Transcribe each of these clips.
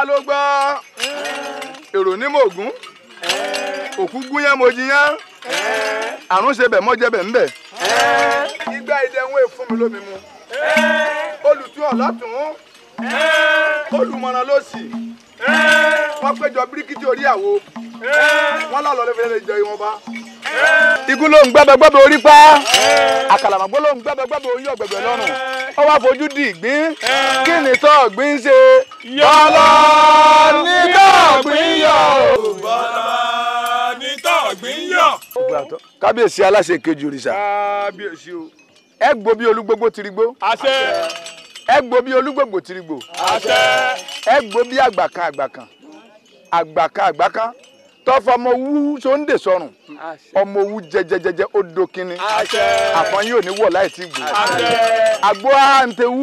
ńlá ló gbọ́ èrò ní mògún òkú gúnyán mojiyán àrùn ṣe bẹ̀ mọ́jẹ́bẹ̀ ńbẹ̀. ìgbà ìdẹ ń wé fún mi lómi mu olùtún ọ̀lọ́tún olùmọ̀ràn ló sì wọ́n péjọ bíríkìtì orí àwo wọ́n lálọ́ lọ́fẹ́lẹ́ jẹ ìwọ̀nba ikú ló ń gbẹ́bẹ́ orí pa àkàlàmọ́gbó ló ń gbẹ́bẹ́ gbẹ́bẹ́ oyún ọ̀gbẹ̀gbẹ̀ lọ́rùn ó wá fojú di ìgbín kí ni tọ́ọ̀gbín ṣe. yọlọ ní tọ́ọ̀gbín yọ. bọ́lá ní tọ́ọ̀gbín yọ. kábíyèsí aláṣẹ kejì òrìṣà. kábíyèsí o. ẹ gbó bí olúgbógbó ti àṣẹ. ẹ gbó bí olúgbógbó ti àṣẹ. ẹ gbó bí àgbàkan àgbàkan àgbàkan àgbàkan tọ́fọ ọmọ owú sóńdè sọrùn ọmọ owú jẹjẹjẹjẹ ó do kínní àfọn yóò ní wọ̀ láì tí gbò àgbo àǹtẹ̀wú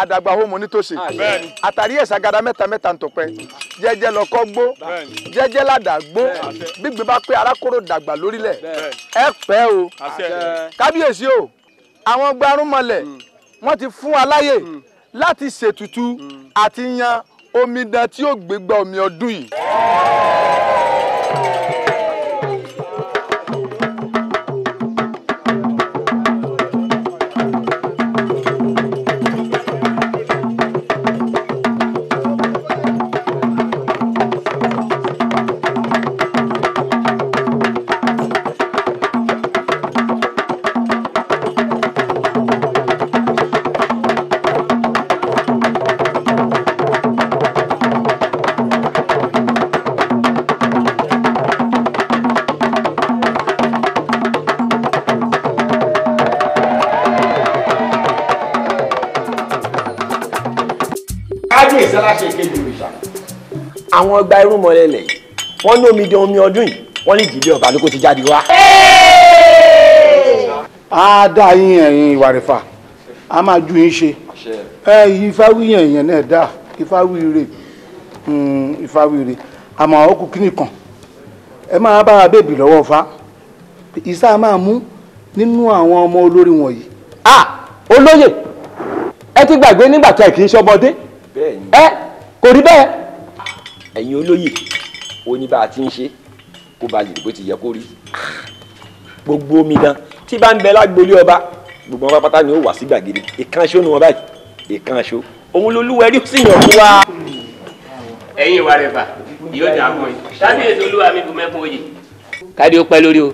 àdàgbà homo nítòsí àtàrí ẹ̀sàgàdà mẹ́ta mẹ́ta ntọ̀pẹ́ jẹjẹ lọ́kọ́ gbó jẹjẹ ládà gbó gbígbé bá pé arákòrò dàgbà lórílẹ̀ ẹ pẹ́ o kábíyèsí o àwọn gbarumọlẹ̀ hmm. wọ́n ti fún wa láyè hmm. láti ṣètùtù hmm. àti yan omidan tí ó gbégbá omi ọdún yìí. àwọn ọgbà irun mọ̀lẹ́lẹ̀ wọ́n ní omidan omi ọdún yìí wọ́n ní ìdílé ọba ló kó ti jáde wá. a dá yín ẹ̀yin ìwà rẹ̀fà a máa ju yín ṣe ẹ ìfáwí ẹ̀yàn náà dá ìfáwí rè hmm, ìfáwí rè àmọ́ àwọn kò kí nìkan ẹ máa bá a bèbí lọ́wọ́ fa ìsá máa mú nínú àwọn ọmọ olórí wọ̀nyí. ah olóyè ẹ ti gbàgbé nígbà tí ẹ kì í ṣọmọdé ẹ kò rí bẹ́ẹ̀ ẹ̀yin olóyè ó ní bá a ti ń ṣe kó ba lè bó ti yẹ kó rí gbogbo omidan tí bá ń bẹ lágbolé ọba gbogbo wọn pátá ni ó wà sí gbàgede ìkànṣó ni wọn báyìí ìkànṣó òun lolúwẹrí sì yàn fún wa. ẹ̀yin ìwà rẹ bá yóò dà mọ yìí kábíyèsí olúwa mi bu mẹkún oyè. káde ó pẹ́ lórí o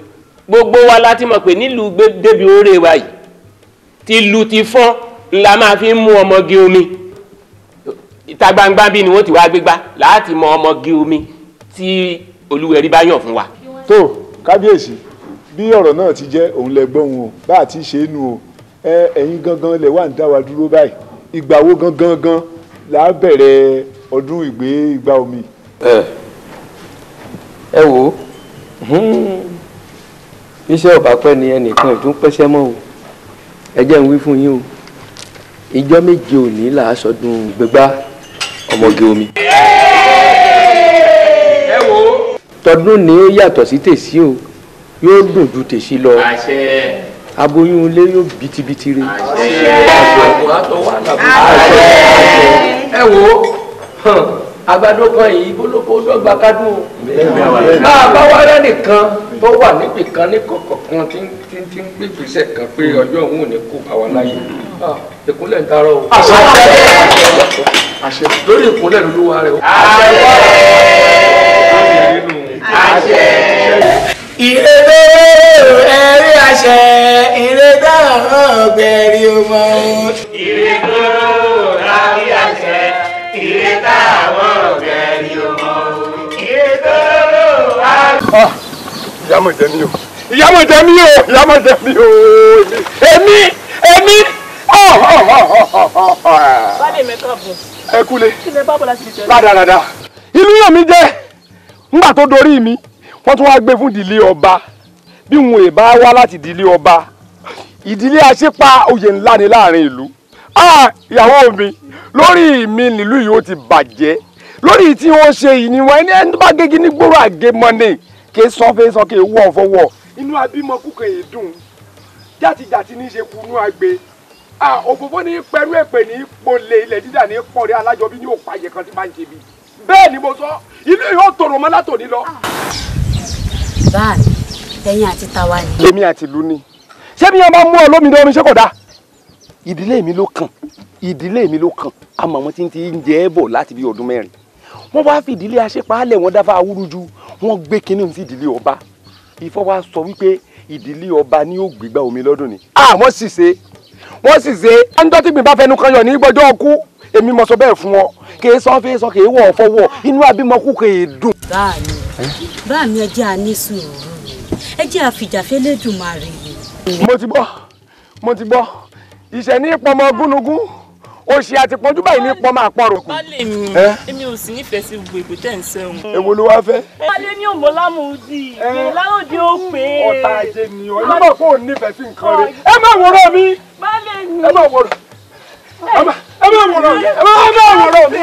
gbogbo wa láti mọ̀ pé nílùú débi oore wa yìí tìlù ti fọ́n ńlá máa fi ń mú ọmọge omi ìta gbangba bí ni wọ́n ti wá gbégbá láti mọ ọmọ gé omi tí olúwẹ̀rí bá yàn fún wa. tó kábíyèsí bí ọ̀rọ̀ náà ti jẹ́ òun lẹ gbọ́n o bá a ṣe é nu o ẹ̀yin gangan lẹ wà ń dá wa dúró báyìí ìgbà wo gangan gan là á bẹ̀rẹ̀ ọdún ìgbé ìgbà omi. ẹ ẹ wo iṣẹ́ ọ̀bà pẹ́ ni ẹnìkan ìtún pẹ́sẹ́ mọ́ o ẹ jẹ́ n wí fún yín o ìjọ méje òní là á sọdún gbégbá ọmọge omi. ẹ wo. tọdún ni ó yàtọ̀ sí tèsí o yóò dùn ju tèsí lọ. àṣẹ. aboyún ilé yóò bitibiti re. àṣẹ. àṣẹ. ẹ wo àgbàdo kan yìí bólóbó dọ́gba kádùn o máa bá wárẹ́ nìkan tó wà níbì kan ní kọ̀kọ̀ kan tí ń tí ń gbé gbèsè kan pé ọjọ́ òun ò ní kó àwa láyé ìkúnlẹ̀ ń darọ́ o àṣẹ lórí ìkúnlẹ̀ lolúwa rẹ̀. àṣẹ ìrètò ẹ̀rí àṣẹ ìrètò ọ̀gbẹ̀rì ọmọ. ìrètò rárí àṣẹ ìrètò àwọn ọ̀gbẹ̀rì ọmọ. ìrètò rárí. ìyá mọ̀ jẹ́ mi o ìyá mọ̀ jẹ́ mi o ìyá mọ̀ jẹ́ mi o èmi èmi ẹ kúlé ládàradà ìlú yàn mí jẹ́ ńgbà tó dorí mi wọ́n tún wá gbé fún ìdílé ọba bí wọn ì bá wá láti ìdílé ọba ìdílé aṣípa oyè ńlá ni láàrin ìlú ìyàwó mi lórí mi nílùú yìí ó ti bàjẹ́ lórí tí wọ́n ṣe yìí ni wọ́n ẹni ẹni tó bá gégi ní gbòòrò àgémọ́ni kì í sọ fẹ́ sọ kì í wọ̀ fọwọ́. inú abímọ kúkan èédùn játijàti ní í ṣe kunú agbe òfófó ní pẹ̀lú èpè ní pọ̀lẹ̀ ilẹ̀ dídà ní pọ̀rẹ́ alájọbí ní òpàyẹ kan tí máa ń ṣe bí bẹ́ẹ̀ ni mo sọ ilé yóò tòrò mọ́ látòní lọ. báàmì ẹ̀yin àti tawa ni. èmi àti ìlú ni ṣé bí wọn bá mú ọ lómìnira omi ṣé kò dáa ìdílé mi ló kàn ìdílé mi ló kàn àmọ́ wọn ti ń ti ń jẹ́ bọ̀ láti bí ọdún mẹ́rin wọ́n wá fi ìdílé aṣepàálẹ̀ wọn dáfà awúrúju wọ́n gbé kinní sí ìdílé ọba Ifá wa sọ wípé ìdílé ọba ni yóò gbégbá omi lọ́dún ni àmọ́ sì ṣe wọ́n sì ṣe ẹnjọ́ tí mi bá fẹnu kan yọ ní gbọ́jọ́ ọkú èmi mọ̀ sọ bẹ́ẹ̀ fún ọ kèé sọ fẹ́ sọ kèé wọ̀ fọwọ́ inú àbímọ kú kèé dùn. báàmì báàmì ẹ jẹ́ àní sùúrù ẹ jẹ́ àfìjàfẹ́ lẹ́dùnmáà rẹ̀. mo ti bọ́ mo ti bọ́ ìṣẹ̀ ní ìpọmọ gúnugún òṣì àti pọ́njú báyìí ní pọ́n máa pọ́n ròkù. balẹ̀ mi èmi ò sì nífẹ̀ẹ́ sí gbogbo ègbò tẹ̀ ń sẹ́wọ̀n. èwo ló wá fẹ́. balẹ̀ mi ò mọ lámùdí ìlàlódì ó pè é. ọ̀tá ajé ni ọ ẹ má kó o nífẹ̀ẹ́ sí nǹkan rẹ ẹ má wòrán mi ẹ má wòrán ẹ má wòrán mi ẹ má wòrán mi.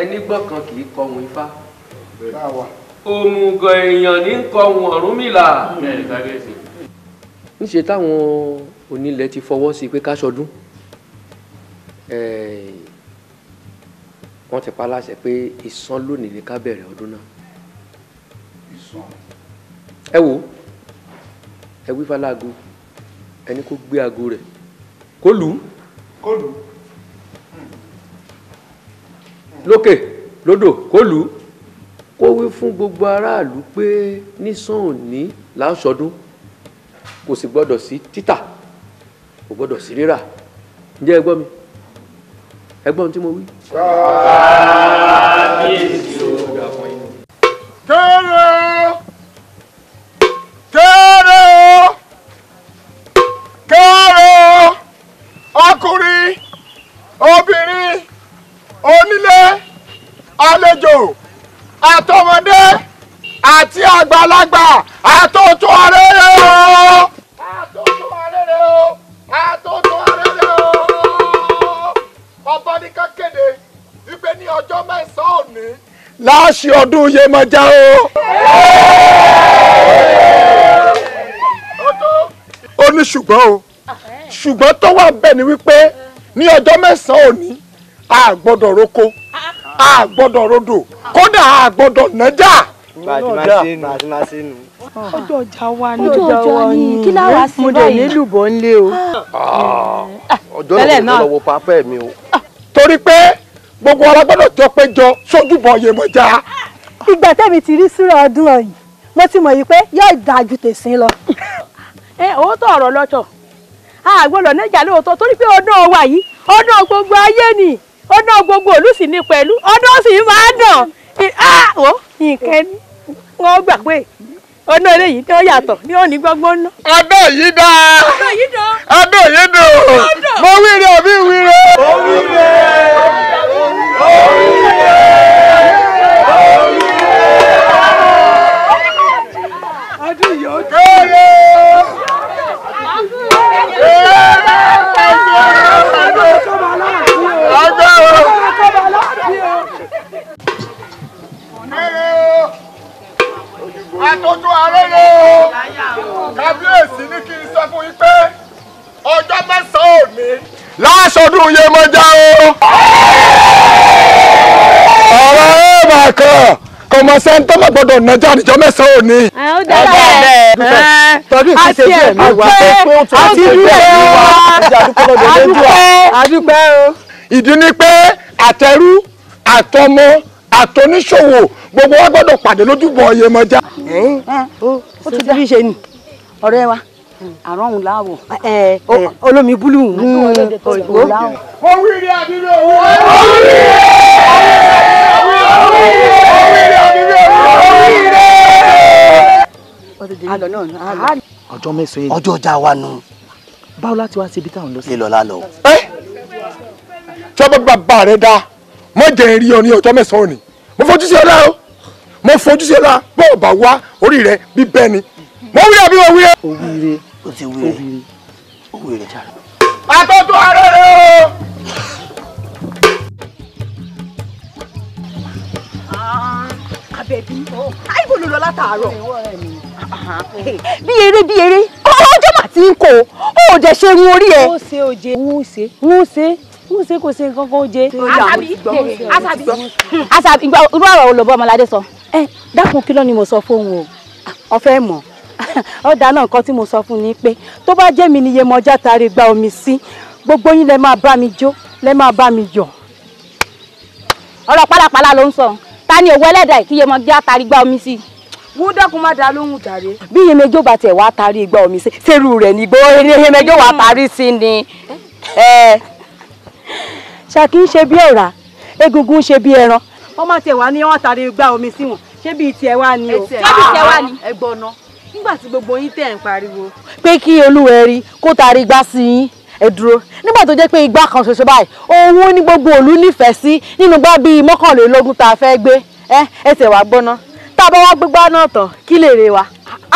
ẹni gbọ́ kan kì í kọ̀hún ifá òmùgọ̀ èèyàn ní kọ̀hún Ọ̀rúnmìlà. níṣẹ́ táwọn onílẹ̀ ti fọwọ́ sí pé ká ṣọdún. Eh, wọ́n ti pa láṣẹ pé ìsan lónìí ni ká bẹ̀rẹ̀ ọdún náà. ìsan. ẹ wo ẹ wí falago ẹni kó gbé aago rẹ̀ kó lù ú. kó lù ú. Hmm. lókè lódò kó lù ú kó wí fún gbogbo aráàlú pé nísàn òní là kò sì gbọ́dọ̀ sí títà kò gbọ́dọ̀ sí rírà ǹjẹ́ ẹ gbọ́ mi ẹgbọ́n tí mo wí. kéré kéré kéré ọkùnrin obìnrin onílé àlejò àtọmọdé àti àgbàlagbà àtọ̀tọ̀ arére o. láàṣì ọdún Yemọja o. ó ní ṣùgbọ́n o ṣùgbọ́n tó wà bẹ́ẹ̀ ni wípé ní ọjọ́ mẹ́sàn-án òní a gbọ́dọ̀ roko a gbọ́dọ̀ rodò kódà a gbọ́dọ̀ nájà. ọjọ́ ọjà wa ni ọjọ́ ọjà ni kí láwa sí báyìí. mo dẹ̀ nílùbọ̀ lé o. Ah. ọjọ́ náà lọ́wọ́ pápẹ́ mi o. torí pé gbogbo ọ̀rọ̀ gbọ́dọ̀ jọ pé jọ sójúbọ Yemọja. ìgbà tẹ́mi ti rí súrọ̀ ọdún ọ̀yìn mo ti mọ̀ yìí pé yóò dáa ju tèsín lọ. ẹ òótọ́ ọ̀rọ̀ lọ́tọ̀ àgbọ̀lọ̀ nẹ́jà lóòótọ́ torí pé ọdún wa yìí ọdún gbogbo ayé ni ọdún gbogbo òlú sì ni pẹ̀lú ọdún sì máa dàn. nǹkan wọ́n gbà pé ọ̀nà eléyìí tó yàtọ̀ ní òní gbọ́ngbọ́n ná. ọdọ yìí dá ọdọ yìí dá ọdọ yìí dò mo wíire àbí wíire. mo wíire mo wíire. fojú ààrẹ lò ó kábíyèsí ní kí n sọ fún yín pé ọjọ́ mẹ́sàn-án òní láṣọdún Yemọja o. ọ̀rọ̀ ẹ̀ máa kàn ọmọ sẹ́ńtọ́ máa gbọ́dọ̀ nájà àdìjọ́ mẹ́sàn-án òní. ó dára ẹ̀ tọ́jú ìṣiṣẹ́ díẹ̀ mi wá àti díẹ̀ mi wá àdúpẹ́ àdúpẹ́ o. ìdí ni pé àtẹrú àtọmọ àtọ́níṣòwò gbogbo wa gbọ́dọ̀ pàdé lójúbọ Yemọja. ó ti bí ṣe ni ọ̀rẹ́ wa àrọ́hùn láwọ̀ olómi búlù òyìnbó. ó wí rí àbírí òwú. ó wí rí àbírí òwú. ọjọ́ mẹ́sàn-án yìí ọjọ́ ọjà wa nù. báwo láti wá síbi táwọn lọ sí. lílọ lálọ. tí ọba bàbá rẹ dá mọ jẹ́ ń rí ọ ní ọjọ́ mẹ́sàn-án òní mo fojú sí ọlá o mo fojú sí ọlá bó o bá wá orí rẹ bí bẹ́ẹ̀ ni mo wí àbí mo wí ẹ. o wíire o ti wíire o wíire jáde. àtọ́tọ́ ara rẹ o. Abẹ́bí àìbò ló lọ látàárọ̀ bí eré bí eré ọjọ́ màá ti ń kó o ò dẹ̀ ṣe irun orí ẹ. wọ́n ṣe òjé wọ́n ṣe wọ́n ṣe mo ṣe kò ṣe nǹkan kan jẹ. asabi asabi asabi ìgbà irú ọ̀rọ̀ olùbọ ọmọládé sọ. ẹ dákun kí ni mo sọ fóun o ọfẹ mọ ọdà náà nǹkan tí mo sọ fún ni pé tó bá jẹ́ mi ni Yemọja tari gba omi sí gbogbo yín lẹ máa bá mi jó lẹ máa bá mi yọ̀. ọ̀rọ̀ pálapàla ló ń sọ ta ni òwú ẹlẹ́dàá kí Yemọja tari gba omi sí. wọ́n dákun má da lóhùn tàrí. bí Yemọja bá tiẹ̀ wá tari gba omi sí sẹ́rù rẹ̀ nígbó Yemọja wá tari sí ni. ẹ ṣàkí ń ṣe bí ọ̀rá egungun ṣe bí ẹran wọ́n má tiẹ̀ wá ní wọ́n tàrí gbá omi sí wọn ṣé bíi tiẹ̀ wá ni o ṣé bíi tiẹ̀ wá ni. ẹ gbọ́ ná nígbà tí gbogbo yín tẹ̀ ń pariwo. pé kí olúwẹ̀ rí kó tàrí gbá sí yín ẹ dúró nígbà tó jẹ́ pé igbá kan ṣoṣo báyìí owó ní gbogbo òlú nífẹ̀ẹ́ sí nínú gbá bíi mọ́kànlélógún tá a fẹ́ gbé ẹ ẹ tẹ̀ wá gbọ́ ná tá a bá wá gbégbá náà tán kí lè rè wa.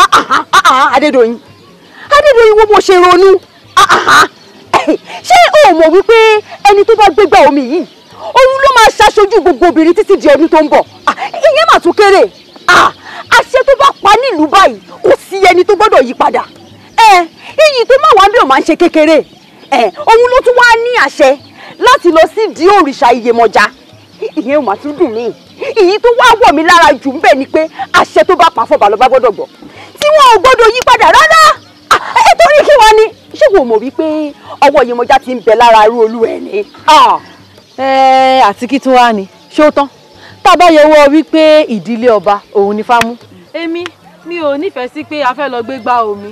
Ah, ah, ah, Adédoyin Adédoyin wo mo ṣe ronú ṣé o mọ̀ wípé ẹni tó bá gbégbá omi yìí òun ló máa ṣaṣojú gbogbo obìnrin títí di ọdún tó ń bọ̀ ìyẹn mà tún kéré àṣẹ tó bá pa nílùú báyìí kò sí ẹni tó gbọ́dọ̀ yí padà iyì tó má wá bí ò máa ń ṣe kékeré òun ló tún wá ní àṣẹ láti lọ sí di òrìṣà iyemọja ìyẹn ò mà tún dùn mí èyí tó wá wọ̀ mí lára jù ń bẹ̀ ni pé àṣẹ tó bá pa fọba bá gbọ́dọ̀ gbọ́ tí wọn ò gbọ́dọ̀ yí padà rárá ẹ eh, torí kí wọ́n ní ṣé kò mọ̀ wípé ọwọ́ Yemọja ti ń bẹ lára irú olú ẹ̀ ni. Ah. Eh, àti kí tún wá ni ṣé ó tán tá a bá yẹ wọ́ wípé ìdílé ọba òun ni fámú. èmi mi ò nífẹ̀ẹ́ sí pé a fẹ́ lọ gbégbá omi.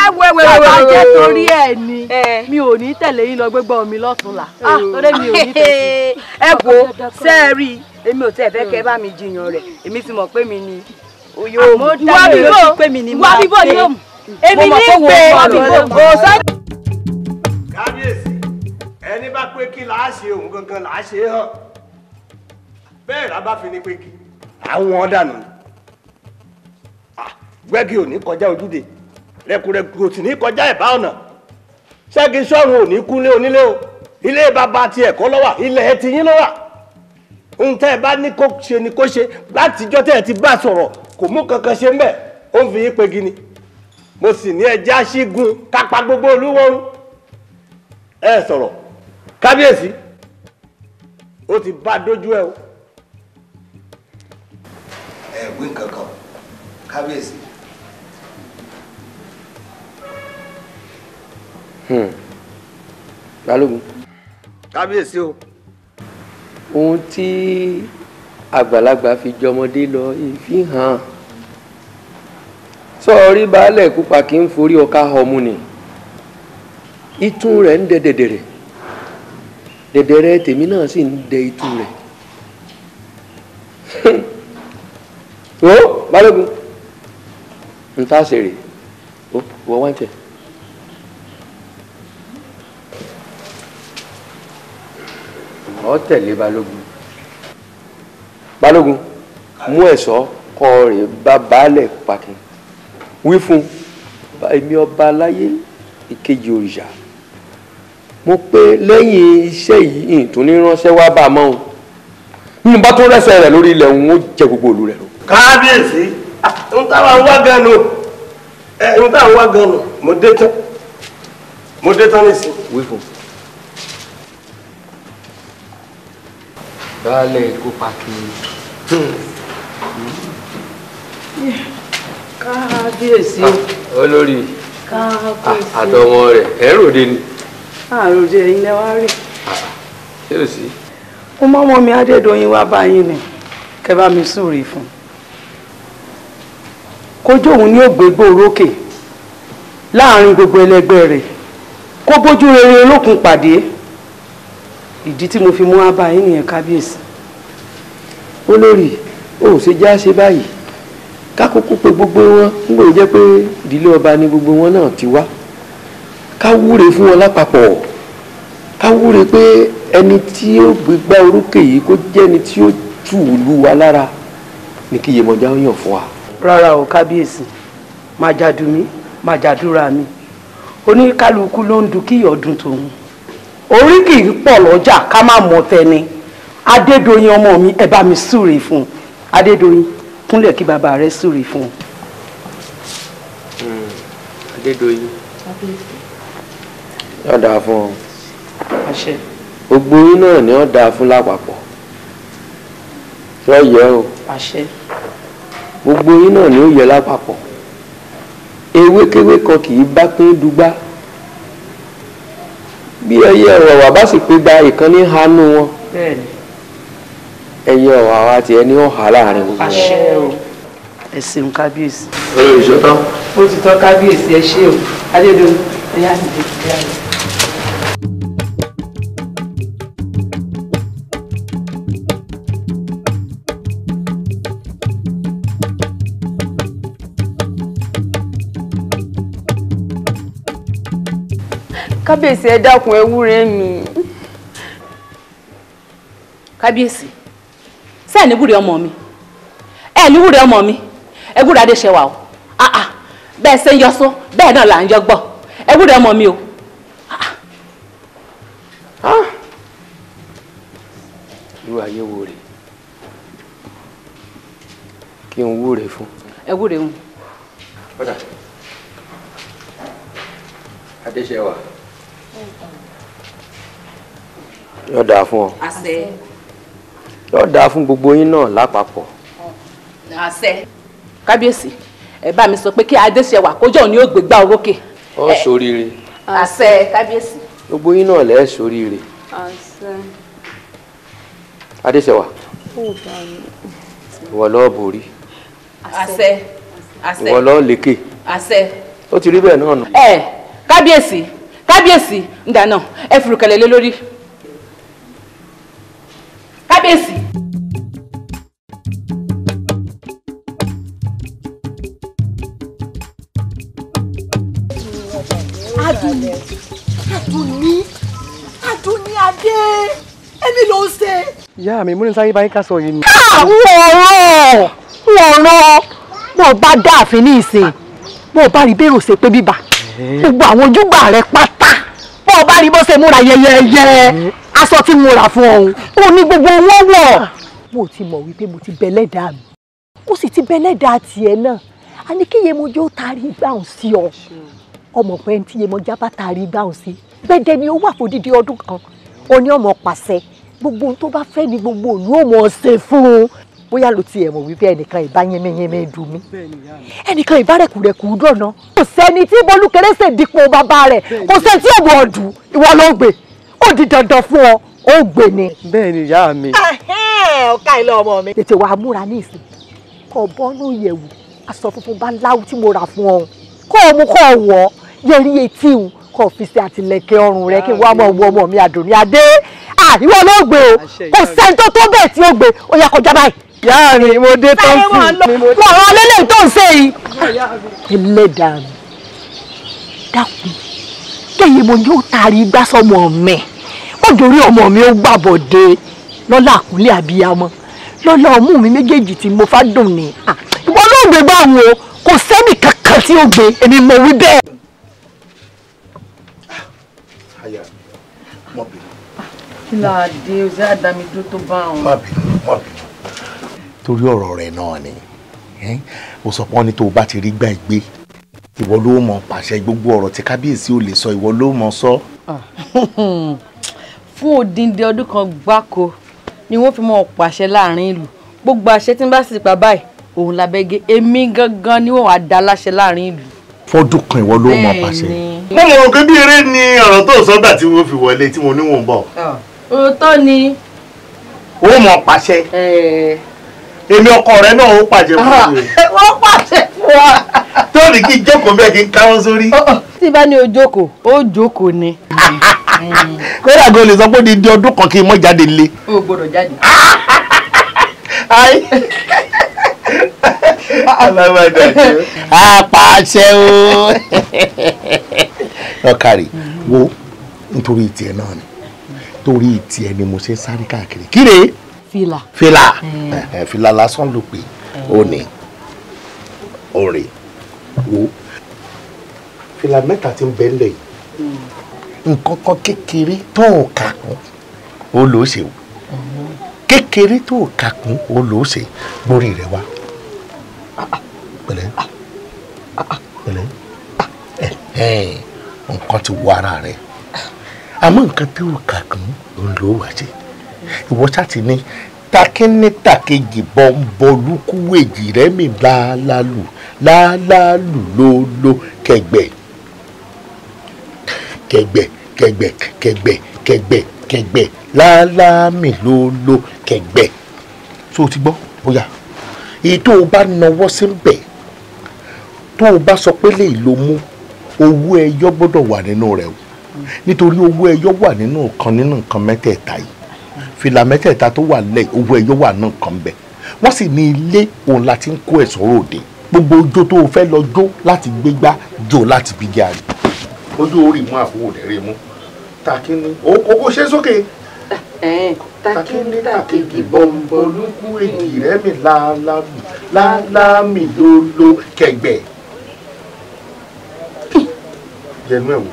ẹ wo ẹ wo ẹ wo ẹ wo jẹ́ torí ẹ ni eh. mi ò ní tẹ̀lé yín lọ gbégbá omi lọ́túnla ah, torí mi ò ní tẹ̀lé. ẹ wo sẹ́ẹ̀rì èmi ò tẹ̀ fẹ́ kẹ́ hmm. bá mi jiyàn rẹ̀ èmi ti mọ̀ pé mi ni. àmọ́ dábìbò wà bíbò ni ó mú èmi ní pé kábíyèsí ẹni bá pé kí làá ṣe òun gangan làá ṣe hàn bẹ́ẹ̀ rábà fi ni pé kí àwọn ọ̀dànù ah, gbẹ́gi ò ní kọjá ojúde rẹkùrẹkù kò sì ní kọjá ẹ̀bá ọ̀nà ṣẹ́gi sọ́run ò ní kúnlé onílé o ilé bàbá ti ẹ̀kọ́ lọ́wà ilẹ̀ ẹ ti yín lọ́wà ohun tẹ́ ẹ bá ní kó ṣe ni kó ṣe látijọ́ tẹ́ ẹ ti bá sọ̀rọ̀ kò mú kankan ṣe ń bẹ̀ ó ń fi yín pegi ni mo sì ní ẹjẹ́ aṣígun kápá gbogbo olúwọ́rú ẹ sọ̀rọ̀ kábíyèsí ó ti bá dójú ẹ o. ẹ wí kábíyèsí. Hmm. balógun. kábíyèsí o. ohun tí àgbàlagbà fi jọmọdé lọ ìfihàn. E sọ̀rí baálẹ̀ kúpa kì í forí ọ̀ka ọmú ni itún rẹ̀ ń dẹ dẹ̀dẹ̀rẹ̀ dẹ̀dẹ̀rẹ̀ tèmi náà sì ń dẹ itun rẹ̀ ó balógun n ta ṣe rè wọ wá ń tẹ̀. ọ tẹ̀lé balógun balógun mú ẹ̀ṣọ́ kọ́ rè bá baálẹ̀ pàkín. wí fún èmi ọba aláyé ìkejì òrìṣà mo pé lẹ́yìn iṣẹ́ yìí ìtún ní ránṣẹ́ wá bá a mọ́ òun ní bá tó rẹ́sẹ̀ rẹ̀ lórí ilẹ̀ òun ó jẹ gbogbo òlu rẹ̀ lọ. kábíyèsí ah, ohun táwa wá gan nù ohun táwa ń wá gan eh, nù mo dé tán mo dé tán nìsín. wí fún. baálé kópa kiri. Hmm. Yeah. Hmm kábíyèsí ah, olórí ah, àtọmọ rẹ̀ ẹrùde ni. àròjẹ ẹ̀yin lẹ wá rí. ṣé o sí. mo mọ ọmọ mi adédọyìn wá bá yín ni kẹ́ bá mi súre fún kójú òun ní ògbégbó orókè láàrin gbogbo ẹlẹgbẹ́ rẹ̀ kó bójú rere olókun pàdé ìdí tí mo fi mú abá yín nìyẹn kábíyèsí olórí o ò ṣe já ṣe báyìí kákòókò pé gbogbo wọn nígbà tó jẹ́ pé ìdílé ọba ni gbogbo wọn náà ti wá ká wúre fún wọn lápapọ̀ ká wúre pé ẹni tí ó gbégbá orókè yìí kó jẹ́ tí ó tù lù wá lára ni kí Yemọja ó yàn fún wa. rárá o kábíyèsí máa jàdùmí máa jàdúrà mi oníkálukú ló ń dun kíyọ̀ tòun orí kì í pọ̀ lọ́jà ká má mọ̀ tẹni adédoyin ọmọ mi ẹ bá mi súre fún un kúnlẹ̀ kí bàbá rẹ súre fún ọ. Hmm, adédọyìn yóò dáa fún ọ gbogbo yín náà ni ó dáa fún lápapọ̀ yóò yẹ o gbogbo yín náà ni ó yẹ lápapọ̀ ewékewé kan kì í bá pín dùgbà bí ẹyẹ ẹ̀rọ̀ wà bá sì pé gba ìkànnì hanú wọn. bẹ́ẹ̀ni ẹyẹ ọ̀hà wa tiẹ̀ ní ọ̀hà láàrin gbogbo wọn. ẹ ṣeun kábíyèsí. ọ̀rọ̀ ìṣọ́ tán. ó ti tán kábíyèsí ẹ ṣé o adédọ̀rùn ẹ̀yà ti dé ìyá kábíyèsí ẹ dákun ewúrẹ́ mi. kábíyèsí ṣé ẹ̀ ní wúre ọmọ mi ẹ̀ ní wúre ọmọ mi ẹ wúre adéṣẹwà o àà ah, ah, bẹ́ẹ̀ ṣe ń yọ sún bẹ́ẹ̀ náà là ń yọ gbọ́ ẹ wúre ọmọ mi o. Ah, irú ayé wo rè kí n wúre fún. ẹ wúre ń. kódà adéṣẹwà yóò dáa fún ọ. àṣẹ. yóò fún gbogbo yín náà lápapọ̀. àṣẹ kábíyèsí ẹ bá mi sọ pé kí adéṣẹwà kójọ ni ó gbégbá orókè. ọ ṣoríire. àṣẹ kábíyèsí. gbogbo yín náà lẹ ṣoríire. àṣẹ. ìwọ lọ borí. àṣẹ. ìwọ lọ lékè. ti rí bẹ́ẹ̀ náà nù. ẹ kábíyèsí kábíyèsí ń dáná ẹ lé lórí. ìyá mi múni sáyé báyìí ká sọ yìí ni. wọ̀ọ̀rọ̀ wọ̀ọ̀rọ̀ bó o bá dáàfin ní ìsìn bó o bá rí bẹ́rù ṣe pé bíbá gbogbo àwọn ojúgbà rẹ pátá bó o bá rí bó ṣe múra yẹyẹyẹ aṣọ tí mo rà fún ọ̀hún ó ní gbogbo owó wọ̀. mo ti mọ̀ wípé mo ti bẹ́lẹ́dàá mi ó sì ti bẹ́lẹ́dàá tiẹ̀ náà a ní kí Yemọja ó taari gbàùn sí ọ ọmọ pẹ́ tí Yemọja bá taari gbàùn sí bẹ́ẹ̀ dẹ́ni ó wà ọdún kan ó ní ọmọ pàṣẹ gbogbo ohun tó bá fẹ́ ni gbogbo òlú ò mọ̀ ṣe fún un bóyá ló ti ẹ̀ mọ̀ wípé ẹnìkan ìbá yẹmẹyẹmẹ dùn mí ẹnìkan ìbá rẹ̀kùrẹ̀kù dọ̀nà kò sẹ́ni tí bolúkẹrẹ ṣe dípò bàbá rẹ̀ kò sẹ́ni tí ọ̀bọ̀ ọ̀dù ìwọ ló gbé ó di dandan fún ọ ó gbé ni. bẹ́ẹ̀ ni ìyá mi. ọ̀ka ilé ọmọ mi. tètè wàá múra ní ìsìn kò bọ́nú yẹ̀wù aṣọ funfun bá láwù tí mo rà fún ọ kó o mú kó o etí o kọ̀ fi sí àtìlẹ̀kẹ̀ ọrùn rẹ kí n wá mọ̀ ọmọ mi àdùnní adé àríwọ̀ ló gbé o kò sẹ́ni tó tó tí ó gbé ó yá kọjá báyìí. ìyá mi mo dé tó ń sìn. wọ́n rán lélẹ̀ tó ń ṣe yìí. ẹlẹ́dàá mi dákun kéyìí mo yóò taari igbá sọmọ mi dorí ọmọ mi ó gbàbọ̀dé lọ́lá àkúnlé àbíyamọ lọ́lá ọmú mi méjèèjì tí mo fá dùn ní. ìwọ ló gbé báwo kò sẹ́nì kankan tí ó gbé èmi mọ̀ wí bẹ́ẹ̀. kí là á dé o ṣe àdámidó tó bá wọn. má bínú má bínú torí ọ̀rọ̀ rẹ̀ náà ni o sọ pé wọ́n ní tó o bá ti rí gbà ìgbé ìwọ ló mọ̀ pàṣẹ gbogbo ọ̀rọ̀ tí kábíyèsí ò lè sọ ìwọ ló mọ̀ sọ. Ah. fún òdìndé ọdún kan gbáko ni wọ́n fi mọ̀ pàṣẹ láàrin ìlú gbogbo àṣẹ tí n bá sì pa báyìí òun làbẹ́gẹ́ èmi gangan ni wọ́n wàá da láṣẹ láàrin ìlú. fọdún kan ìwọ ló mọ̀ pàṣẹ. mo mọ̀ pé eré ni ọ̀rọ̀ tó sọ́gbà tí mo fi wọlé tí mo níwọ̀n bọ̀. Ah òótọ́ ni. ó mọ̀ pàṣẹ. èmi ọkọ rẹ náà ó pàṣẹ fún mi. wọ́n pàṣẹ fún wa. tóòrì kí n jókòó bẹ́ẹ̀ kí n káwọ́ sórí. tí bá ní o jókòó ó jókòó ni. kódà gan lè sọ pé di ọdún kan kí n mọ jáde lé. o gbọ́dọ̀ jáde. apàṣẹ o. ọkàrí wo nítorí tiẹ̀ náà ni torí tiẹ̀ ni mo ṣe ń sáré káàkiri kíre. fìlà fìlà eh. Eh, eh, fìlà lásán ló pè ó ní òrè wo fìlà mẹ́ta ti ń bẹ́ ńlẹ̀ yìí hmm. nǹkan kan kékeré tó ò kà kún ó lò ó ṣe o mm-hmm. kékeré tó ò kà kún ó lò ó ṣe borí rẹ wá ah, ah, pẹ̀lẹ́ ah, pẹ̀lẹ́ nǹkan ti wọ ara rẹ àmọ́ nǹkan tí ò kà kún òun ló wà sí ìwọ ṣáàtì ni takínní tàkejì bọ́ńbọ́lúkúwèjì rẹ̀ mi láàlálù láàlálù lólo kẹgbẹ́ kẹgbẹ́ kẹgbẹ́ kẹgbẹ́ kẹgbẹ́ kẹgbẹ́ láàlámì lólo kẹgbẹ́ tó o ti gbọ́ bóyá èyí tó o bá nawọ́ sí bẹ̀ tó o bá sọ pé lè lo mú owó ẹyọ gbọ́dọ̀ wà nínú rẹ̀ o nítorí owó ẹyọ wà nínú nǹkan nínú nǹkan mẹ́tẹ̀ẹ̀ta yìí fìlà mẹ́tẹ̀ẹ̀ta tó wà lẹ̀ owó ẹyọ wà nínú nǹkan bẹ̀ wọ́n sì ní ilé òun láti ń kó ẹ̀sọ́ ròde gbogbo ojó tó o fẹ́ lọ jó láti gbégbá jó láti fi gàrí. ojú orí mú àbúrò rẹ̀ rí mú takíní òkòkò ṣe sókè. takíní takíní bọ̀m̀bọ̀ olúkú èjì rẹ̀ mi láàlámì láàlámì ló lo kẹgbẹ́. yẹnu ẹ̀ wò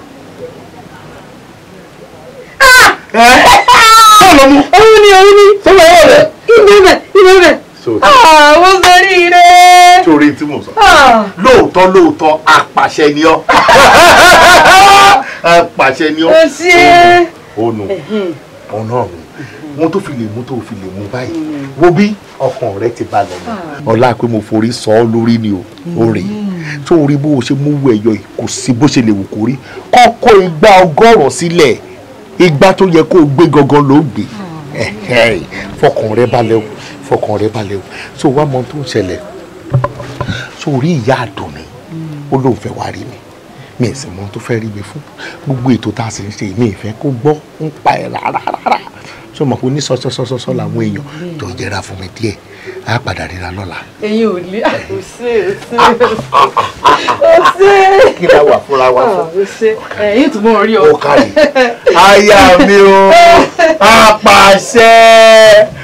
ọ̀nà mu. oyún ni oyún ni. sọ́wọ́ ọ̀rọ̀ rẹ̀. ibẹ̀ ibẹ̀ ibẹ̀ ibẹ̀. àwọn sẹ́rí rẹ̀. torí tí mo sọ ah. lóòótọ́ lóòótọ́ apàṣẹ ni ọ́ apàṣẹ ah, ọ́. o ṣe é. ònù ọ̀nà ọ̀hún wọn tó fi lè mú tó fi lè mú báyìí mm. wo bí ọkàn rẹ ti balẹ̀ mọ́ ah. ọlá pé mo forí sọ ọ́ lórí ni o ò mm. rèé tó rí bó o ṣe mú wẹ̀yọ kò sí bó ṣe lè wù kó rí kọ́kọ́ igba ọgọ́rùn sílẹ̀ ìgbà tó yẹ kó o gbé gangan ló gbé fọkàn rẹ balẹ̀ o fọkàn rẹ balẹ̀ o so wá mọ tó ń ṣẹlẹ̀ so orí ìyá àdùnní ó lóun fẹ́ wá rí mi mi ì sì mọ tó fẹ́ rí mi fún gbogbo ètò tá a sì ń ṣe mi ì fẹ́ kó gbọ́ ń pa ẹ̀ rárá rárá so mọ̀ pé onísọ̀sọ̀sọ̀sọ̀ làwọn èèyàn tó yẹra fún mi díẹ̀ a padà ríra lọ́la. ẹ̀yin ò lé àkóso ẹ̀sẹ̀ ẹ̀sẹ̀. kí la wà fúnra wa fún. Ah, ẹ̀yin tún mọ̀ rí ọ. o kàlẹ̀ aya mi o apàṣẹ.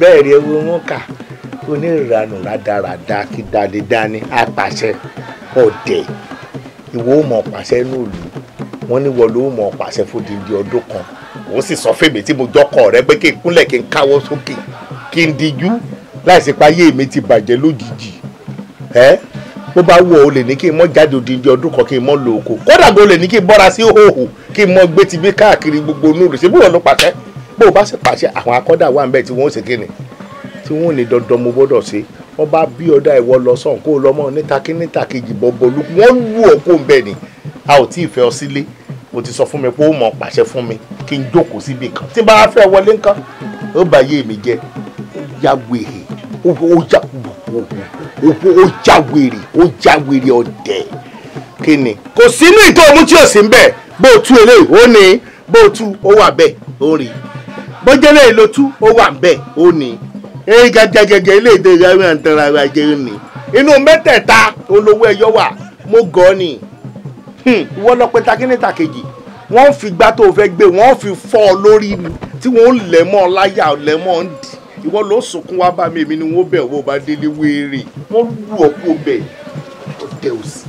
bẹ́ẹ̀ rí ewu ni kà onírànù rádaràda kí dáadédáni ọ̀dẹ̀ ìwọ mọ̀ pàṣẹ nílùú wọn ní wọn ló mọ̀ pàṣẹ fódìdí ọdún kan ó sì sọ fèmí tí mo jọkọ rẹ pé kí n kúnlẹ̀ kí n káwọ́ sókè kí n láìsí mi ti bàjẹ́ lójijì ẹ́ bó bá o ní kí n mọ́ jáde ọdún kan kí n lo oko kódà ní kí n bọ́ra sí hòhò gbogbo bó o bá sì pàṣẹ àwọn akọ́dà wà ń bẹ̀ tí wọ́n ó ṣe kíni tí wọ́n ò ní dandan mo gbọ́dọ̀ ṣe ọba bí ọ̀dà ìwọ lọ sàn kó o lọ́mọ níta kí níta kejì bọ́bọ́lú wọ́n wù ọ́ kó ń bẹ̀ ni a ò tí ì fẹ́ ọ sílé o ti sọ fún mi pé ó mọ̀ pàṣẹ fún mi kí n jókòó síbi kan tí n bá fẹ́ wọlé nǹkan ó bá yé mi jẹ ya wèrè ó já ó já wèrè ó já wèrè ọ̀dẹ̀ kí ni. kò sínú ìtọ́ omi tí ò sí ń bẹ̀ bó o tú eléyìí ó ní bó o tú ó wà ó rí i bójúlé ló tú ó wà bẹ́ẹ̀ ó ní èyí gàgàgàgà ilé èdè ìyàwó àǹtẹ̀rẹ̀ ara jẹ́ ní inú mẹ́tẹ̀ẹ̀ta olówó ẹyọ wà mo gọ́ ni hmm, ìwọ lọ́pẹ́ takínítà kejì wọ́n fi gbá tó fẹ́ gbé wọ́n fi fọ́ ọ lórí mi tí wọ́n lẹ̀ mọ́ ọ láyà lẹ̀ mọ́ ọ ń dì ìwọ ló sunkún wá bá mi èmi ni wọ́n bẹ̀ wọ́n bá délé wéèrè wọ́n lù ọ́ kó bẹ̀ ọ̀tẹ̀ òsì.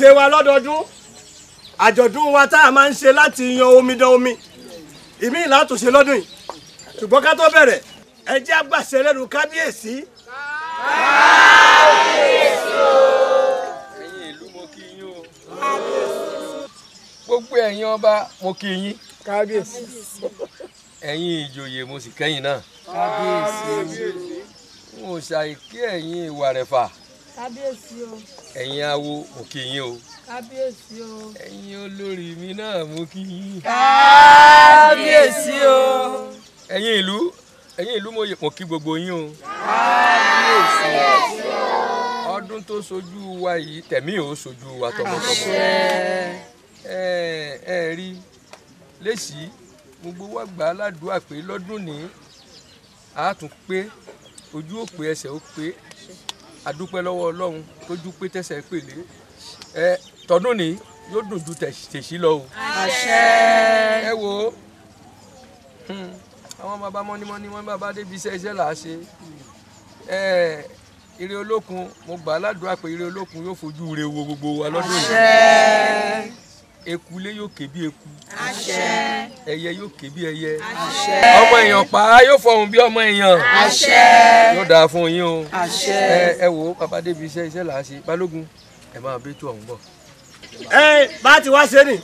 ṣe wa lọ́dọọdún àjọ̀dún wa tá a máa ń ṣe láti yan omidan omi ìmí ìlàtúnṣe lọ́dún yìí ṣùgbọ́n ká tó bẹ̀rẹ̀ ẹ jẹ́ àgbàṣe lẹ́nu kábíyèsí. kábíyèsí o. ẹ̀yin ìlú mo kí yín o. gbogbo ẹ̀yin ọba mo kí yín. kábíyèsí. ẹ̀yin ìjòyè mo sì kẹ́yìn náà. kábíyèsí. mo ṣàìkí ẹ̀yin ìwà rẹ̀ fà kábíyèsí o. ẹ̀yin awo mo kí yín o. kábíyèsí o. ẹ̀yin olórí mi náà mo kí yín. kábíyèsí o. ẹ̀yin ìlú ẹ̀yin ìlú mo kí gbogbo yín o. kábíyèsí o. ọdún tó sojú wa yìí tẹ̀mí ò sojú wa tọmọtọmọ. ẹ ẹ rí lẹ́sì gbogbo wa gbà á pé lọ́dún ní àátún ojú òpè ẹsẹ̀ ó àdúpẹ́ lọ́wọ́ ọlọ́run tójú pé tẹ̀sẹ̀ pèlè ẹ tọdún ni yóò dùn ju tẹ̀sí lọ o. àṣẹ. ẹ wo hmm, àwọn bàbá mọ́nímọ́ní wọn bàbá débi iṣẹ́ iṣẹ́ là á ṣe ẹ ire olókun mo gbà á ládùúrà pé ire olókun yóò fojú re gbogbo wa lọ́dún yìí. àṣẹ eku ilé yóò ké bí eku. àṣẹ. ẹyẹ yóò ké bí ẹyẹ. àṣẹ. ọmọ èèyàn pàrà yóò fọhùn bí ọmọ èèyàn. àṣẹ. yóò dáa fún yín o. àṣẹ. ẹ ẹ wo bàbá débi iṣẹ́ iṣẹ́ là á ṣe balógun ẹ máa bẹ tó ọ̀hún bọ̀. ẹ bá a ti wá ṣe ni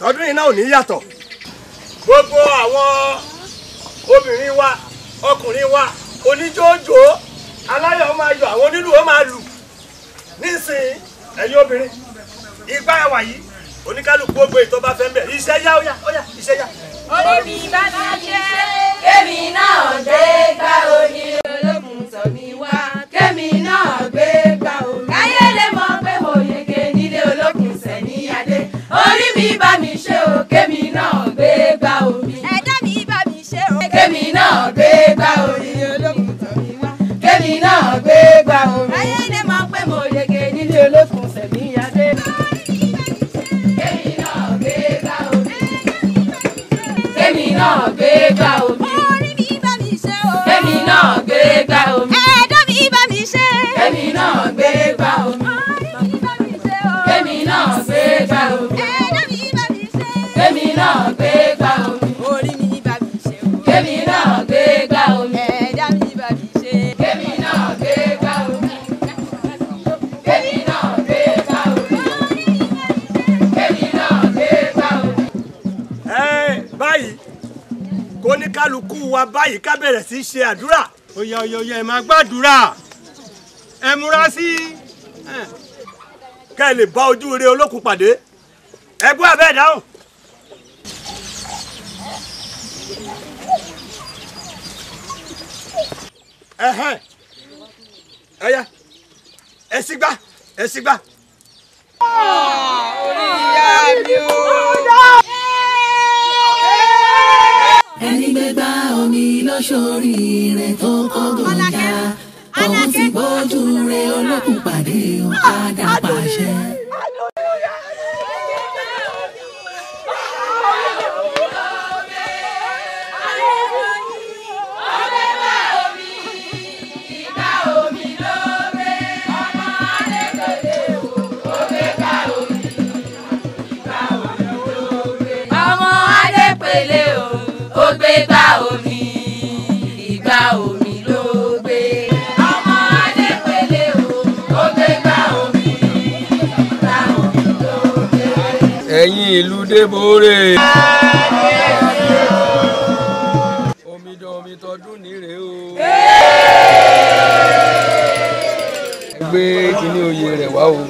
tọdún yìí náà ò ní yàtọ̀ gbogbo àwọn obìnrin wa ọkùnrin wa oníjóòjò aláyọ̀ máa yọ àwọn onílù ó máa lù nísìnyí ẹ̀yin obìnrin ìgbà ẹwà yìí oníkálukú ó gbé ìtọ́ bá fẹ́ mbẹ̀ iṣẹ́ yá ó yá ó yá iṣẹ́ yá. oníbi ìbáná jẹ́ kémi náà gbé gbá oní ológun tọ̀ mí wá kémi náà gbé gbá omi. káyé lè mọ pé mo yege nílé ológun sẹ́ni adé orí mi bá mi ṣe o kémi náà gbé gbá omi. ẹ̀dá mi bá mi ṣe o kémi náà gbé gbá omi. ológun tọ̀ mí wá kémi náà gbé gbá omi. káyé lè mọ pé mo yege. baby, gbé gbá omi. orí mi bá mi ṣe o. kémi náà gbé gbá omi. ẹ̀dá mi bá mi ṣe. kémi náà gbé gbá omi. orí mi bá mi ṣe o. kémi náà gbé gbá omi. ẹ̀dá mi bá mi ṣe. kémi náà gbé gbá omi. wa báyìí ká bẹ̀rẹ̀ sí í ṣe àdúrà. oya oya oya ẹ máa gbàdúrà ẹ múra sí i. ká ẹ lè bá ojú rere olókùn pàdé ẹ abẹ́ ìdáhùn. ẹ̀hẹ́n ẹ sì gbá ẹ sì gbá. orí ìyá mi o ẹni gbẹgbà omi lọ́sọ̀rìrẹ tó kọ́gbọ̀n já òun ti gbójú rẹ olókùn pàdé ọ̀kadà pàṣẹ. ó gbé gbá omi ìgbà omi ló gbé. ọmọ adépele o ó gbé gbá omi ìgbà omi ló gbé. ẹ̀yin ìlú débòrè. omidan omi tọdún nírè o. gbé kíní oyè rẹ̀ wá o.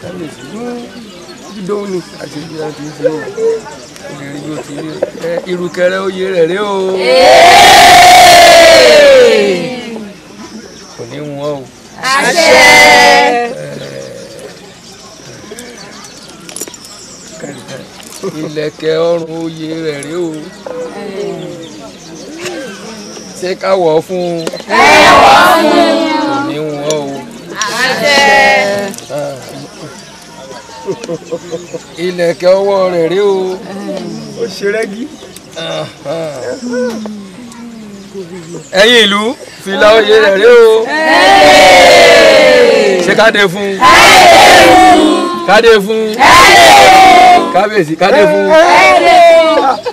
Thank you dóhùn ni àṣejù ẹ ti fi hàn obìnrin yóò ti rí ẹ ìrùkẹrẹ oyè rẹ rí o. kò ní wọn o. àṣẹ. ìlẹ̀kẹ̀ ọrùn oyè rẹ rí o ṣé ká wọ̀ fún un. ẹ wọ̀ fún kò ní wọn o. àṣẹ ilẹ̀kẹ̀ ọwọ́ rẹ̀ rí o. ó ṣe rẹ́gí. ẹ̀yin ìlú fìlà oyè rẹ̀ rí o. ṣé káde fún. káde fún. kábíyèsí káde fún.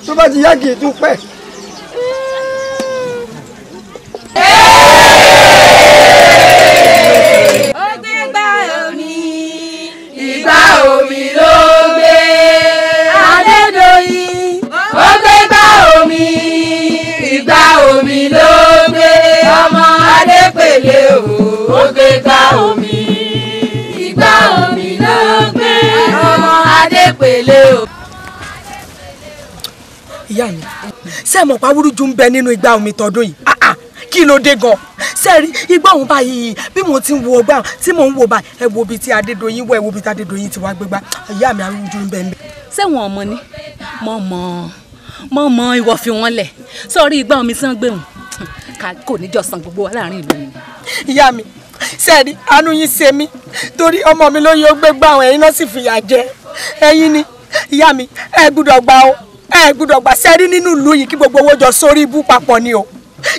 tó bá ti yá kì í tún pẹ́. pẹ̀lẹ́ o. ìyá mi ṣé ẹ mọ̀ pa awúrúju ń bẹ nínú igbá omi tọdún yìí ah, ah, kí ló dé gan ṣe rí igbá òun báyìí bí mo ti ń wo ọgbà tí mò ń wo báyìí ẹ wo ibi tí Adédoyin wọ ẹ wo ibi tí Adédoyin ti wá gbégbá ìyá mi awúrúju ń bẹ ń bẹ. sẹ́wọ̀n ọmọ ni mo mọ̀ mo mọ̀ ìwọ fi wọ́n lẹ̀ sọ́ọ́rí igbá omi sàn gbẹ̀hùn kò níjọ san gbogbo wa láàrin ìlú mi. ìyá mi sẹ́ẹ̀rí àánú yín ṣe mí torí ọmọ mi ló yọ gbégbá àwọn ẹ̀yin náà sì fìyà jẹ ẹ̀yin ni ìyá mi ẹ gbúdọ̀ gba o ẹ gbúdọ̀ gba sẹ́rí nínú ìlú yìí kí gbogbo owó jọ sórí ibú papọ̀ ni o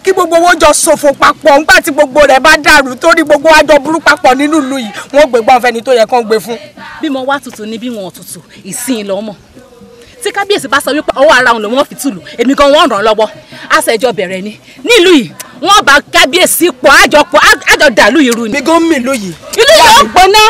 kí gbogbo owó jọ ṣòfò papọ̀ nígbà tí gbogbo rẹ̀ bá dàrú torí gbogbo àjọ burú papọ̀ nínú ìlú yìí wọ́n gbé gbọ́n fẹ́ni tó yẹ kán gbé fún. bímọ wá tutù ni bímọ òtútù ìsìn lọmọ tí kábíyèsí bá sọ wípé ọwọ́ ara òun lòun fi tùlù èmi gan wọ́n ràn lọ́wọ́ àṣẹjọ bẹ̀rẹ̀ ni nílùú yìí wọ́n bá kábíyèsí pọ̀ àjọpọ̀ àjọdàlú ìrù ni. mi gan mi lóye. ìlú yìí ó gbóná.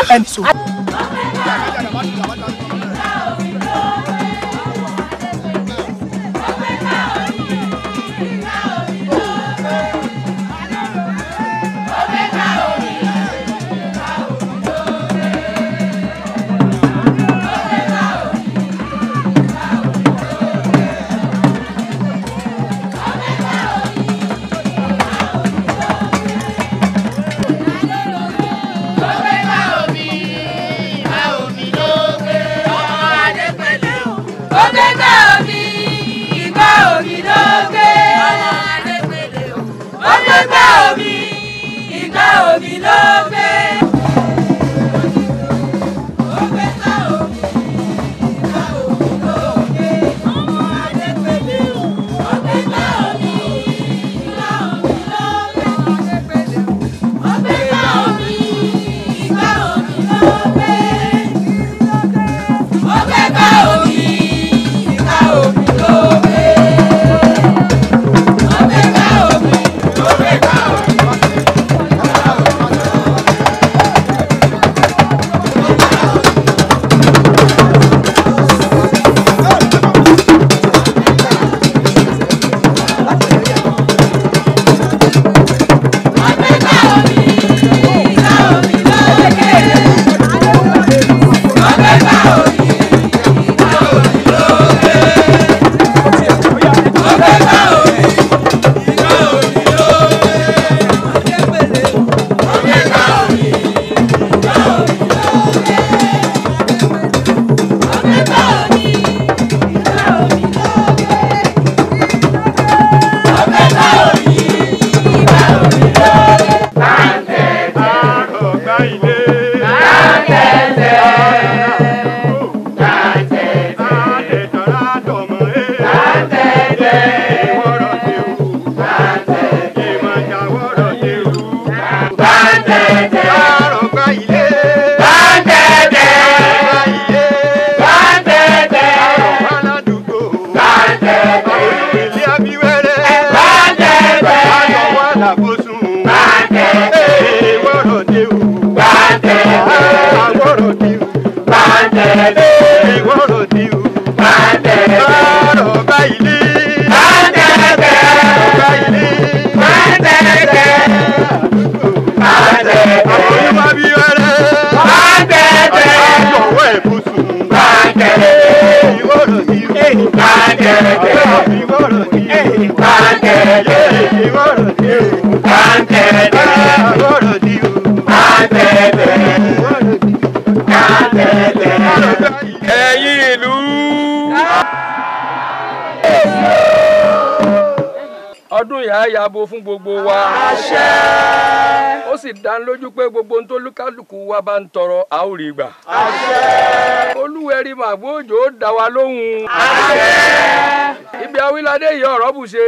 ààbò fún gbogbo wa. àṣẹ. ó sì dá lójú pé gbogbo ohun tó lúkálùkù wa bá ń tọrọ a ó rí gbà. àṣẹ. olúwẹ̀rí màgbóòjò ó dá wa lóhùn. àṣẹ. ibi awíládé yìí ọ̀rọ̀ bù ṣe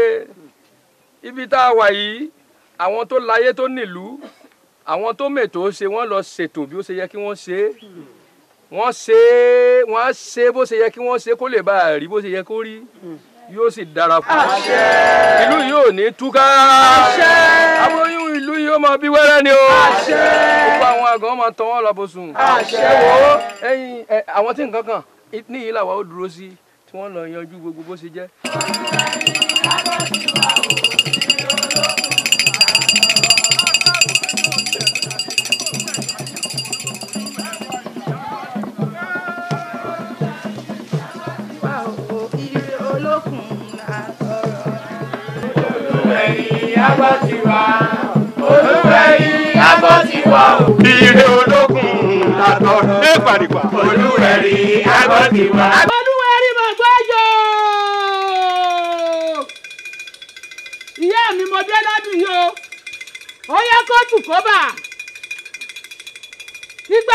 ibi tá a wà yìí àwọn tó láyé tó nílùú àwọn tó mètò ṣe wọ́n lọ ṣètò bí ó ṣe yẹ kí wọ́n ṣe wọ́n ṣe wọ́n á ṣe bó ṣe yẹ kí wọ́n ṣe kó lè bá a rí bó ṣe yẹ kó rí. Mm yóò sì dára fún ìlú yóò ní túká aboyún ìlú yóò máa bí wẹ́rẹ́ ni o gbogbo àwọn àgàn máa tán lọ́bùsùn ẹ ẹ̀yin àwọn tí nǹkan kan níyì làwa ó dúró sí tí wọ́n lọ yanjú gbogbo bó ṣe jẹ́. ẹ̀yìn agbọ́ ti wá olúwẹ̀ ẹ̀yìn agbọ́ ti wá o. ire ológun làtọ̀ dé pàdìpà. olúwẹ̀ ẹ̀yìn agbọ́ ti wá. olúwẹ̀ ẹ̀rí mọ̀ gbọ́jọ́ ìyá mi mo dé lọ́dún yìí o ó yẹ kóòtù kó bà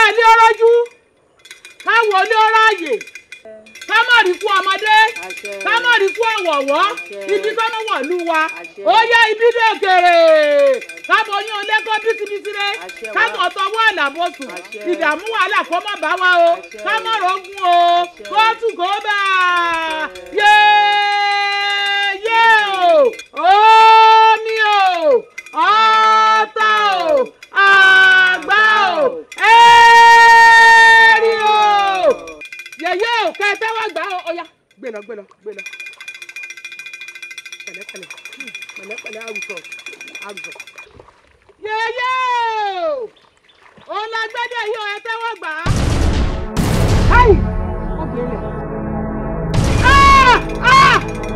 ilé ọrọ́jú káwọn olé ọrọ́ àyè ká má rí kú ọmọdé ká má rí kú ọ̀wọ̀wọ́ ibi tọ́nà wọ̀lú wa ó yá ibi dòkèrè ká mọ oyún ọlẹ́kọ́ bítíbítíré ká mọ̀ tọwọ́ àlàbọ̀sùn ìdààmú wàhálà kó má bá wa o ká mọ̀ rọ́gùn o kóòtù kó bá a yé yé o omi o ọ̀tá o àgbà o ẹ̀ẹ́rì o yẹyẹ ò ká ẹ tẹ́wọ́ gbà ó ọ̀yà gbé lọ gbé lọ gbé lọ pẹ̀lẹ́pẹ̀lẹ́ pẹ̀lẹ́pẹ̀lẹ́ àwùjọ àwùjọ. yẹyẹ ò ń lọ gbẹ́dẹ̀ yìí ò ẹ tẹ́wọ́ gbà á. káyì obìnrin rẹ̀.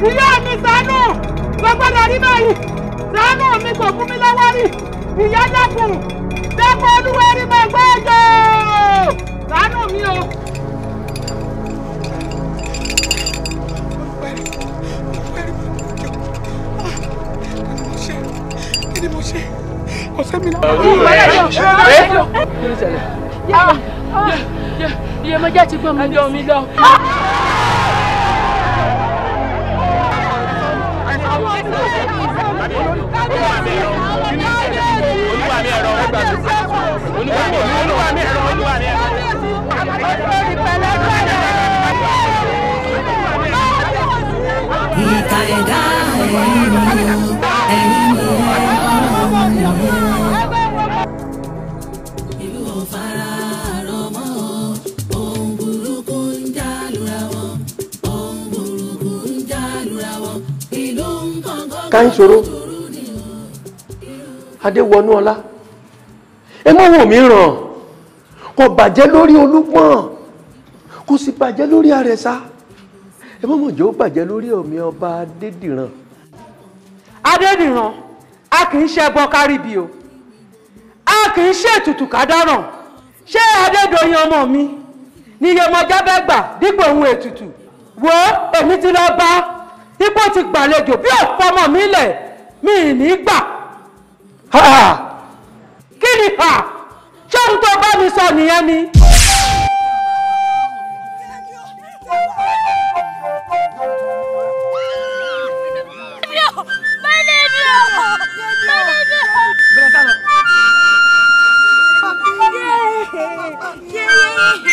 ìyá mi ṣàánú lọ gbọ́dọ̀ rí báyìí ṣàánú mi kò fún mi lọ́wọ́ rí ìyá dákun dákun olúwẹ̀rí máa gbọ́ ọjọ́ ṣàánú mi o. tí mo ṣe kò sẹ́mi náà. ìyẹmọjá ti gbọ́ mi lọ mi lọ. Olúwa mi ẹ̀rọ ẹgbàá mi. Olúwa mi olúwa mi ẹ̀rọ olúwa mi ẹ̀rọ. Ìka ẹ̀dá ẹ̀yìn. káńsoro adéwọnúọlá ẹ má wò mí ràn kò bàjẹ́ lórí olúpọ̀n kò sì bàjẹ́ lórí àrẹ̀sá ẹ má mọ̀ jẹ́ ó bàjẹ́ lórí ọ̀mí ọba adédìran. adédìran a kì í ṣe ẹbọ káríbi o a kì í ṣe ètùtù kádàràn ṣé adédọyìn ọmọ mi ni iye ọmọ jábẹ́ gbà dípò ohun ètùtù wo èmi ti lọ bá ipò ti gbàlejò bí ọ̀fọ́mọ mi lẹ̀ mi ní gbà. kí ni ṣé ohun tó bá mi sọ nìyẹn ni. Yeah.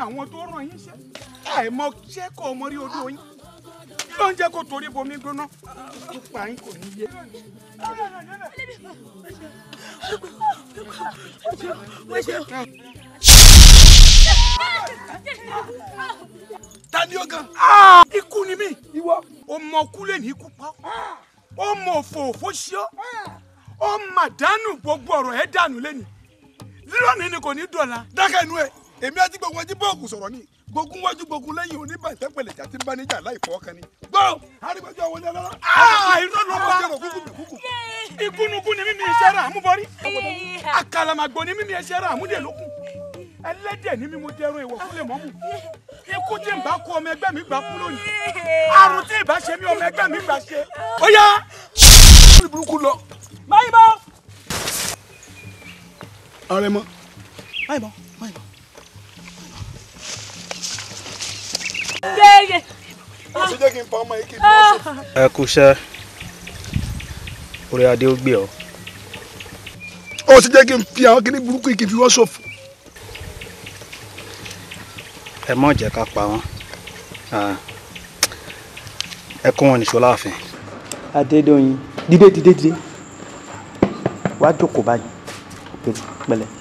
àwọn tó ràn yín ṣe àìmọ ṣe kọ ọmọ rí odò yín ló ń jẹ́ kó torí bomi gbóná tó pa yín kò ní yé. ta ni ó gan. ikú ni mí. ìwọ. o mọ kúlẹ̀ ní ikú pa ó mọ òfòòfó ṣe ọ́ mà dánù gbogbo ọ̀rọ̀ ẹ̀ dànù lẹ́nu lónìí ni kò ní dọ̀la dákẹ́ nu ẹ̀ èmi àti gbogbo ọjí bọ́ọ̀kù sọ̀rọ̀ ni gbogbo wájú gbogbo lẹ́yìn oníbàtẹ́ pẹ̀lẹ́jà ti bá níjà láì fọ́ ni. gbọ́ arígbájú àwọn ọlọ́lá. Ah! irọ́ ló wá ìkúnnukún ni mímí iṣẹ́ rà mú bọ́rí. àkàlàmàgbò ni mímí iṣẹ́ rà mú dè lókun. ẹlẹ́dẹ̀ ni mímú dẹrọ ìwọ̀ fún mọ́mù. ikú tí ń bá kú ọmọ ẹgbẹ́ mi gbà kú lónìí. àrùn tí ìbá ṣe mí ọmọ ẹgbẹ́ mi gbà ṣe. ó yá. burúkú lọ. máyìnbó. àrẹ̀mọ. máyìnbó. Ah. ẹ kú iṣẹ́ orí adé ó gbé ọ. ó sì jẹ́ kí n fi àwọn kíní burúkú yìí kí n fi wọ́n ṣòfò. ẹ mọ̀ jẹ́ ká pa wọ́n ah. ẹ kó wọn nìṣó láàfin. adédọ̀yìn dídé dídé dídé wàá jókòó báyìí pẹ̀lẹ́.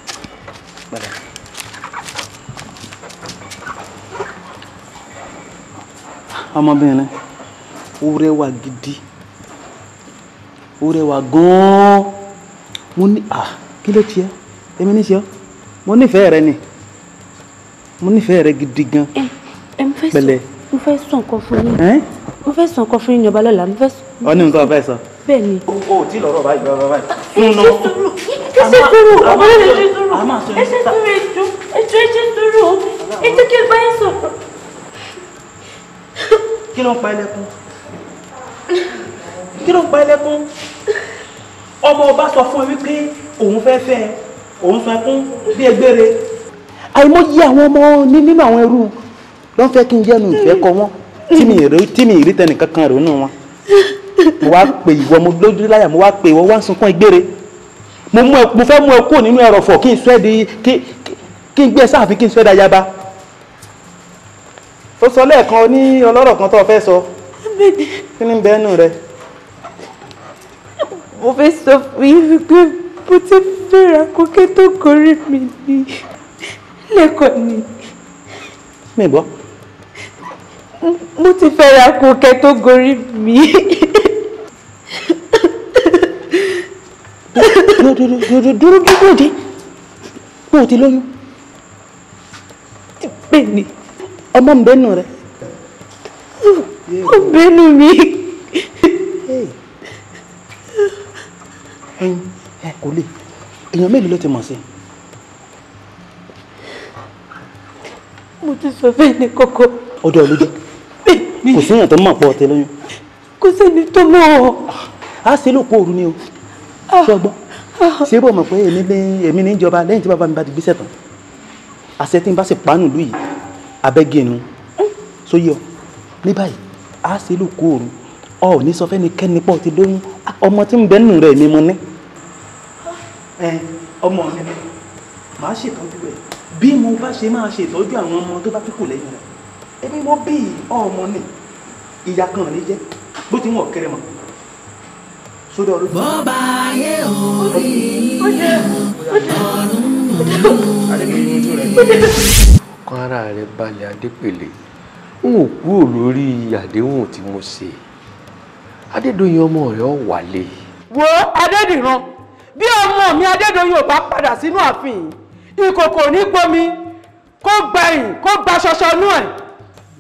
ọmọbìnrin ó rẹwà gidi ó rẹwà gan-an mo ní à kí ló tiẹ̀ èmi ní tiẹ̀ mo nífẹ̀ẹ́ rẹ ni mo nífẹ̀ẹ́ rẹ gidi gan. ẹ ẹ mo fẹ́ sọ mo fẹ́ sọ nǹkan fún yín mo fẹ́ sọ nǹkan fún yín ọba lọ́la mo fẹ́ sọ. ọ ní nǹkan fẹ́ sọ. bẹ́ẹ̀ ni. o ò tí ì lọ́rọ̀ báyìí báyìí báyìí. fún un ẹ ṣe sùúrù ọmọ lẹ́nu ẹ ṣe sùúrù ẹ ṣe sùúrù ẹ jù ẹ jù ẹ ṣe sùúrù ẹ jẹ́ kí ẹ bá yín sọ̀rọ̀ kí ló ń pa ẹlẹ́kún kí ló ń pa ẹlẹ́kún ọmọ ọba sọ fún ẹ wípé òun fẹ́ fẹ́ òun sọ ẹkún bí egbére. àìmọye àwọn ọmọ ní nínú àwọn ẹrú ló ń fẹ́ kí n yẹnu ìfẹ́ kọ wọ́n tí mi ìrí tẹnì kankan rò nù wọn mo wá pè ìwọ mo lójú láyà mo wá pè ìwọ wá ń sunkún egbére mo fẹ́ mú ẹ kúrò nínú ẹrọ̀fọ̀ kí n sọ ẹ́ di kí n gbé sáàfin kí n sọ ẹ́ di ayaba ó sọ lẹ́ẹ̀kan ní ọlọ́rọ̀ kan tó fẹ́ sọ kí ni bẹ́ẹ̀ nù rẹ. mo fẹ́ sọ fún yín wípé mo ti fẹ́ra kókẹ́ tó gorí mi ní lẹ́kọ̀ọ́ ni. mi gbọ́. mo ti fẹ́ra kókẹ́ tó gorí mi. dúró dúró dúró dúró dé mo ò ti lóyún. bẹ́ẹ̀ ni ọmọ ń bẹnu rẹ ó bẹnu mi. ẹyin ẹ kò lè èèyàn mélòó ló ti mọ̀ sí. mo ti sọ fẹ́ẹ́ ní kókó. ọ̀dọ̀ ló jẹ́ kò sí èèyàn tó mọ̀ pọ̀ ọ̀tẹ̀ lóyún. kò sẹ́ni tó mọ̀ ọ́. a ṣe ló kó ooru ni o ṣọgbọ́n ah. ṣé bó ah. mọ̀ pé èmi ní ìjọba lẹ́yìn tí bàbá mi bá ti gbéṣẹ́ tán àṣẹ tí n bá sì pa nùlú yìí abẹ́gẹ̀nu sóyè ọ ní báyìí a ṣe lù kú òru ọ ò ní sọ fẹ́nikẹ́ni pọ̀ ti lóyún ọmọ tí ń bẹ nù rẹ̀ mi mo ní. ọmọ mi màá ṣètọ́jú ẹ̀ bí mo bá ṣe máa ṣètọ́jú àwọn ọmọ tó bá kíkù lẹ́yìn rẹ̀ èmi mo bí ọmọ ni ìyá kan rẹ̀ jẹ́ bó ti wọ̀ kẹrẹ mọ́ sódò ọdún. bọ́ba ayé orí ọ̀run ọ̀run ọkàn ara rẹ balẹ̀ adépèlé n ò kúrò lórí àdéhùn tí mo ṣe adédọyìn ọmọ rẹ ọ wálé. wo adédìran bí ọmọ mi adédọyìn ò bá padà sínú ààfin ìkòkò ní gbomi kó gba kó gba ṣọṣọ nú ẹ.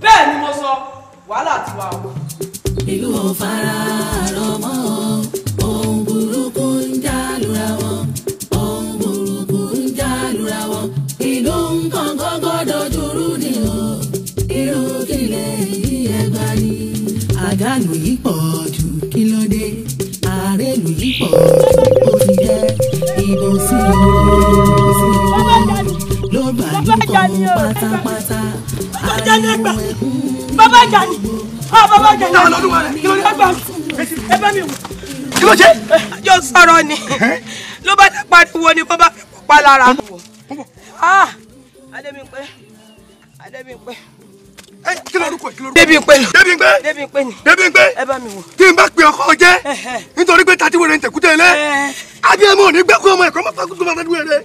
bẹ́ẹ̀ ni mo sọ wàhálà tiwa o. ìlú ò fara àjálù yìí pọ̀ jù kí ló dé àrélù yìí pọ̀ jù ó ti jẹ́ ìbò sí i ló gbàdúgbò pátápátá àrélù ẹ̀kú bàbá jani ọ ah, bàbá jani náà lọ́dún wa rẹ̀ kí ló dé ẹgbàá ẹ bá mi wò. kí ló ṣe. yóò sọ̀rọ̀ ni ló bá dá pariwo ni bàbá fẹ́ kópa lára. Ah, adébímpé adébímpé lorúkọ yìí. débi pé ni. débi pé. débi pé ni. débi pé. ẹ bá mi wò. tí n bá pe ọkọ jẹ. nítorí pé tati wẹrẹ ń tẹkútẹ lẹ. abiyamọ ò ní gbẹ kó ọmọ ẹkọ máa fakutu máa dúró rẹ.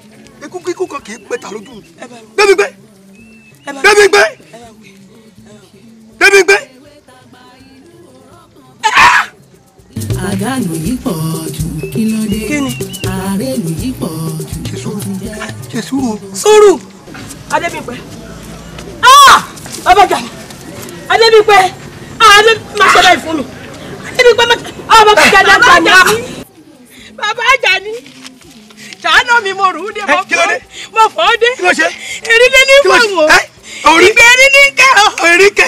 ikú kíkú kan kì í pẹ tàlójú. débi pé. débi pé. débi pé. àdánù yìí pọ̀ jù kí ló dé. kí ni. àárẹ̀lù yìí pọ̀ jù. jésù jésù. sùúrù. adébíyẹ. ah! ọbẹ̀ jà adébípẹ́ ah, adébípẹ́ má ṣe báyìí fún mi adébípẹ́ má ṣe ọmọ kìkì ajá ní bàbá Àjàní ṣàánú mi mo rù ú dé mo eh, fọ́ dé erílé ní fòwò ìgbẹ́ erí ní kẹ́ ọ ìgbẹ́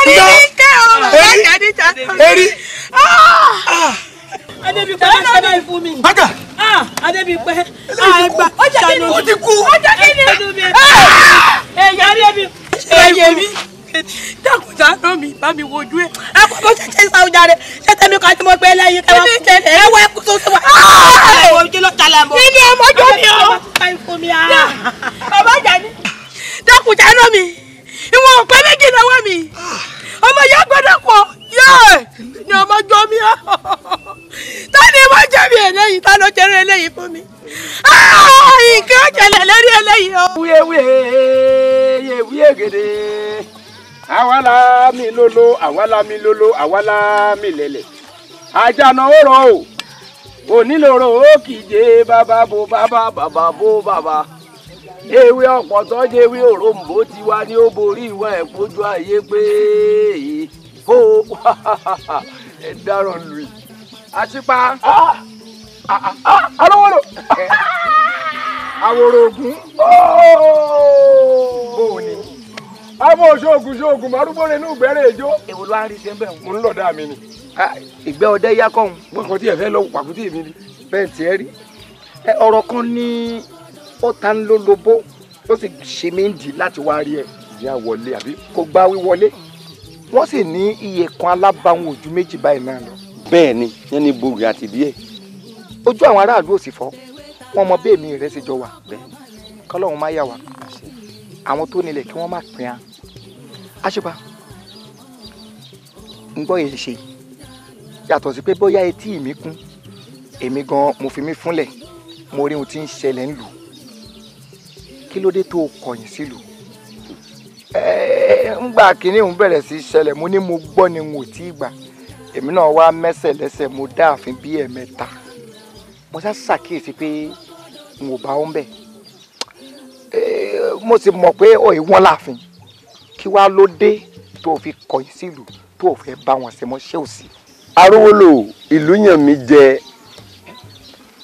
erí ní kẹ́ ọ bàbá Àjàní ṣàánú adébípẹ́ má ṣe báyìí fún mi ah, adébípẹ́ àgbà ah, ó jẹ́ kí ni ó eh! ti kú ó jẹ́ kí ni èèyàn adébípẹ́ ṣe é yé mi dákúta rán mi bá mi wojú ẹ ẹkọ bó ṣe ṣe sáwọn ṣe tẹmí kan tí mo gbé lẹ́yìn kẹwà fún kẹlẹ ẹwọ ẹkú tó ṣe wà. nínú ọmọjọ mi o bàbá jani dákúta rán mi ìwọ̀n òpé méjì lọ́wọ́ mi ọmọ yẹn gbọ́dọ̀ pọ̀ yẹ ni ọmọjọ mi o tani mo jẹ mi eléyìí ta ló jẹrẹ eléyìí fún mi nǹkan jẹlẹ lórí eléyìí o. wíyẹwíyẹ yẹ gèdè àwa la mi lolo àwa la mi lolo àwa la mi lẹ̀lẹ̀ àjànà òrò o onílòrò ó kìje bàbá bo bàbá bàbá bo bàbá ewé ọ̀pọ̀tọ́ jẹ́ ewé òròǹbó tiwa ni ó borí ìwà ẹ̀ kójú ayé pé kó ẹ dáràn lù í. àtipa ah! ah, ah, alówólò àwòrò ògún oh! bóun ni àmọ́ ṣoògùn ṣoògùn màrúgbó rẹ̀ ní ìgbẹ́rẹ́ èjó. èwo ló wá rí ṣe ń bẹ̀ wọn. mo ń lọ dá mi ni. Ah, ìgbẹ́ ọdẹ yá kọ́ òun. wọn kàn tí ẹ fẹ́ lọ pàkútì mi ni. bẹ́ẹ̀ tiẹ̀ rí ọ̀rọ̀ kan ní ó ta ń ló lobó ó sì ṣe mí ń dì láti wá rí ẹ. ìyá wọlé àbí. kò gba wíwọlé wọ́n sì ní iye kan alábàáwọn ojú méjì báyìí náà lọ. bẹ́ẹ̀ ni yẹn ní bòrì àti díẹ̀. ojú àwọn tó nílẹ̀ kí wọ́n má pín an àṣùpá ń gbọ́ yẹn ṣe yàtọ̀ sí pé bóyá etí mi kún èmi gan mo fi mí fúnlẹ̀ mo rí ohun tí ń ṣẹlẹ̀ ńlù kí ló dé tó kọ̀yìn sílùú ńgbà kínní òun bẹ̀rẹ̀ sí ṣẹlẹ̀ mo ní mo gbọ́ ni n ò tí ì gbà èmi náà wá mẹ́sẹ̀ lẹ́sẹ̀ mo dá àfin bíi ẹ̀mẹ́ta mo sá ṣàkíyèsí pé n ò bá ń bẹ̀ mo sì mọ̀ pé òye wọn láàfin kí wàá ló dé tó o fi kọ̀yìn sílùú tó o fẹ́ bá wọn ṣe mọ́ ṣé o sì. arówólò ìlú yàn mí jẹ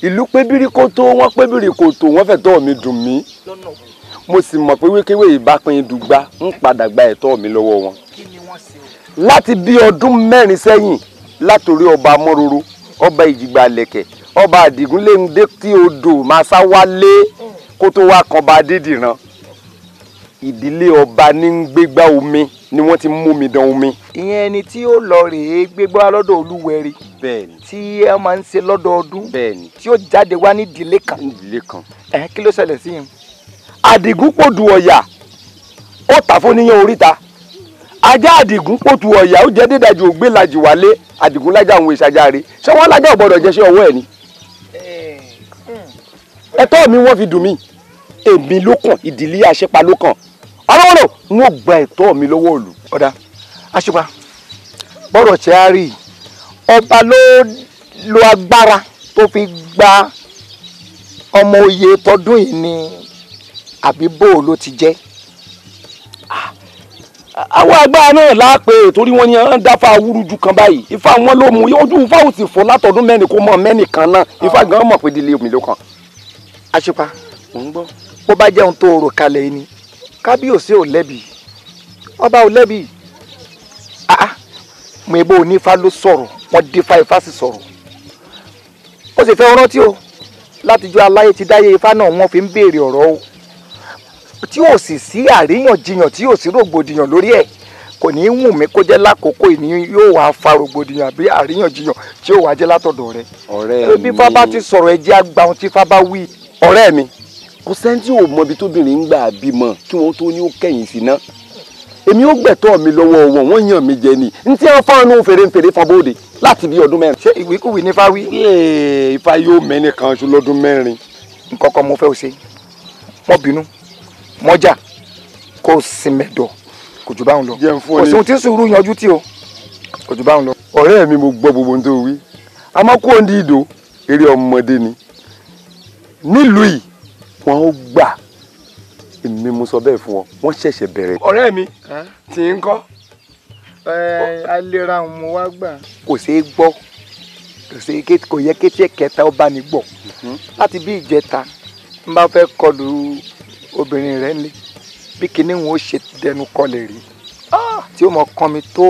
ìlú pé bíríkótó wọn pé bíríkótó wọn fẹ̀tọ́ mi dùn mí mo sì mọ̀ pé wékéwé ìbápin dùgbà ń padà gba ẹ̀tọ́ mi lọ́wọ́ wọn. láti bí ọdún mẹ́rin sẹ́yìn látòrí ọba amọ́roro ọba ìjìgbà lẹ̀kẹ̀ ọba àdìgúnlé ń dé tí odò máa sá wálé kó tó wá kan bá dídìran ìdílé ọba ní gbégbá omi ni wọ́n ti mú mi dán omi. ìyẹn ẹni tí ó lọ rèé gbégbá lọ́dọ̀ olúwẹ̀rí. bẹ́ẹ̀ni. tí ẹ máa ń ṣe lọ́dọọdún. bẹ́ẹ̀ni. tí ó jáde wá ní ìdílé kan. ní ìdílé kan. ẹ kí ló ṣẹlẹ̀ sí yẹn. àdìgún pòdù ọ̀yà ó tà fún níyàn oríta ajá àdìgún pòtù ọ̀yà ó jẹ́ dídájú ògbé lajì wálé àdìgún lájà àwọn ìṣàjà rè ṣé wọ́n lájà ògbọ́dọ̀ jẹ́ ṣé ọwọ́ ẹ̀ ni. Hmm. ẹ̀tọ́ mi wọ́n fi dùn mí èmi ló kàn ìdílé àṣepa ló kàn ọlọ́wọ́lọ́ n ó gba ẹ̀tọ́ mi lọ́wọ́ òlù ọ̀dà àṣùpá bọ́rọ̀ ṣe á rí ọba ló lo agbára tó fi gba ọmọ oyè tọdún yìí ni àbí bóò ló ti jẹ́ àwọn agbára náà láàpẹ torí wọn ni wọn dáfa awúrúju kan báyìí ifá wọn ló mú ojú ifá ò sì fọ látọdún mẹ́rin kó mọ mẹ́rin kan náà ifá gan mọ̀ pé délé omi ló kàn àṣùpá mò ń gbọ́ bó bá jẹun tó rò kalẹ̀ ni kábíyèsí ò lẹ́bi ọba ò lẹ́bi ah, ah. mo ebo onífá ló sọ̀rọ̀ wọ́n dífá ifá sì sọ̀rọ̀ ó sì fẹ́ rántí o látijọ́ aláyé ti dáyé ifá náà wọ́n fi ń béèrè ọ̀rọ̀ o tí ò sì sí àríyànjiyàn tí ò sí rògbòdìyàn lórí ẹ̀ kò ní í wù mí kó jẹ́ lákòókò ìní yóò wá fa rògbòdìyàn àbí àríyànjiyàn tí yóò wá jẹ́ látọ̀dọ̀ rẹ. ọ̀rẹ́ mi ebi fábá ti sọ̀rọ̀ ẹ jẹ́ àgbà ohun tí fábá wí. ọ̀rẹ́ mi kò sẹ́ni tí ò mọbi tóbìnrin ń gbà bímọ kí wọ́n tó ní ó kẹ̀yìn sí ná èmi ó gbẹ̀tọ́ mi lọ́wọ́ wọn wọ́n yàn mí jẹ ni n tí wọ́n fọ́nrún fèrèfèrè fọ́bọ́ọ̀dẹ láti bí ọdún mẹ́rin. ṣé ìwé kúwì nífa wí. Ifá yóò mẹ́ni kan ṣu lọ́dún mẹ́rin. nǹkankan mo fẹ́ o ṣe mọ́ bínú mọ́jà kó o sin mẹ́dọ̀ kò jù báwọn lọ kò sí ohun tí sùúrù yanjú tí o kò jù báwọn lọ. ọ̀rẹ́ mi mo gbọ́ gbogbo ohun tó wí àmọ́ kó o ń di ìdò eré ọmọdé ni nílùú yìí wọn ó gbà èmi mo sọ bẹ́ẹ̀ fún ọ wọ́n ṣẹ̀ṣẹ̀ bẹ̀rẹ̀. ọ̀rẹ́ mi tí ń kọ́. àlera òun mo wá gbà. kò ṣeé gbọ́ kò yẹ kété kẹta ó bá ní gbọ́ mhm. láti bí ìjẹta n bá fẹ́ kọlu obìnrin rẹ̀ lé bí kinní wọn ó ṣe dẹnu kọlẹ̀ rí ah! tí ó mọ̀ kàn mí tó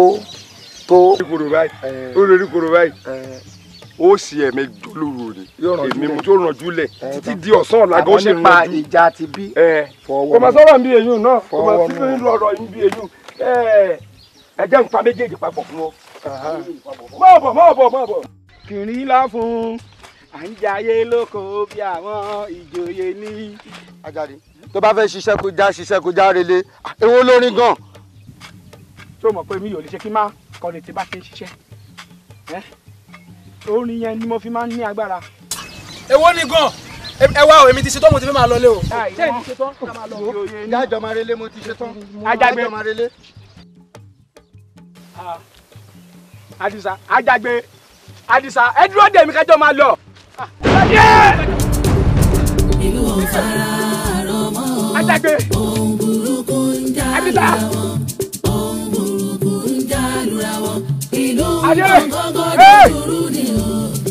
tó. olórí koro báyìí olórí koro báyìí ó sì ẹ̀mí jólúru ni èmi mo tó rànjú lẹ̀ títí di ọ̀sán ọ̀la gan ṣe rànjú. àmọ́ nípa ìjà ti bí. kò máa sọ̀rọ̀ ń bí èyí náà kò máa fi ń lọ̀rọ̀ ń bí èyí ẹ jẹ́ nípa méjèèjì papọ̀ fún ọ. máa bọ̀ máa bọ̀ máa bọ̀. kìnìún lá fún à ń jayé lóko bí àwọn ìjòyè ní. Àjàdí tó bá fẹ́ ṣiṣẹ́ kó já ṣiṣẹ́ kó já relé ah, èwo lórin gan. tó mọ̀ pé mi ò lè ṣe kí n má kọ́ni tí bá ti ń ṣiṣẹ́ orin yẹn ni mo fi máa ń ní agbára. èwo ni gan ẹ wá o èmi ti ṣetán mo ti fẹ́ máa lọ lé o. ṣé èmi ṣetán ká máa lọ o. ìyájọ máa relé mo ti ṣetán. ajagbe ìyájọ máa ah. Adisa ajagbe Adisa ẹ dúró dè mí kájọ máa lọ. ìlú ọ̀fà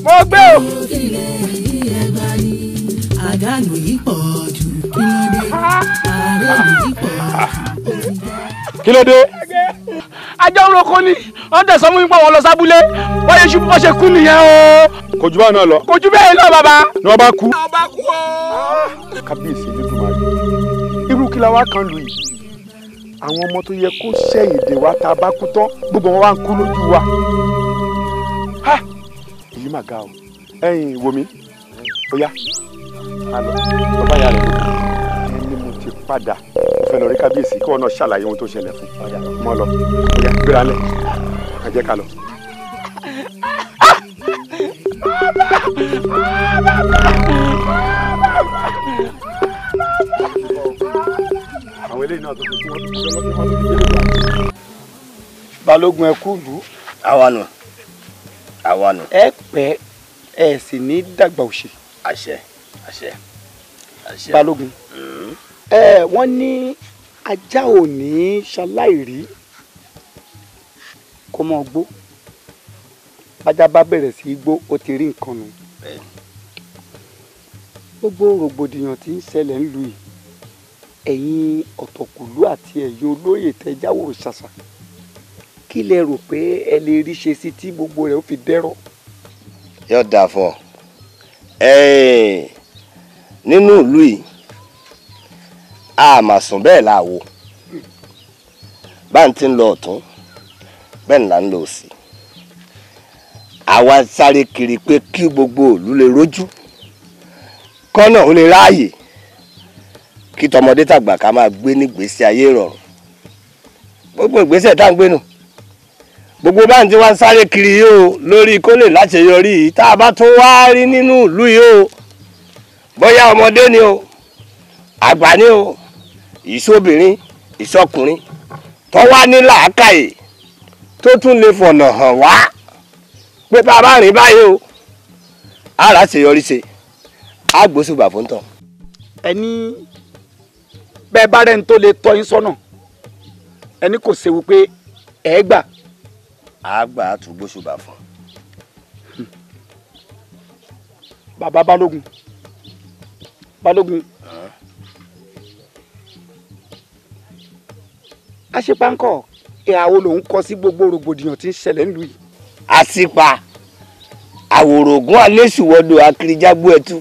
mo gbé o. àdánù yìí pọ̀ jù kí ló dé ààrẹ yìí pọ̀ jù. kí ló dé. ajá ń roko ni wọ́n tẹ̀sán mú ipò wọn lọ sábúlé wọ́n yẹ ṣubú wọ́n kú nìyẹn o. kò jù náà lọ. kò jù bẹ́ẹ̀ náà bàbá. ni wọ́n bá kú. ni kú o. kábíyèsí ní dùmarè irú kí la wá kan lù yìí àwọn ọmọ tó yẹ kó sẹ́yìn dè wá tá bá kú tán gbogbo wọn wá ń kú lójú wa ha èyí mà ga o ẹ̀yin wò mí bóyá alọ bàbá yà rẹ ẹni mo ti padà mo fẹ́ lọ rí kábíyèsí kí wọn náà ṣàlàyé ohun tó ṣẹlẹ̀ fún mọ́ lọ bóyá gbéra lẹ̀ ẹ jẹ́ ká lọ. Bàbá! Bàbá! àwọn eléyìí náà tó fi kún wọn tó fi jẹ́ lọ́wọ́. balógun ẹ kú lù. àwa nù àwa nù. ẹ pẹ́ ẹ sì ní dàgbà òṣè. àṣẹ àṣẹ àṣẹ. balógun mm-hmm. ẹ wọ́n ní ajá ò ní ṣaláìrí kó mọ́ gbó bájá bá bẹ̀rẹ̀ sí í gbó ó ti rí nǹkan nù gbogbo rògbòdìyàn tí ń ṣẹlẹ̀ ń lu yìí ẹ̀yin ọ̀tọ̀kùlú àti ẹ̀yin olóyè tẹ jáwòrò ṣàṣà kí lẹ rò pé ẹ lè rí ṣe sí tí gbogbo rẹ̀ ó fi dẹ́rọ̀. yóò dà fọ nínú ìlú yìí a mà sùn bẹ́ẹ̀ là wò bá ń ti ń lọ ọ̀tún bẹ́ẹ̀ là ń lọ òsì àwa sáré kiri pé kí gbogbo ìlú lè rójú kọ́nà ó lè ráàyè kí tọmọdé tàgbà ká máa gbé nígbésí ayé ìrọ̀rùn gbogbo ìgbésẹ̀ tá à ń gbé nù gbogbo bá ń ti wá ń sáré kiri yìí o lórí kó láṣeyọrí yìí tá a bá tún wá rí nínú ìlú yìí o bóyá ọmọdé ni o àgbà ni o ìṣobìnrin ìṣọkùnrin tó wá ní làákàyè tó tún lè fọ̀nà hàn wá pé tá a bá rìn báyìí o ara ṣèyọrí ṣe á gbósùbà fún tán. ẹni bẹ́ẹ̀ bá rẹ́ni tó lè tọ́ yín sọ́nà ẹni kò ṣe wípé ẹ̀ gbà. a gbà á tún gbóṣùbà fún. bàbá balógun balógun àṣepáńkọ ìhàwó lòún kọ sí gbogbo rògbòdìyàn tí ń ṣẹlẹ̀ ńlú yìí. àṣìpa àwòrògùn alẹ́sùwọ́dọ̀ akirijágbó ẹ̀tù.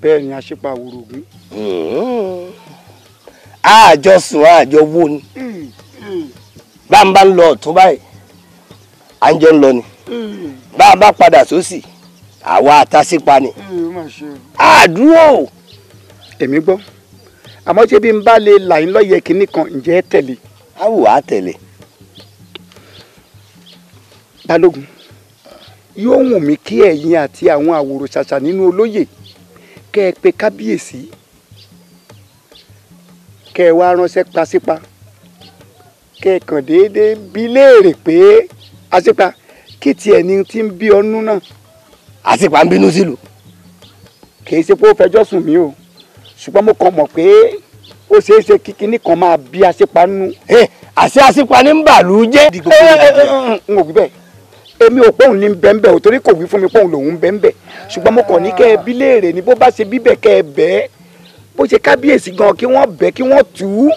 bẹ́ẹ̀ ni àṣìpa àwòrògùn. Mm-hmm. àjọ sùn àjọ wó ni bá ń bá ń lọ ọ̀tún báyìí à ń jọ ń lọ ni bá a bá padà sósì àwa àtàsípa ni àdúrò. Ah, èmi gbọ́ àmọ́ bí n bá lè là ń kan ǹjẹ́ tẹ̀lé. a tẹ̀lé. balógun yóò wù àti àwọn àwòrò ṣàṣà nínú kẹ́ ẹ pe kábíyèsí. kẹ́ ẹ wá ránṣẹ́ pasípa kẹ́ ẹ kàn déédéé bí léèrè pé àṣepa kí tiẹ̀ ni ti ń bí ọnú náà. àṣepa ń bínú sílùú. kì í ṣe pé ó fẹjọ́ sùn mí o ṣùgbọ́n mo kàn mọ̀ pé ó ṣeé ṣe kí kinní kan máa bí àṣepa nú. ẹ àṣẹ àṣepa ní bàálù jẹ́. n ò wí bẹ́ẹ̀ èmi ò pọ́ùn ní bẹ́ńbẹ́ ò torí kò wí fún mi pọ́ùn lòún bẹ́ńbẹ́ ṣùgbọ́n mo kàn ní kẹ́ ẹ bí léèrè ni bó bá ṣe bíbẹ̀ kẹ́ ẹ bẹ́ẹ̀ bó ṣe kábíyèsí gan kí wọ́n bẹ̀ kí wọ́n tù ú.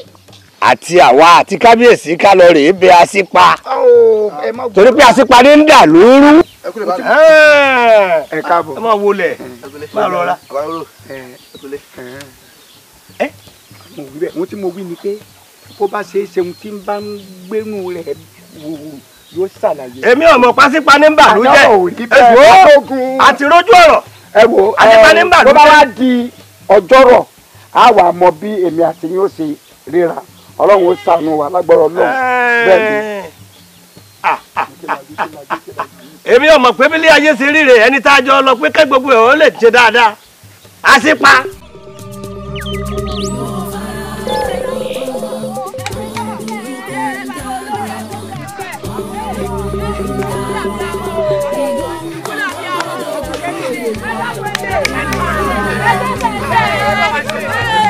àti àwa àti kábíyèsí ká lọ rèé bẹ aṣípa torí pé aṣípa ní ń dà lóru. ẹ káàbọ̀ ẹ máa wọlé máa rọra. ẹ mo ti mo wí ni pé kó bá ṣe é ṣeun tí n bá ń gbẹ́nu rẹ̀ wòwò yóò ṣàlàyé. èmi ọmọ pásípa ní bàlú jẹ ẹwọ àti rójú ọ̀rọ̀ àti pa ní bàlú jẹ. tó bá wá di ọjọ́rọ̀ á wà mọ bí èmi àti yín ó ṣe ríra ọlọ́run ó ṣàánú wa lágbára ọlọ́run bẹ́ẹ̀ ni. Ah, ah, ah. èmi ò mọ̀ pé bílé ayé ti rí rè ẹni tá a jọ lọ pé kẹ́ gbogbo ẹ̀ ó lè ṣe dáadáa a sì pa. Hey!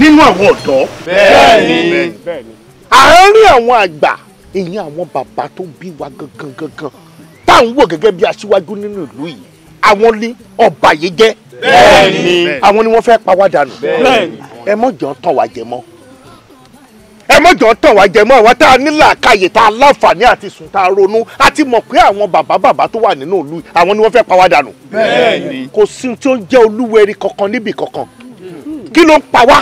nínú àwọn ọ̀dọ́. bẹ́ẹ̀ni àárín àwọn àgbà ìyẹn àwọn bàbá tó bí wa gangan gangan tá à ń wò gẹ́gẹ́ bí aṣíwájú nínú ìlú yìí àwọn ní ọba yìí jẹ́. bẹ́ẹ̀ni àwọn ni wọ́n fẹ́ pa wá dànù. bẹ́ẹ̀ni ẹ mọ̀ jọ tàn wá jẹ mọ́ ẹ mọ̀ jọ tàn wá jẹ mọ́ àwa tá a nílà àkàyè tá a láǹfààní àti sùn tá a ronú a ti mọ̀ pé àwọn bàbá bàbá tó wà nínú ìlú yìí àwọn ni wọ́n fẹ́ pa wá dànù. bẹ́ẹ̀ni kò sí tí ó ń jẹ́ olúwẹ̀rí kankan níbì kankan kí ló ń pa wá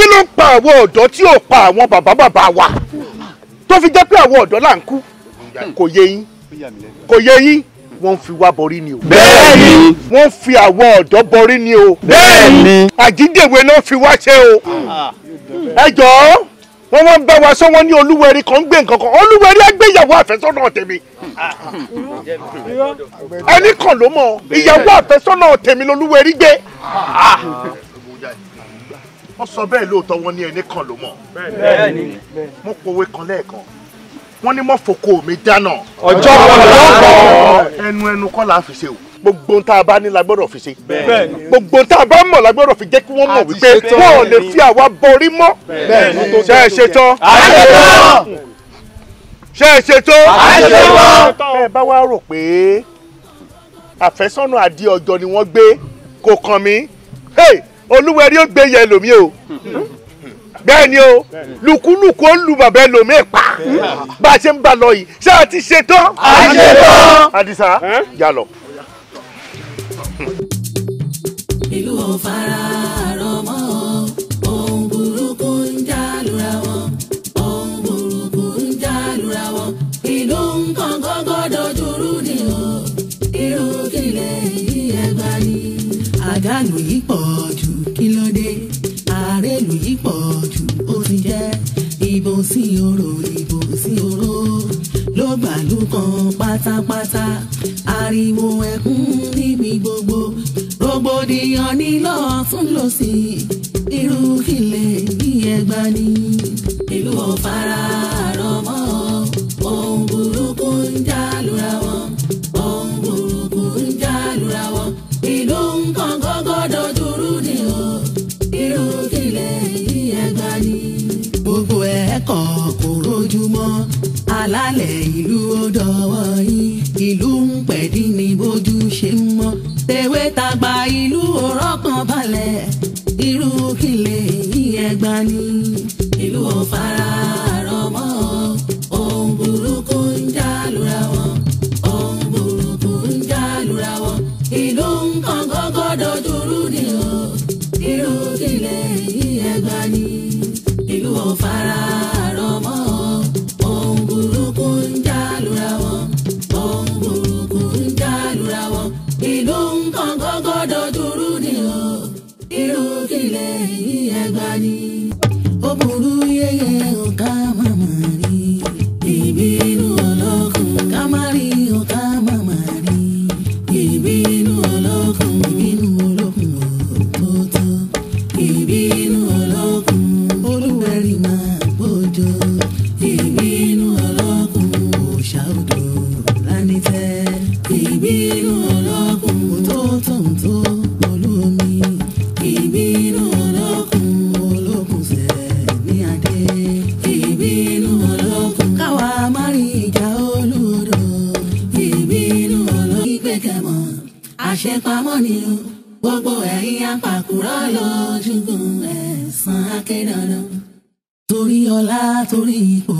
kí ló ń pa àwọn ọ̀dọ́ tí ò pa àwọn bàbá bàbá wa tó fi jẹ́ pé àwọn ọ̀dọ́ là ń kú kò yé yín kò yé yín wọ́n ń fi wá borí ni o. bẹ́ẹ̀ni. wọ́n ń fi àwọn ọ̀dọ́ borí ni o. bẹ́ẹ̀ni. àjídèwé náà fi wá ṣe o. ẹ jọ̀ọ́ wọ́n wọ́n bá wa sọ wọ́n ní olúwẹ̀rí kan gbé nǹkan kan olúwẹ̀rí agbéyàwó àfẹ́sọ́nà tèmi. ẹnì kan ló mọ̀ ìyàwó àfẹ́sọ́nà tèmi lolúwẹ̀rí gbé wọ́n sọ bẹ́ẹ̀ lóòótọ́ wọn ní ẹni kan ló mọ̀ mo pòwe kan lẹ́ẹ̀kan wọ́n ní mọ́fòkó mi dáná. ọjọ́ ọ̀dọ́ ẹnu ẹnu kọ́ la fi ṣe o gbogbo ohun tá a bá ní la gbọ́dọ̀ fi ṣe gbogbo ohun tá a bá mọ̀ la gbọ́dọ̀ fi jẹ́ kí wọ́n mọ̀ wípé wọ́n ò lè fi àwa borí mọ́ ṣe é ṣe tán ṣe é ṣe tán ẹ bá wá rò pé àfẹ́sọ́nà àdí ni wọ́n gbé kò kàn mí. Hey! olúwẹ̀rí ó gbé yẹ lómi o bẹ́ẹ̀ ni o lùkúlùkù ó lu bàbá ẹlòmíì pa bá a ṣe ń bá lọ yìí ṣé a ti ṣetán. a ṣetán. Àdìsá yà lọ. ìlú ọ̀fàrà àrọ̀mọ́ ohun burúkú ń já lura wọn ohun burúkú ń já lura wọn ìlú nǹkan gọ́gọ́ dojúrú ni o irú kílẹ̀ yìí ẹ̀ bá ní. àdánù yìí pọ̀ jù kí ló dé àrèlù yìí pọ̀ jù ó ti jẹ́ ìbò sí oró ìbò sí oró ló gbàlú kan pátápátá ariwo ẹkún níbi gbogbo rògbòdìyàn ní lọ́ọ̀tún lọ́sì irú kílẹ̀ yìí ẹgbàá ni ìlú ọ̀fara àrọ̀mọ́ ohun burúkú ń já lura kẹ́kọ̀ọ́ kò rójúmọ́ alálẹ̀ ìlú ó dọwọ́ yín ìlú ń pẹ̀dí ni bójú ṣe ń mọ́ tèwé tàgbà ìlú òrọ́ kan balẹ̀ irú kílẹ̀ yín ẹgbà ni ìlú ò fara àrọ́mọ́ ohun burúkú ń já lura wọn ohun burúkú ń já lura wọn ìlú ń kan gọ́gọ́ ni o irú kílẹ̀ yín ẹgbà ni ìlú ò fara. gbogbo ẹ̀yin apàkúrọ̀ lójúgun ẹ̀san akédandan. torí ọlá torí ipò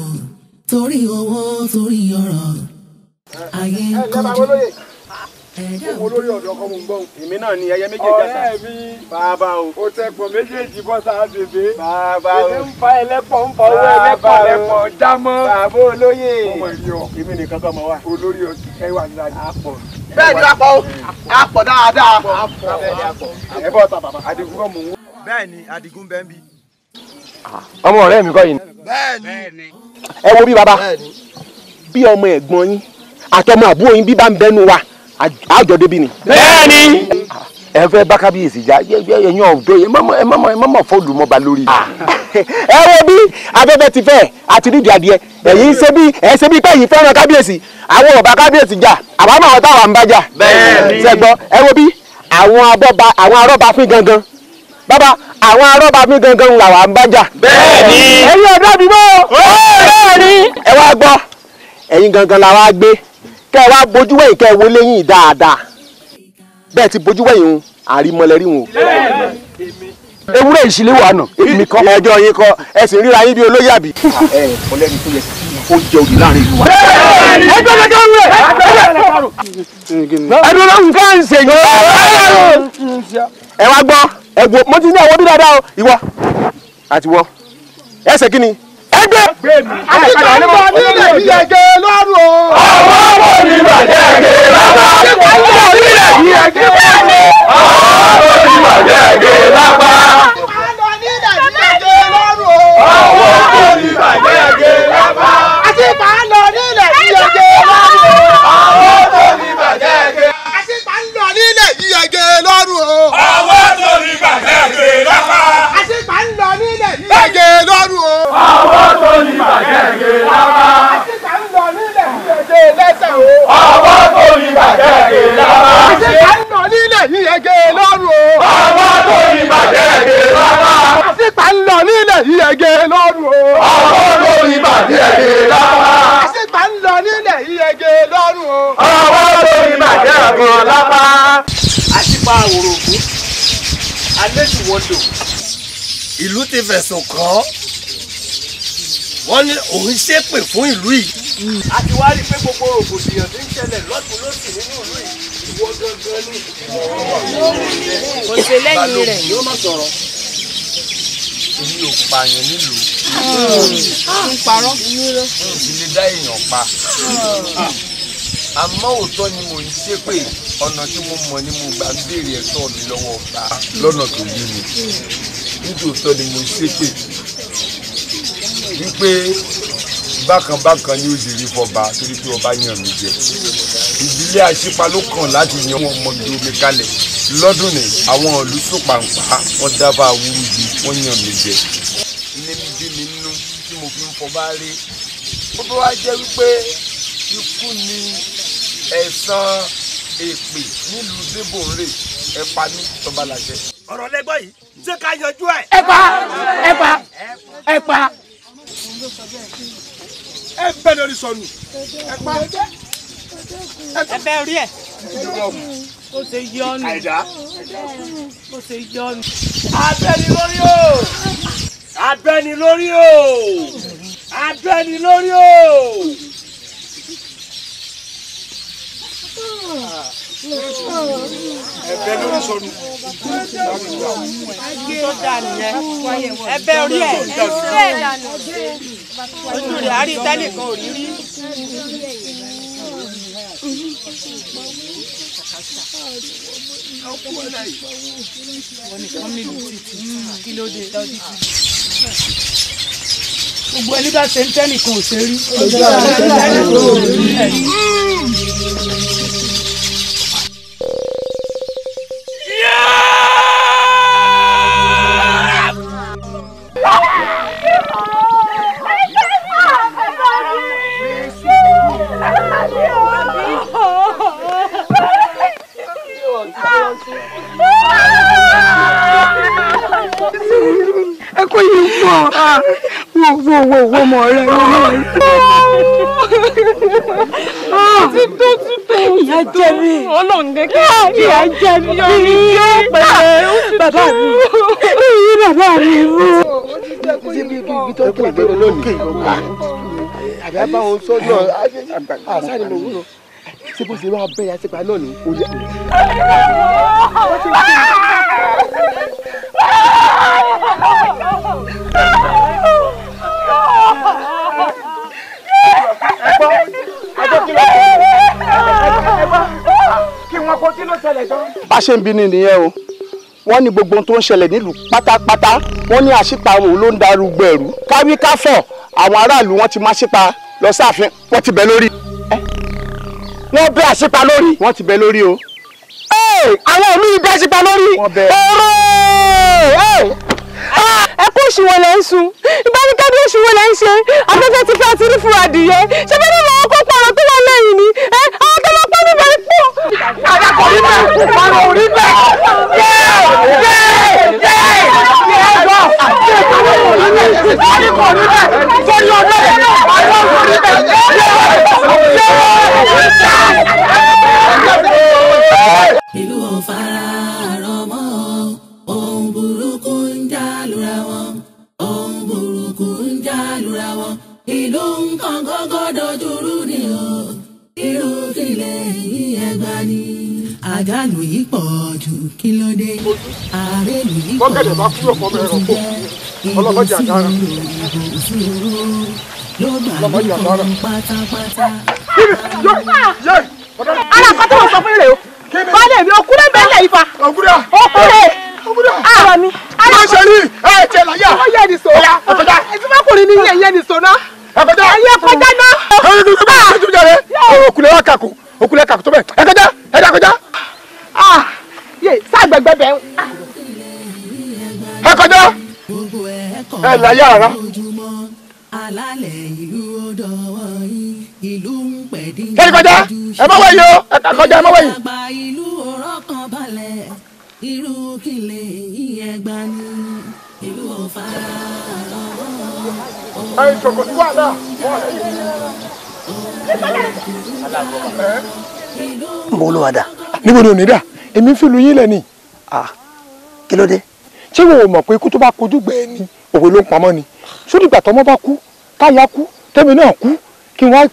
torí owó torí ọrọ̀ ayé ń kọjú òun olórí ọ̀dọ́ kọ́ mo ń gbọ́n. èmi náà ni ẹyẹ méjèèjì àṣà. ọ̀rẹ́ mi bàbá o. o tẹ̀pọ̀ méjèèjì bọ́ sáà bèbè. bàbá o. èmi ń fa ẹlẹ́pọ̀ ń fa owó ẹlẹ́pọ̀ lẹ́pọ̀ dámọ́. bàbá olóyè. ọmọ ìlú ọ. èmi nìkan kọ́ mọ wa. olórí ọtí ẹwà ńlá ni. àpọ̀ bẹ́ẹ̀ ni àpọ̀ àpọ̀ dáadáa. ẹ bọ́ ta bàbá. Adigun kọ́ mò ń wọ. bẹ́ẹ̀ ni Adigun bẹ́ẹ̀ bí. ọmọ ọ̀rẹ́ mi kọ́ yìí. bẹ́ẹ̀ ni. ẹ wo bí baba bí ọmọ ẹ̀gbọ́n yín àtọmọ àbúrò yín bí bá ń bẹ́nu wa àjọ débi ni. bẹ́ẹ̀ni. ẹ fẹ́ bá kábíyèsí já ẹ̀yin ọ̀dọ́ ẹ má mọ̀ fọ́ọ̀lù mọ́ba lórí. Ah. ẹ wo bí afẹ́fẹ́ ti fẹ́ àti nídìí adìẹ ẹ̀yin ṣe bí ẹ̀ ṣe bí pé ẹ̀yin fẹ́ràn kábíyèsí àwọn ọ̀bá kábíyèsí já àbámọ̀ àwọn táwa ń bá já. bẹ́ẹ̀ni. sẹ́gbọ́ ẹ wo bí àwọn abọ́ba àwọn arọ́ba fín gangan bàbá àwọn arọ́ba fín gangan làwa ń bá já. bẹ́ẹ̀ni. ẹ̀yin ọ̀dọ́ mi bẹ́ẹ̀ni. ẹ wá gbọ́ ẹ̀yin gangan làwa gbé kẹ́ ẹ wá bójú wẹ̀yìn kẹ́ ẹ wo léyìn dáadáa bẹ́ẹ̀ ti bójú wẹ̀yìn o àrímọlẹ̀ rí wọn. ewúrẹ́ ìṣìlẹ̀wò àná èmi kan ẹjọ́ yín kọ ẹ sì ríra yín bí olóyè àbí. ẹ ẹ ọlẹ́ni tó yẹ kó jẹ òdì láàrin ìlú wa. ẹ jọ jẹ kẹrù rẹ ẹ dúró lọ́hùn ká ń ṣèyí. ẹ wá gbọ́ ẹ gbọ́ mo ti ní àwọn bí dáadáa o ìwọ àti wọ ẹsẹ̀ kí ni ẹgbẹ́ àtìkọ́ ń bọ̀ nílẹ̀ ìyẹ̀gẹ́ lọ́rùn o. ọwọ́ wo ni bàjẹ́ ẹ̀gẹ́ lápá. àtìkọ́ ń bọ̀ nílẹ̀ ìyẹ̀gẹ́ lọ́rùn. ọwọ́ wo ni bàjẹ́ ẹ̀gẹ́ lápá. ọwọ́ wo ni bàjẹ́ ẹ̀gẹ́ lápá. àtìkọ́ ń lọ nílẹ̀ ìyẹ̀gẹ́ lọ́rùn. ọwọ́ ní bàjẹ́ ìgbé lábá. àtìkà ń lọ nílẹ̀ ìyege lẹ́sẹ̀ o. ọwọ́ tó ní bàjẹ́ ìgbé lábá. àtìkà ń lọ nílẹ̀ ìyege lọ́rùn o. ọwọ́ tó ní bàjẹ́ ìgbé lábá. àtìkà ń lọ nílẹ̀ ìyege lọ́rùn o. ọwọ́ tó ní bàjẹ́ ìgbé lábá. àtìkà ń lọ nílẹ̀ ìyege lọ́rùn o. ọwọ́ tó ní bàjẹ́ ìgbé lábá. àtìpà àwòrò ògún àlejò wọ́ndò ìlú ti fẹ̀sùn kàn án wọ́n ní òun ṣépè fún ìlú yìí. a ti wá rí i pé gbogbo rògbòdìyàn ti ń ṣẹlẹ̀ lọ́tún lọ́sì nínú ìlú yìí ìwọ gangan ni. kò ṣe lẹ́yìn rẹ̀. yóò má sọ̀rọ̀. èmi ò pààyàn nílùú. Ah, ń parọ́. n lè dá èèyàn pa. àmọ́ òótọ́ ni mò ń ṣépè ọ̀nà tí mo mọ̀ ni mo gbà ń béèrè ẹ̀tọ́ mi lọ́wọ́ ọ̀tá lọ́nà tó yé mi nítòótọ́ ni mo ṣépè wípé bákanbákan ni ó sì rí fọba torí pé ọba yàn mí jẹ ìdílé àṣepa ló kàn láti yan wọn ọmọ ìlú omi kalẹ̀ lọ́dún ní àwọn ìlú tó pàǹpà wọn dábàá wúrú ju wọn yàn mí jẹ. ilé mi bí mi nínú tí mo fi ń fọba rí ó bá wá jẹ́ wípé ikú ni ẹ̀san èpè nílùú débòrè ẹ pa ní tọ́balàjẹ. ọ̀rọ̀ lẹ́gbọ́n yìí ṣé ká yanjú ẹ̀. ẹ pa ẹ pa ẹ pa ẹ bẹ lórí sọnù ẹ pa ẹ bẹ rí ẹ ó ṣe yọnu ó ṣe yọnu. abẹ́ni lórí o abẹ́ni lórí o abẹ́ni lórí o. sọnù. tó dà nìyẹn ẹ̀bẹ̀ orí ẹ ẹsẹ ìdànù ojú rẹ àárín tẹnìkan ò rí rí. Hmm, gbogbo ẹni bá ṣe ń tẹnìkan ò ṣe rí. Ọlọ́run jẹ́ kí ìyá jẹ mí yọrí yóò pẹ̀lẹ́ bàbá mi yí bàbá mi mú. síbi ibi tó kí ìgbéró lónìí àbí abáwọn sọ́nà àṣà ni mo wúlò ṣé bó ṣe wá bẹ́ẹ̀ àṣepa náà ní orí àná. Oh, my God. bá ṣe ń bi ni nìyẹn o wọ́n ní gbogbo ohun tó ń ṣẹlẹ̀ nílùú pátápátá wọ́n ní àṣìpa òun ló ń darúgbó ẹ̀rú káwí káfọ̀ àwọn aráàlú wọ́n ti máa ṣípa lọ sáàfin wọ́n ti bẹ̀ lórí. wọ́n bẹ àṣìpa lórí. wọ́n ti bẹ̀ lórí o. àwọn mi bẹ àṣìpa lórí. ọ̀rọ̀ ẹkún ìṣòwò lẹ ń sun ìbánikẹ́bí ìṣòwò lẹ ń ṣe afẹ́fẹ́ ti fẹ́ ti rí fún adìyẹ ṣé bẹ́ẹ̀ ni màá kó pààrọ̀ tó wà lẹ́yìn ni Dàda kò rí bẹ́ẹ̀, ìparun ò rí bẹ́ẹ̀. Yé yé yé yé ẹ̀rọ àti ìparun ò rí bẹ́ẹ̀, ìparun kò rí bẹ́ẹ̀. Sọ́yìn ọdún yẹn náà, ìparun kò rí bẹ́ẹ̀. Yé yé yé. Ìlú ọ̀fà àrọ̀mọ́ ohun burúkú ń dá ni o, ilu kile. yìí ẹgbà ni àjálù yìí pọ̀ jù kí ló dé ààrẹ yìí pọ̀ jù kí ló ti jẹ́ ìlú sí ló gbà lóko pátápátá. ara kan tó sọ fún ilé o bọ́lá mi òkúrẹ́ bẹ́lẹ̀ ifá òkúrẹ́ ara mi. ara mi ṣe rí ẹ ẹ tiẹ̀ láyà. ọmọ yẹn ni sọ ẹ̀sìnkọ́kùnrin ni yẹn yẹn ni sọ náà. ẹ̀yẹ kọjá náà. ẹ̀yẹ kọjá náà. ọ̀rọ̀ kulẹ̀ wá kàkó òkúlẹ̀ kàkó tó bẹ̀ ẹ kọjá ẹ dá kọjá ah, sáàgbẹ̀gbẹ̀ bẹ̀ ẹ kọjá ẹ láyé ara. alálẹ̀ ìlú ọ̀dọ́wọ́ yìí ìlú ń pẹ̀ dín. kẹ́rì kọjá ẹ má wẹ̀yìn o ẹ kà kọjá ẹ má wẹ̀yìn. àgbà ìlú ọ̀rọ̀ kan balẹ̀ irú kìlẹ̀ ìyẹn gbani ìlú ọ̀fà lọ́wọ́. ẹ ṣòkòtò wà náà wọ́n ṣe é nbọ ló wà dà. níbo ni ò ní dà èmi ń fi lu yín lẹ ni. kí ló dé. ṣé wo mọ̀ pé ikú tó bá kojú gbẹ̀ẹ́ ni òwe ló ń pamọ́ ni sódì ìgbà tọmọ bá kú táyà kú tẹ́mi náà kú kí wọ́n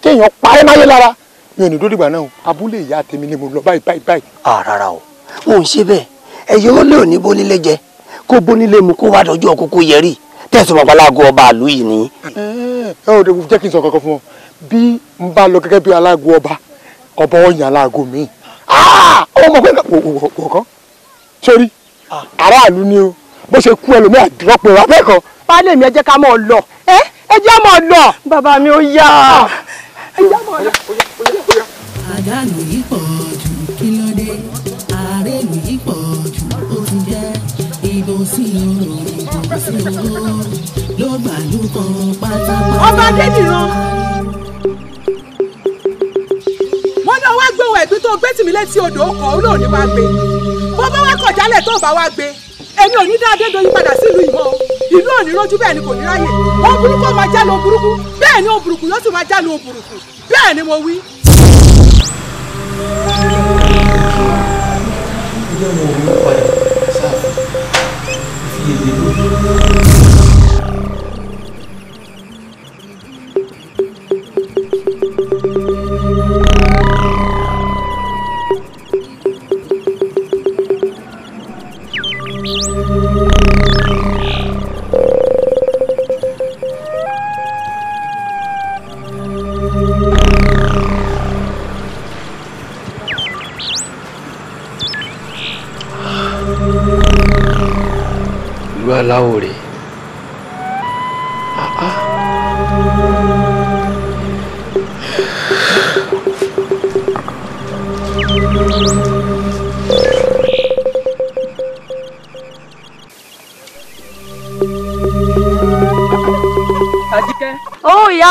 kéèyàn pa ẹ́ máyé lára mi ò ní dódìgbà náà abúlé ìyá tèmi ni mo lọ báyìí báyìí báyìí. rárá o ò ń ṣe bẹ́ẹ̀ ẹ̀yẹ ó lé òní bónílé jẹ kó bónílé mu kó wá dọjú ọkọ kó yẹrí tẹ̀sán babaláàgọ́ ọba àlú yìí ni. ẹ ò jẹ́ kí bí n bá lọ gẹ́gẹ́ bí alágo ọba ọba ọ̀yàn alágo mi ah! ọmọ ọmọ pẹ́ẹ́nà wò kán sórí ah. aráàlú ni o bó ṣe kú ẹlòmíà dúrọ́pọ̀ ẹ̀rọ abẹ́ẹ̀kan. baálé mi ẹ jẹ́ ká mọ̀ lọ ẹ ẹ jẹ́ mọ̀ lọ bàbá mi ó yá ah. àdánù yìí pọ̀ jù kí ló dé àárẹ̀lù yìí pọ̀ jù ó ti jẹ́ ìbò sí ìbò sí ló gbàlú kan pátápátá. ọba débìrán. náà wá gbé ohun ẹ̀gbin tó gbé tì mí létí odò ọkọ̀ òun náà ní wá gbé bó bá wá kọ̀ jálẹ̀ tó bá wá gbé èmi ò ní dá Adédoyin padà sílùú ìmọ̀ ìlú ò rọ́jú bẹ́ẹ̀ ni kò ní ráyè ó burúkú máa já lo burúkú bẹ́ẹ̀ ni ó burúkú yóò sì máa já lo burúkú bẹ́ẹ̀ ni mo wí. ilé wọn ò ní padà sáà fi èdè lórí.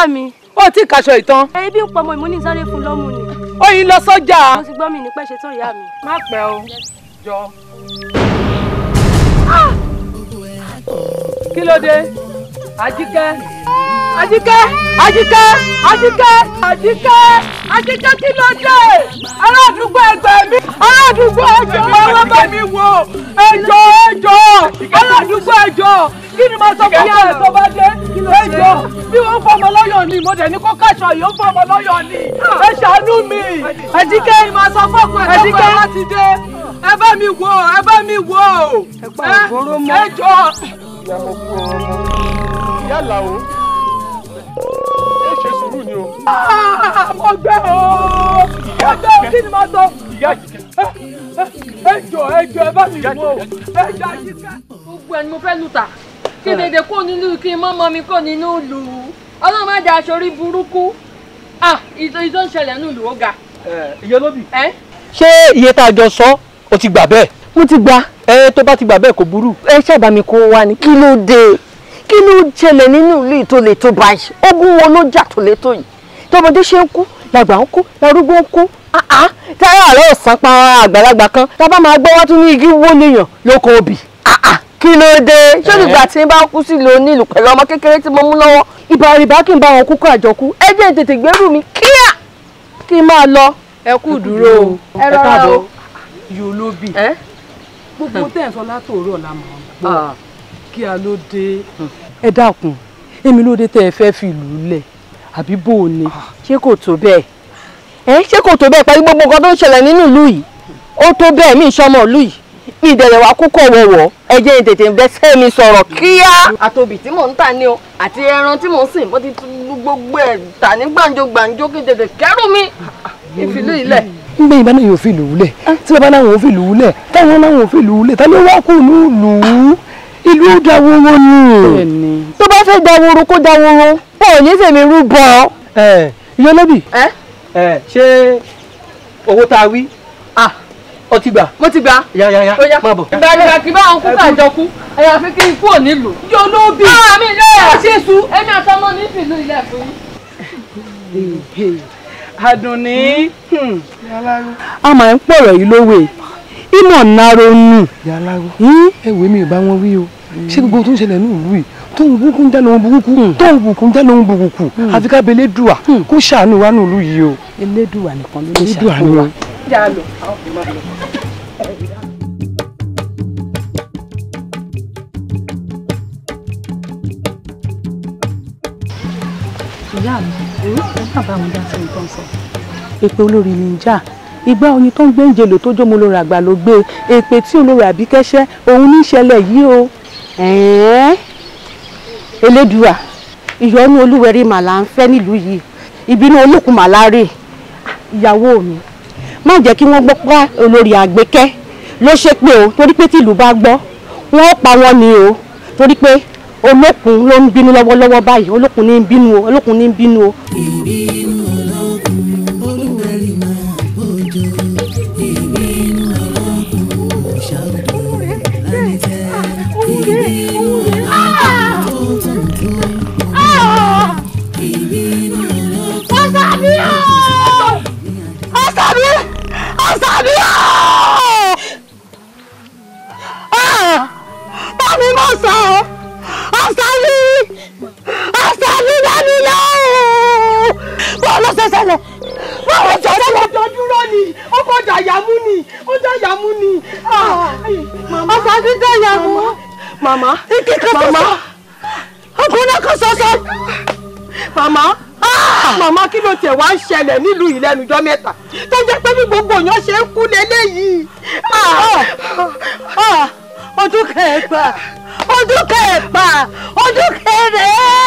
Ìyá mi. Ó ti kaṣọ ìtàn. Ebi ń pọmọ ìmúni sáré fún lọ́mù ni. Ó yín lọ sọ́jà. Mo ti gbọ́ mi ní pẹ́ ṣe tán ìyá mi. Má pẹ́ o. Jọ. Ah! Kí ló dé? Àjíkẹ́. Àjíkẹ́. Àjíkẹ́. Àjíkẹ́. Àjíkẹ́. Àjíkẹ́ kí ló dé? Ará àdúgbò ẹgbẹ́ mi. Ará àdúgbò ẹjọ́. Ọwọ́ bá mi wò. Ẹjọ́ ẹjọ́. Ará àdúgbò ẹjọ́ kí ni mo sọ fún yàrá tó bá dé ẹjọ́ bí wọ́n ń fọmọ lọ́yọ̀ ni mo dẹ̀ ní kó káṣọ yìí ń fọmọ lọ́yọ̀ ni ẹ ṣàánú mi. ẹ̀díkẹ́ ìmọ̀ sọ fọ́ọ̀kù ẹ̀ lọ́pọ̀ láti dé ẹ bá mi wò ẹ bá mi wò ẹjọ́. yálà o ṣe sùúrù ni o. Ah, mo gbẹ o mo gbẹ o kí ni mo sọ. ẹjọ ẹjọ ẹ bá mi wò ó ẹjọ àyíká. gbogbo ẹni mo fẹ́ lù tà kí dèdè kó nínú kí mọ́mọ́ mi kó nínú ìlú ọlọ́run má jà aṣọ orí burúkú ah ìtò ń ṣẹlẹ̀ nínú ìlú ó ga. iye lóbì. ṣé iye tá a jọ sọ o ti gbà bẹ́ẹ̀. mo ti gbà. ẹ tó bá ti gbà bẹ́ẹ̀ kò burú. ẹ ṣàbà mi kó wa ni kí ló dé kí ló ṣẹlẹ̀ nínú ìlú tó le tó báyìí ogun wo ló jà tó le tó yìí tọmọdé ṣe ń kú làgbà ń kú làrúgbó ń kú ah, ah, táyà rẹ̀ ò sàn pa àgbàlagbà kan tá a bá máa gbọ́ wá tún ní igi wó lèèyàn lóko obì ah, kí ló dé ṣé ìgbà tí n bá kú sí lo nílùú pẹ̀lú ọmọ kékeré tí mo mú lọ́wọ́ ìbáribá kí n bá wọn kúkú àjọkú ẹ jẹ́ tètè gbẹ́rù mi kíá kí n máa lọ. ẹ kú dúró o ẹ rọra o. yóò ló bì gbogbo tẹ̀ ń sọ látòórọ̀ la mọ̀ ọ́ ah. kí a ló dé. Hmm. ẹ dákun èmi ló dé tẹ́ ẹ fẹ́ fi ìlú lẹ̀ àbí bò ó ni ah, ṣé kò tó bẹ́ẹ̀ ẹ ṣé kò tó bẹ́ẹ̀ pẹ̀lú gbogbo nǹkan tó ń ìdẹ̀rẹ̀ wa kúkọ̀ wọ̀wọ̀ ẹ jẹ́ tètè bẹ́sẹ̀ mi sọ̀rọ̀ kíá. àtòbí tí mò ń tà ní o àti ẹran tí mò ń sìn bó ti gbogbo ẹ̀ tà ní gbàǹjo gbàǹjo kí tètè kẹ́rù mi ìfìlú ilẹ̀. ń gbé ìbáná yóò fìlú wúlẹ̀ tí bàbá náà wò ó fìlú wúlẹ̀ táwọn náà wò ó fìlú wúlẹ̀ tá ló wá kù ní ìlú ìlú daworo ni. tó bá fẹ́ dawuro, kó daworo pọ̀ ní sèmi rúbọ. ẹ ìyọlẹ́bì ṣé owó tá a wí ọ ti gbà. mo ti gbà. ya ya ya máa bọ̀. ìbẹ̀rẹ̀ rẹ̀ kì bá àwọn kúkà jọ kú ẹ̀yà fi kí n kú òní lò. yóò ló bí. ara ah, mi ah, ilé ẹ̀ ṣe su. èmi àtọmọ ní ìfìlú ilẹ̀ fún yín. Àdùnní hmm. a máa ń pọ̀rọ̀ yìí lówe ìmọ̀ naro nù. yàrá hmm? ẹ̀wẹ̀ mi ò bá wọn wí o hmm. ṣé gbogbo tó ń ṣẹlẹ̀ ní ìlú yìí tóun burúkú ń jẹ́ lóun burúkú tóun burúkú ń jẹ́ lóun burúkú àfi ká bẹ kó ṣàánú wa ní ìlú yìí o. Elédùà nìkan ló lè ṣàkóso wa jẹ́ àlọ́ àwọn kò máa lọ. ìyá mi ẹ bàbá àwọn ìjà sẹ́yìn tó ń sọ. èpè olórí ni ìjà ìgbà oyin tó ń gbé ìjèlò tó jó mo lórí àgbà ló gbé èpè tí olórí àbíkẹ́ṣẹ́ òun ní ìṣẹ̀lẹ̀ yìí o. elédùà ìyọnu olúwẹ̀rí màlá ń fẹ́ nílùú yìí ìbínú olókùn màlá rè ìyàwó mi má jẹ́ kí wọ́n gbọ́ pa olórí àgbékẹ́ ló ṣe pé o torí pé tìlú bá gbọ́ wọ́n pa wọ́n ni o torí pé olókun ló ń bínú lọ́wọ́lọ́wọ́ báyìí olókun ní bínú o olókun ní bínú o. Ọ̀sàbí! Ah! Ọ̀sàbí! sàmì ọ́ bámi mọ̀ sọ Àṣàbí Àṣàbí dání lọ bọ́ọ̀ ló ṣe ṣẹlẹ̀ báwo jọ ṣe lọ jọ dúró ni ó kọ jàyàmú ni ó jàyàmú ni Àṣàbí jàyàmú màmá màmá ọkùnrin kan ṣoṣo màmá. Ah! màmá kí ló tiẹ̀ wá ń ṣẹlẹ̀ nílùú ìlẹ́nujọ́ mẹ́ta tó jẹ́ pé bí gbogbo èèyàn ṣe ń kú lélẹ́yìí. ọdún ah! ah! kẹẹ̀pà ọdún kẹẹ̀pà ọdún kẹrẹ̀ẹ́.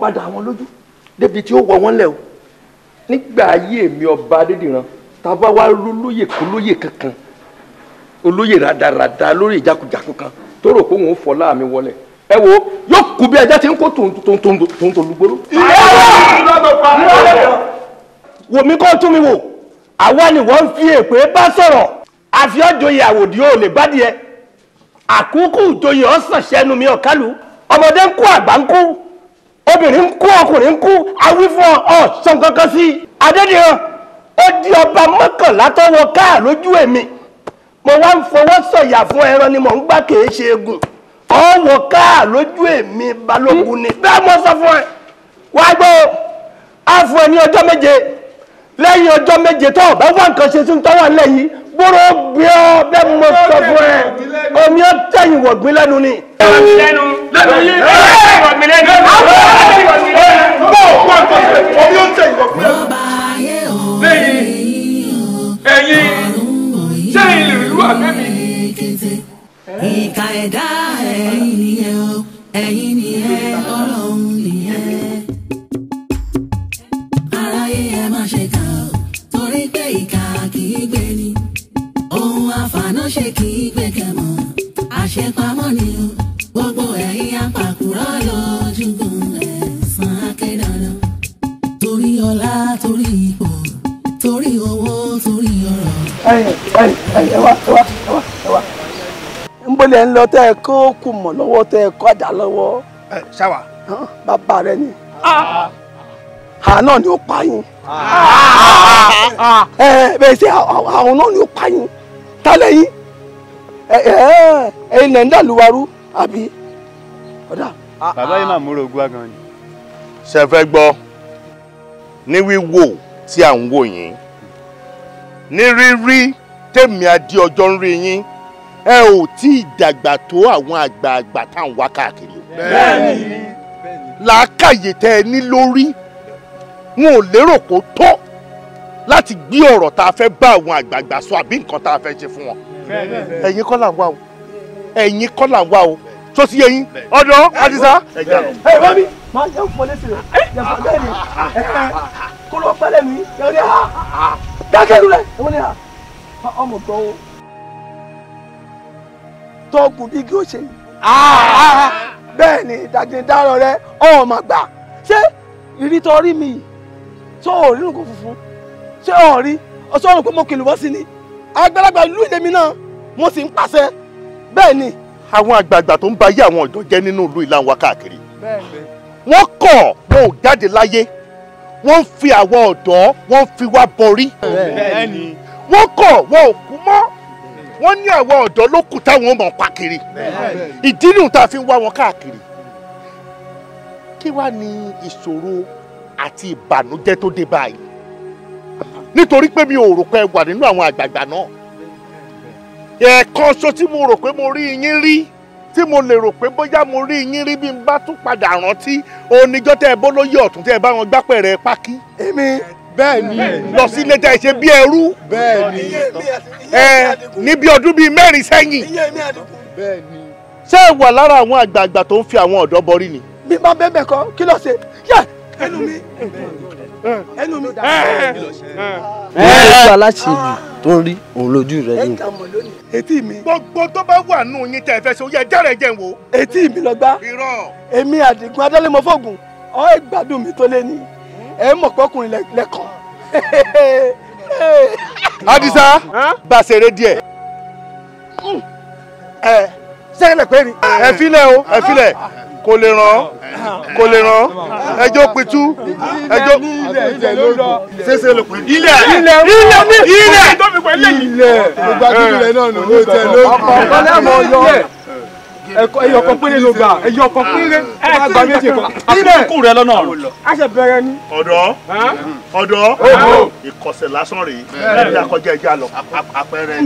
padà àwọn lójú débi tí ó wọ wọn lẹ o nígbà ayé mi ọba adédìran tá a bá wá lólóyè kó lóyè kankan olóyè radarada lórí ìjákujàku kan tó rò pé òun fọlá mi wọlé ẹ wo yóò kú bí ajá ti ń kó tòǹtòǹtòǹtòǹgbòrò. wò mí kó tún mi wò àwa ni wọ́n fi èpè bá sọ̀rọ̀ àfi ọ̀jọ̀yè àwòdì ò lè bá díẹ̀ àkúkú ìjòyè ọ̀sán ṣẹ́nu mi ọ̀kálù ọmọdé ń kú obìnrin ń kú ọkùnrin ń kú awífún ọ sàn kankan sí i adédìran ó di ọba mọ́kànlá tọwọ́ káà lójú èmi mo wá ń fọwọ́ sọ̀yà fún ẹran ni mò ń gbá kèé ṣe egun ọwọ́ káà lójú èmi balógun ni bẹ́ẹ̀ mo sọ fún ẹ wá gbọ́ á fún ẹ ní ọjọ́ méje lẹ́yìn ọjọ́ méje tó ọ̀bá wà nǹkan ṣe tún tọ́wọ́ lẹ́yìn gbọ́dọ̀ gbé ọ bẹ́ẹ̀ mo sọ fún ẹ omi ó tẹ̀yìn wọ̀gbìn lẹ́nu ni. lẹ́nu lẹ́nu yìí. o kó ẹ̀kọ́ sílẹ̀ omi ó ń tẹ̀ ìwọ fún ẹ. lẹ́yìn ẹ̀yìn sẹ́yìn ìlú àbẹ́mi. ìka ẹ̀dá ẹ̀yìn nìyẹn ni ohun àfànà ṣe kì í gbé kẹmọ gbogbo ẹ̀yin apàkúrọ̀ lójúgun ẹ̀sán akẹ́dàdàn torí ọlá torí ipò torí owó torí ọrọ̀. ẹ ẹ ẹ ẹ wá ẹ wá ẹ wá ń bọ́lẹ̀ ń lọ tẹ́ ẹ kó kù mọ̀ lọ́wọ́ tẹ́ ẹ kọ́ àdá lọ́wọ́. ẹ ṣáwà. bàbá rẹ ni àná ni ó pa yín ah. bẹ́ẹ̀ sẹ́ àwọn náà ni ó pa yín tálẹ̀ yín ẹ̀yin nàìjíríà lùwárú àbí ọ̀dà. bàbá yìí máa múra ogún agan ni. ṣe fẹ́ gbọ́ ní wíwò tí à ń wò yín ní rírí tèmi adé ọjọ́ ń rí yín ẹ ò tí ì dàgbà tó àwọn àgbààgbà tá à ń wá káàkiri. bẹ́ẹ̀ni làákàyè tẹ ẹ ní lórí wọn ò lérò kó tó láti gbé ọ̀rọ̀ tá a fẹ́ bá àwọn àgbààgbà sọ àbí nǹkan tá a fẹ́ ṣe fún wọn. ẹ̀yin kọ́ là ń ẹ̀yin kọ́ là ń sọ sí yẹyin ọ̀dọ̀ Àdìsá. ẹ bá mi máa jẹ́ òpópónà sí rẹ̀ yàtọ̀ bẹ́ẹ̀ ni kó lọ pẹ́lẹ̀ mi yàrá ni dákẹ́rù rẹ̀ ẹ̀wọ́n ni ọmọ gbọ́ o tọ́ọ̀kù bí kí o ṣe yìí ah, ah, ah. bẹ́ẹ̀ ni ìdàgbẹ̀dàrọ̀ rẹ ọmọ gbà ṣé ìrítọ́rí mi yìí tó o rí nǹkan funfun ṣé o rí ọsọ ọ̀run pé mo kìlọ̀ wọ́n sí ni àgbàlagbà lù ilé mi náà mo sì ń pàṣẹ bẹ́ẹ̀ ni àwọn àgbààgbà tó ń ba ayé àwọn ọ̀dọ́ jẹ́ nínú ìlú ìlànà wa káàkiri wọ́n kọ̀ wọn ò jáde láyé wọ́n ń fi àwọn ọ̀dọ́ wọ́n ń fi wá borí wọ́n kọ̀ wọn ò kú mọ́ wọ́n ní àwọn ọ̀dọ́ ló kù táwọn mọ̀ pa kiri ìdí nìyí tá a fi ń wá wọn káàkiri kí wàá ní ìṣòro àti ìbànújẹ́ tó dé báyìí nítorí pé mi ò rò pé wà nínú àwọn àgbààgbà náà ẹ̀ẹ̀kan ṣo tí mo rò pé mo rí yín rí tí mo lè rò pé bóyá mo rí yín rí bí n bá tún padà rántí oníjọ́ tẹ́ ẹ bó lóye ọ̀tún tẹ́ ẹ bá wọn gbápẹ̀rẹ̀ pákí. èmi bẹ́ẹ̀ ni. lọ sí ilé tẹ́ ẹ ṣe bí ẹrú. bẹ́ẹ̀ ni. ẹ ní bí ọdún bíi mẹ́rin sẹ́yìn. ṣé ẹ wà lára àwọn àgbààgbà tó ń fi àwọn ọ̀dọ́ bọrí ni. bí bá bẹ́ẹ̀ bẹ́ẹ̀ kí ló ṣe yẹ ẹnu mi ẹnu mi. ẹ ẹ aláṣejù tó ń rí òun lójú rẹ yìí. etí mi. gbogbo tó bá wà nù yín tẹ fẹsẹ̀ ó yẹ jẹrẹ jẹ wò. etí mi lọ gbá. irọ́. èmi àdìgún adálẹ́mọ́fọ́gùn ọ̀ ẹ̀ gbádùn mi tó lé ní ẹ̀ mọ̀ pọ́kùnrin lẹ́kọ̀ọ́. Adisa bá ṣeré díẹ̀. ẹ ṣẹ́yìn lẹ́pẹ́ ni ẹ filẹ̀ o ẹ filẹ̀. Ah kò lè ràn kò lè ràn ẹjọ́ pitú ẹjọ́ ṣẹṣẹ ló pè ilẹ̀ ilẹ̀ ilẹ̀ ilẹ̀ ilẹ̀ gbogbo akéwìlẹ̀ náà nù ó tẹ̀ ló ọkọ̀ ọkọ̀ lẹ́mọ̀ ọyọ ẹkọ ẹyọ kan péré ló gbà ẹyọ kan péré ẹ ti gba méjì kan akókò rẹ lọnà ọ̀rọ̀ a ṣe bẹ̀rẹ̀ ni. ọ̀dọ́ ọ̀dọ́ ìkọ̀sẹ̀ lásán rèé ẹ̀ẹ́dì akọjá ẹja lọ àpẹẹrẹ.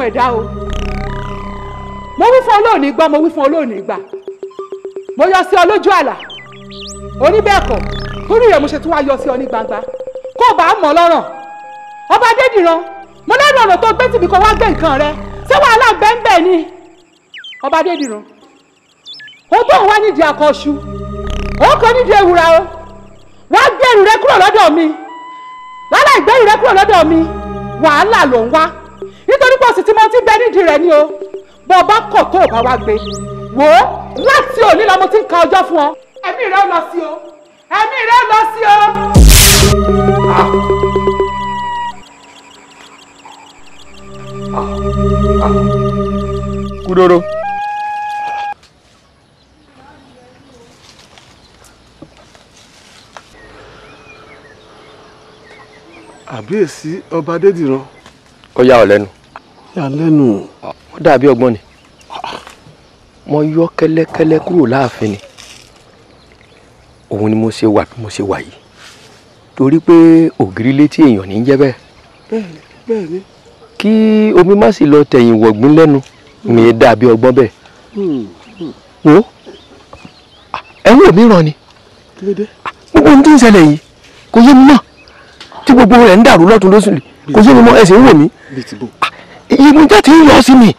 fún ẹ̀dá o mo wí fún olóòní gbà mo wí fún olóòní gbà mo yọ sí ọ lójú àlà oníbẹ̀ẹ̀kọ́ torí rẹ̀ mo ṣe tún wá yọ sí ọ ní gbangba kó o bá mọ̀ lọ́rọ̀ ọba adédìran mo lẹ́nu ọ̀nà tó gbé tìbí kan wá gbé nǹkan rẹ ṣé wàhálà bẹ́ẹ̀ ni ọba adédìran o tó ń wá nídìí akọ̀ṣu o kò nídìí ewúra o wá gbẹ̀rù rẹ kúrò lọ́dọ̀ mi lálẹ́ ìgbẹ̀rù rẹ kúrò lọ́dọ̀ mi wàhálà ló ń wá nítorí pé òsì tí mo nídìí rẹ ni o bọ bá kọ tó bá wá gbé wò ó láti òní lọ mo ti ń ka ọjọ́ fún ọ. ẹ̀mí rẹ lọ sí o ẹ̀mí rẹ lọ sí o. kúdòrò. àbíyèsí ọba adédìran. ó yà ọ́ lẹ́nu ìyàlẹ́nu. ó dàbí ọgbọ́n ni mo yọ kẹ́lẹ́kẹ́lẹ́ kúrò láàfin ni òun ni mo ṣe wà bí mo ṣe wà yìí torí pé ògiri létí èèyàn ní jẹ́ bẹ́ẹ̀. bẹ́ẹ̀ni bẹ́ẹ̀ni. kí omi má sì lọ tẹ̀yìn wọ̀gbìn lẹ́nu mi dàbí ọgbọ́n bẹ́ẹ̀. Hmm, hmm. wo ẹ̀rù mi ràn ni gbogbo ohun tó ń ṣẹlẹ̀ yìí kò yé mi mọ́ tí gbogbo rẹ̀ ń dàrú lọ́tún lóṣù kò yé mi mọ́ ẹ̀sìn ń wò mí ìmújẹ́ ti ń yọ sí mi.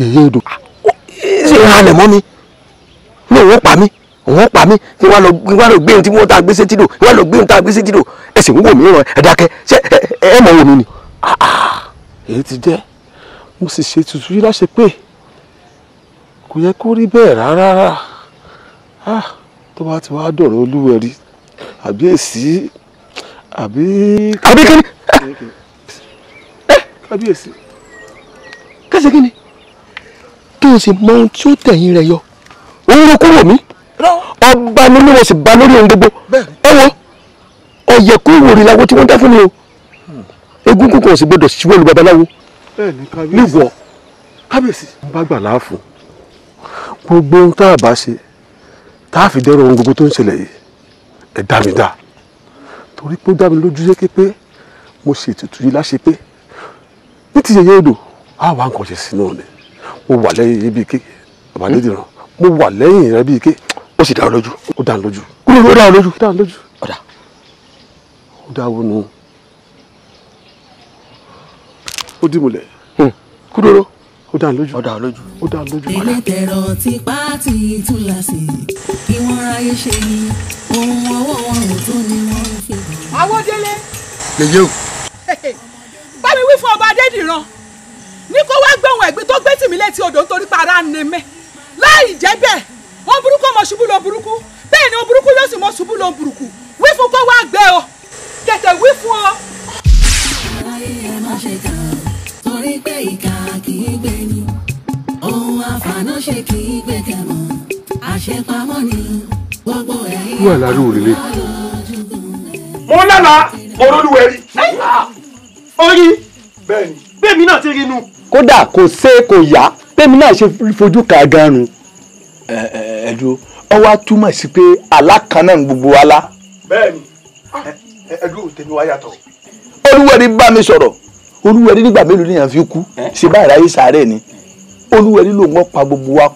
èyí odò ah, ṣe halẹ̀ mọ́ mi ní òun pa mí òun pa mí kí wọ́n lọ gbé ohun tí wọ́n ta gbé sétí dò kí wọ́n lọ gbé ohun tá a gbé sétí dò ẹ̀sìn wúwo mi ràn ẹ̀dá kẹ ṣé ẹ mọ̀ wò mí ni. Ah, ah. èyí ti jẹ́ mo sì ṣe tuntun yìí láṣẹ pé kò yẹ kó rí bẹ́ẹ̀ rárá tó bá ti wá dọ̀rọ̀ olúwẹ̀rí àbí èsì àbí. àbí kí ni kábíyèsí. kẹsẹ̀ kí ni kí n sì mọ ohun tí ó tẹ̀yìn rẹ̀ yọ òun ló kúrò mí ọba ni mo sì bá lórí ohun gbogbo ẹ wo ọ̀yẹ̀kú ìwòrì làwọn tí wọ́n dá fún mi o egúngún kan sì gbọdọ̀ síwọ́lu babaláwo níwọ̀ kábíyèsí. n bá gbà láàfo gbogbo ohun tá a bá ṣe tá a fi dẹ́rọ ohun gbogbo tó ń ṣẹlẹ̀ yìí ẹ̀ dá mi dá torí pé ó dá mi lójú yé pé mo ṣètùtù yìí láṣepé ní ti yẹyẹ odò a wà nǹkan ṣe sí náà ni mo wà lẹ́yìn rẹ bíi ké bàbá hmm. Adédìran mo wà lẹ́yìn rẹ bíi ké ó sì dá ọ lójú hmm. ó dá ọ lójú ó dá ọ lójú ó dá ọ lójú ọ̀dà ó dá ọ nù ó dìmúlẹ̀ kúdòrò ó dá ọ lójú ó dá ọ lójú ó dá ọ lójú. ilé tẹ̀rọ ti pààtì túláṣì kí wọ́n ráyè ṣe ni ohun ọwọ́ wọn ò tó ni wọ́n fi. àwọ̀délé. lè yẹ o. bá mi wí fún ọba adédìran ní kó wá gbóhùn ẹ̀gbin tó gbé tìmí létí odò nítorí para ni mẹ́ láì jẹ́ bẹ́ẹ̀ wọn burúkú mọ̀ ṣubú lo burúkú bẹ́ẹ̀ ni o burúkú yóò sì mọ̀ ṣubú lo burúkú wí fún kó wá gbé o tètè wí fún ọ. ayé ẹ má ṣe kà torí pé ìkà kì í gbé ni ohun àfànàṣe kì í gbé kẹmọ àṣepamọ́ ni gbogbo ẹ̀yìn. wọ́n á lárú òrìlé. mo lálàá olólùwẹ̀rí. orí bẹ́ẹ̀mi náà ti rinu! kódà kò ṣe kò yá bẹ́ẹ̀mi náà ṣe fojú ka gan-an. ẹ ẹ ẹ dúró sí pé àlá gbogbo wa lá. bẹ́ẹ̀ni ẹ tèmi wá yàtọ̀. olúwẹ̀rí bá mi sọ̀rọ̀ olúwẹ̀rí nígbà mélòó fi kú ṣe pa gbogbo ah!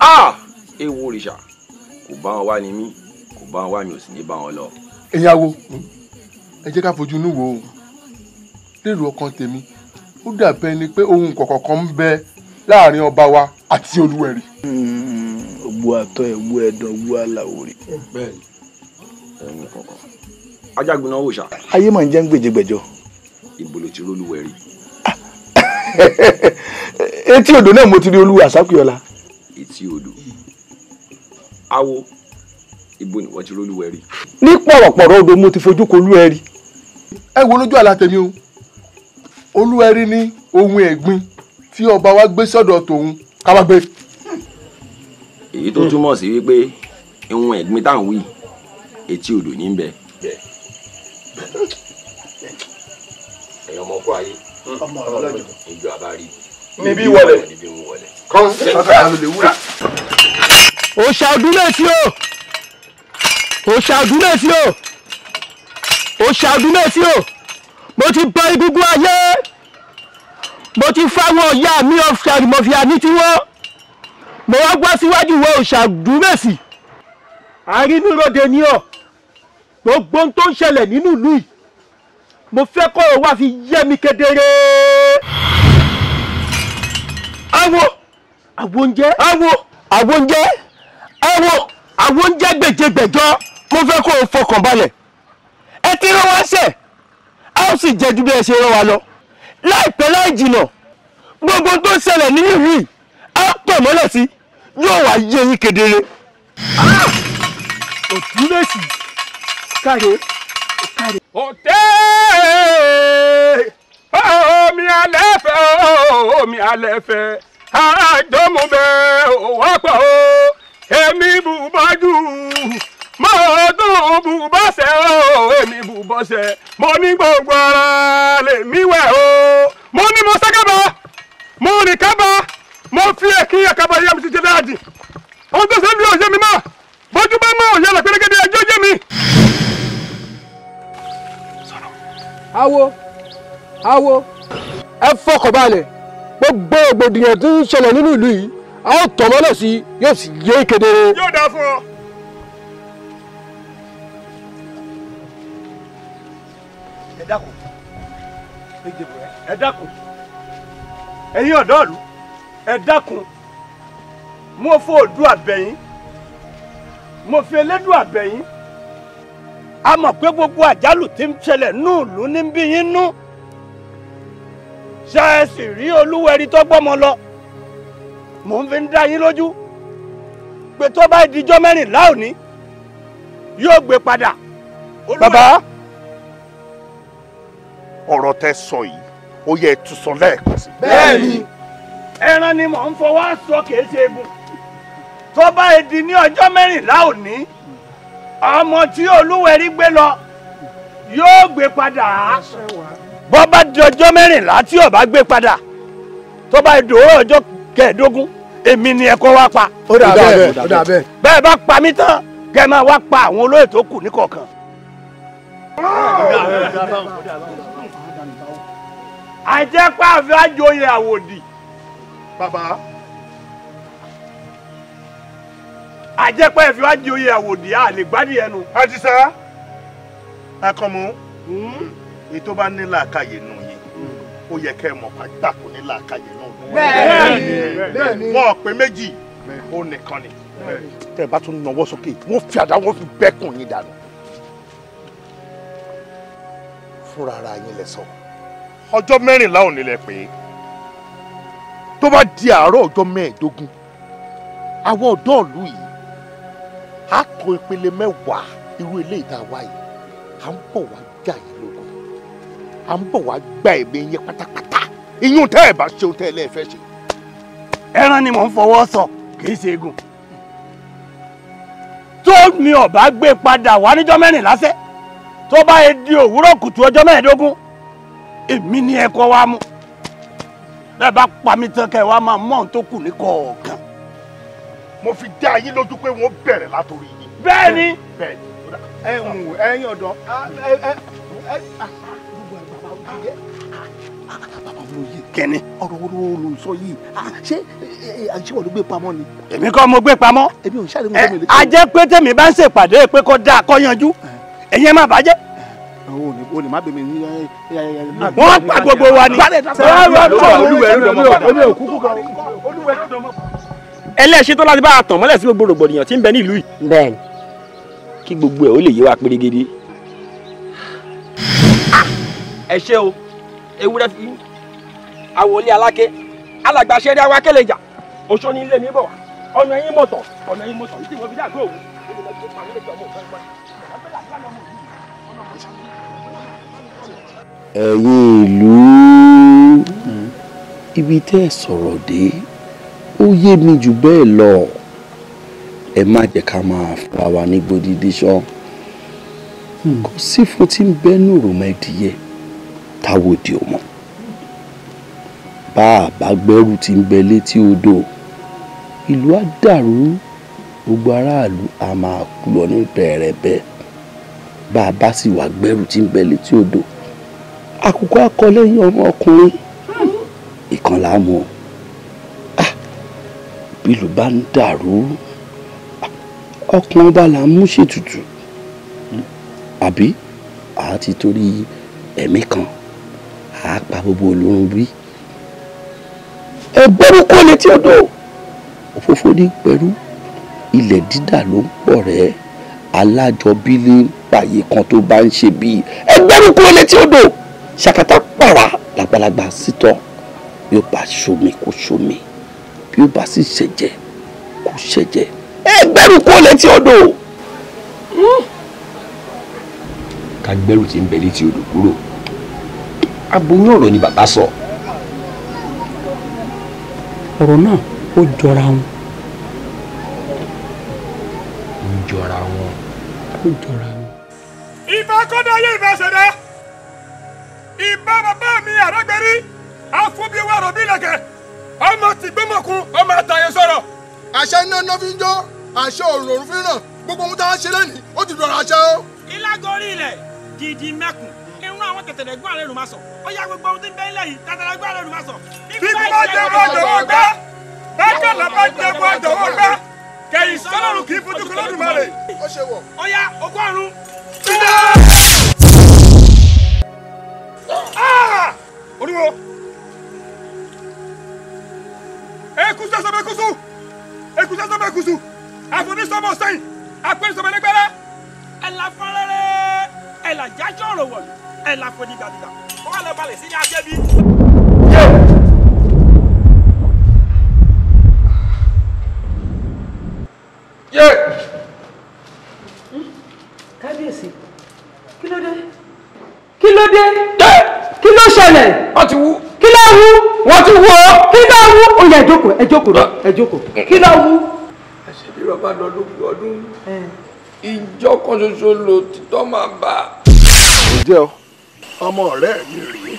Ah! ewu òrìṣà kò bá wọn wá kò bá wọn wá mi ò sì ní bá wọn lọ. ẹ jẹ́ ká fojú inú wò ó lérò ọkàn tèmi ó dàbẹ́ ni pé ohun kọ̀ọ̀kan kan ń bẹ láàrin ọba wa àti olúwẹ̀rí. ògbó àtọ ẹ̀wú ẹ̀dán ògbó aláwòrè. ajagunna wò sá. ayé máa ń jẹ́ ń gbèjègbèjọ. ibo ló ti rólúwẹ̀rí. etí odò náà mo ti rí olúwa sákìọ́lá. etí odò awo ibo ni wọ́n ti rólúwẹ̀rí. ní pọ̀rọ̀pọ̀rọ̀ odò mo ti fojú kolú ẹ ẹ wo lójú àlá tèmi o olúwẹrí ní ohun ẹ̀gbin tí ọba wa gbé sọ́dọ̀ tòun ká bá gbé. èyí tó túmọ̀ sí wípé ohun ẹ̀gbin táwọn wí etí odò ní bẹ. ẹ̀yin ọmọ kó ayé ọmọ ọlọ́jọ́ ìjọ àbárí. níbí wọlé kán kàkà lè wúrà. òòṣà ọdún lè o òòṣà ọdún lè o ó ṣàdún méjì o mo ti bọ egungun ayé mo ti fáwọn ọ̀yá mi ọ̀fíà mọ̀fíà ní tiwọn mo wá gbọ́ síwájú ìwọ òṣàdún méjì àrínúròde ni ọ gbogbo ohun tó ń ṣẹlẹ̀ nínú ìlú yìí mo fẹ́ kọ́ ọ wá fi yé mi kedere. awo awo oúnjẹ. awo awo oúnjẹ awo awo oúnjẹ mo fẹ́ kó o fọkàn balẹ̀ ẹ ti rán wá ṣẹ̀ a ó sì jẹ́ ju bí ẹ ṣe rán wa lọ láìpẹ́ láì jìnà gbogbo tó ṣẹlẹ̀ nínú yìí a pọ̀ mọ́lẹ̀ sí yóò wá yé yín kedere. Ah! òtúnlẹ̀sì káre káre. òtẹ́ omi alẹ́ fẹ́ omi alẹ́ fẹ́ àjọmọ́ bẹ́ẹ̀ wọ́pọ̀ èmi bù mo tún bù bọ́sẹ̀ o èmi bù bọ́sẹ̀ mo ní gbogbo ara lèmi wẹ̀ o mo ní mo sẹ́kẹ̀bà mo rìn kábà mo fi èkì àkàbà yẹ mi ti jẹ́ dáàdì ohun tó ṣe ń bí òye mi mọ́ bójú bá mọ́ òye lọ́pẹ́lẹ́gẹ́dẹ́ ẹjọ́ jẹ́ mi. awo awo ẹ fọkàn balẹ̀ gbogbo ògbòdìyàn tó ń ṣẹlẹ̀ nínú ìlú yìí a ó tọ̀ mọ́lẹ̀ sí yóò sì yé kedere. yóò dáa fún ọ. ẹ dákun ẹ̀yin ọ̀dọ́ọ̀lù ẹ dákun mo fọ òdu àbẹ̀yìn mo fi elédùn àbẹ̀yìn a mọ̀ pé gbogbo àjálù tí ń ṣẹlẹ̀ núùlù ní bí yín nú ṣe é sì rí olúwẹ̀rí tó gbọ́mọ lọ mò ń fi ń dá yín lójú pé tó bá dijọ́ mẹ́rìnlá òní yóò gbé padà. bàbá. ọ̀rọ̀ tẹ sọ yìí ó yẹ tún sọ lẹ́ẹ̀kan sí. bẹ́ẹ̀ni ẹran ni mò ń fọwọ́ sọ kìí ṣe egun tó bá di ní ọjọ́ mẹ́rìnlá òní ọmọ tí olúwẹ̀rí gbé lọ yóò gbé padà bọ́ bá di ọjọ́ mẹ́rìnlá tí ó bá gbé padà tó bá di òwúrọ̀ ọjọ́ kẹẹ̀ẹ́dógún èmi ni ẹ̀kọ́ wá pa. ó dà bẹ́ẹ̀ ó dà bẹ́ẹ̀. bẹ́ẹ̀ bá pa mí tán kẹ́ máa wá pa àwọn olóyè tó kù ní níkọ̀ọ̀kan. àjẹpá àfi àjòyè àwòdì. bàbá. àjẹpá àfi àjòyè àwòdì a lè gbádìí ẹnu. àdìsá akọmọ ètò bá ní làákàyè nù yín ó yẹ kẹ́ ẹ mọ̀ pàtàkì ní làákàyè nù. bẹ́ẹ̀ni wọn pè méjì ó nìkan ni tẹ́ ẹ bá tún nawọ́ sókè wọ́n fi àdá wọ́n fi bẹ́kùn yín dànù fúnra ara yín lẹ sọ. So. ọjọ́ mẹ́rìnlá ò nílẹ̀ pé tó bá di àárọ̀ ọjọ́ mẹ́ẹ̀ẹ́dógún àwọn ọ̀dọ́ ìlú yìí á tó ìpele mẹ́wàá irú eléyìí tá a wá yìí à ń bọ̀ wá jà yín lógun à ń bọ̀ wá gba ẹ̀mí pátápátá tẹ́ ẹ̀ bá tẹ́ ẹ lẹ́ẹ̀fẹ́ ṣe. ẹran ni sọ ṣe tó gbé bá yẹ di òwúrọ̀ kùtù ọjọ́ mẹ́ẹ̀ẹ́dógún èmi ni ẹ kọ́ wa mú bẹ́ẹ̀ bá pa mí tán kẹ́ ẹ máa mọ̀ ohun tó kù ní kọ̀ọ̀kan. mo fi dá yín lójú pé wọ́n bẹ̀rẹ̀ látòrí yín. bẹ́ẹ̀ni ẹ̀hún ẹ̀yin ọ̀dọ́ kẹ́ni ọ̀rọ̀ wo ló sọ yìí ṣé àṣìwọ̀ ló gbé pamọ́ ni. èmi kọ́ mo gbé pamọ́. èmi ò ń ṣàlẹ̀ mọ́ tẹ́mi létí. a jẹ́ pé tèmi bá ń ṣèpàdé pé kó dáa kó yanjú ẹ̀yin má bàjẹ́ o lè má bẹ ní ẹ ẹ ẹ. wọ́n pa gbogbo wa ni. ẹlẹ́sìn tó láti bá a tàn mọ́lẹ̀ sí gbogbo rògbòdìyàn tí ń bẹ nílùú yìí. bẹ́ẹ̀ni. kí gbogbo ẹ ó lè yé wa pérégedé. ẹ ṣe o ewúrẹ́ fi àwòlé aláké alàgbà ṣẹ́rí awa kẹlẹ̀jà oṣó ní ilé mi bọ̀ ọ̀nà yín mọ̀tọ̀ ọ̀nà yín mọ̀tọ̀ yìí tí mo fi dàgbò òun ẹ̀yin ìlú hmm. ibi tẹ́ ẹ sọ̀rọ̀ dé ó yé mi jù bẹ́ẹ̀ lọ ẹ má jẹ́ ká máa fura wa ní gbòdìdí ṣan hmm. kò sí fún tí ń bẹ́nu òròmọdìyẹ táwọn òdì ò mọ̀ bá a bá gbẹ́rù tí ń bẹ létí odò ìlú á dàrú gbogbo aráàlú á máa kú lọ ní bẹ̀rẹ̀ bẹ́ẹ̀ bá a bá sì wá gbẹ́rù tí ń bẹ létí odò àkùkọ akọlẹ́yìn ọmọ ọkùnrin ìkan là á mú o ah, bílù bá ń dàrú ọkùnrin bá là ń mú ṣètùtù àbí àá ti torí ẹ̀mí kan àá pa gbogbo olórun bí ẹgbẹ́rún kọ́ létí odò òfófó ní pẹ̀lú ilẹ̀ dídà ló ń pọ̀ rẹ̀ alájọbí ní pààyè kan tó bá ń ṣe bíi ẹgbẹ́rún kọ́ létí odò ṣàkàtà pàrà làgbàlagbà sítọ́ bí ó bá ṣomi kó ṣomi bí ó bá sì ṣẹ̀jẹ̀ kó ṣẹ̀jẹ̀ ẹ gbẹ́rù kó létí odò. ká gbẹ́rù tí ń bẹ létí odò kúrò aboyún ọ̀rọ̀ ni bàbá sọ. ọ̀rọ̀ náà ó jọra wọn. ó jọra wọn. ó jọra wọn. ìfẹ́ kọ́dọ̀ yé ìfẹ́ ṣẹ̀dá ìbá bàbá mi àràgbẹ̀rí àfúbíwá rọ̀bí lẹ̀kẹ̀ ọmọ ti gbẹ́mọ̀kun ọmọ àtàyè sọ̀rọ̀. àṣẹ iná iná fi ń jó àṣẹ òrùn fi ràn gbogbo ohun tá a ṣe lẹ́nìí ó ti dọ̀rọ̀ àṣẹ o. ìlágorí ilẹ̀ gidi mẹ́kùn irun àwọn tẹ̀tẹ̀lẹ̀ gbọ́n àlẹ́ lùmásọ̀ ó yá gbogbo ohun tí ń bẹ ilẹ̀ yìí tẹ̀tẹ̀lẹ̀ gbọ́n àlẹ́ lùmásọ̀. fífi bá jẹ́ bọ́ jọ̀wọ́ gbá bákàlà bá jẹ́ bọ́ jọ̀wọ́ gbá kẹ̀yìn Ah! oníwó eku sẹsẹ bẹ kusu eku sẹsẹ bẹ kusu àfọdí sọmọ sẹyìn àpẹẹrẹ sọmọ ẹlẹgbẹrẹ ẹlà fọlẹrẹ ẹlà jájọ ọ̀rọ̀ wọlú ẹlà fọdí gbàdúgbà wọn lọ balẹ̀ sí ní abẹ́ bí. kábíyèsí kí ló dé kí ló dé kí ló ṣẹlẹ̀ wọ́n ti wú kí ló wú wọ́n ti wú ọ́ kí ló wú ó yẹ ẹjókòó ẹjókòó ẹjókòó kí ló wú. àṣebí bàbá lọ lóbi ọdún ìjọ kan ṣoṣo lo títọ́ máa bá. ó jẹ́ ọmọ ọ̀rẹ́ mi rèé.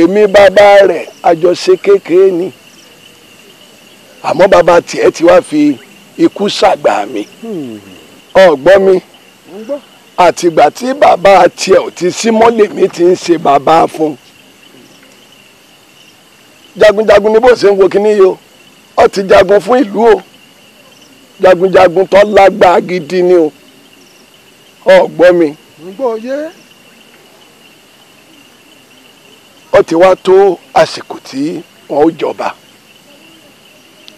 èmi bàbá rẹ̀ àjọṣe kékeré ni àmọ́ bàbá tiẹ̀ ti wá fi ikú ṣàgbà mi. Hmm ọ̀gbọ́n mi àtìgbà tí bàbá tiẹ̀ ò ti símọ́ lèmi ti ń ṣe bàbá fún un jagunjagun ni bó ṣe ń wo kíní yìí o ó ti jagun fún ìlú o jagunjagun tó lágbára gidi ni o ọ̀gbọ́n ó ti wá tó àsìkò tí wọ́n ó jọba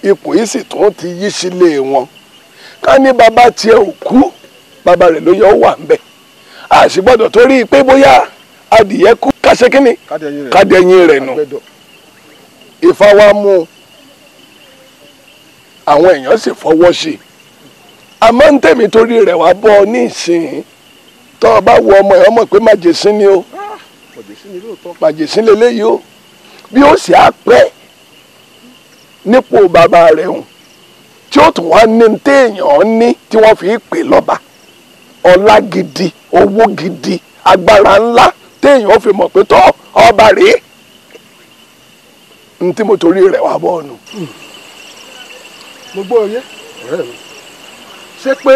ipò yìí sì tún ti yí sílé wọn. Si ká ní bàbá tiẹ̀ ò kú bàbá rẹ̀ ló yẹ ó wà ńbẹ̀ a sì gbọ́dọ̀ torí pé bóyá adìyẹ kú káṣe kínní kádẹ́yìn rẹ̀ nù Ifá wa mú àwọn èèyàn sì fọwọ́ sí i àmọ́ ń tẹ̀mí torí rẹ̀ wá bọ́ ọ ní ìsìn tọ́ ọ bá wo ọmọ ẹ̀ ọmọ pé màjèsín ni o màjèsín lélẹ́yìí o bí ó sì á pẹ́ nípò bàbá rẹ̀ hùn tí ó tún wá ní téèyàn ní tí wọ́n fi pè lọ́ba ọlá gidi owó gidi agbára ńlá téèyàn fi mọ̀ pé tọ́ ọba rèé n tí mo torí rẹ̀ wá bọ́ mo gbọ́ ọyẹ́ ọ̀rẹ́ mi ṣé pé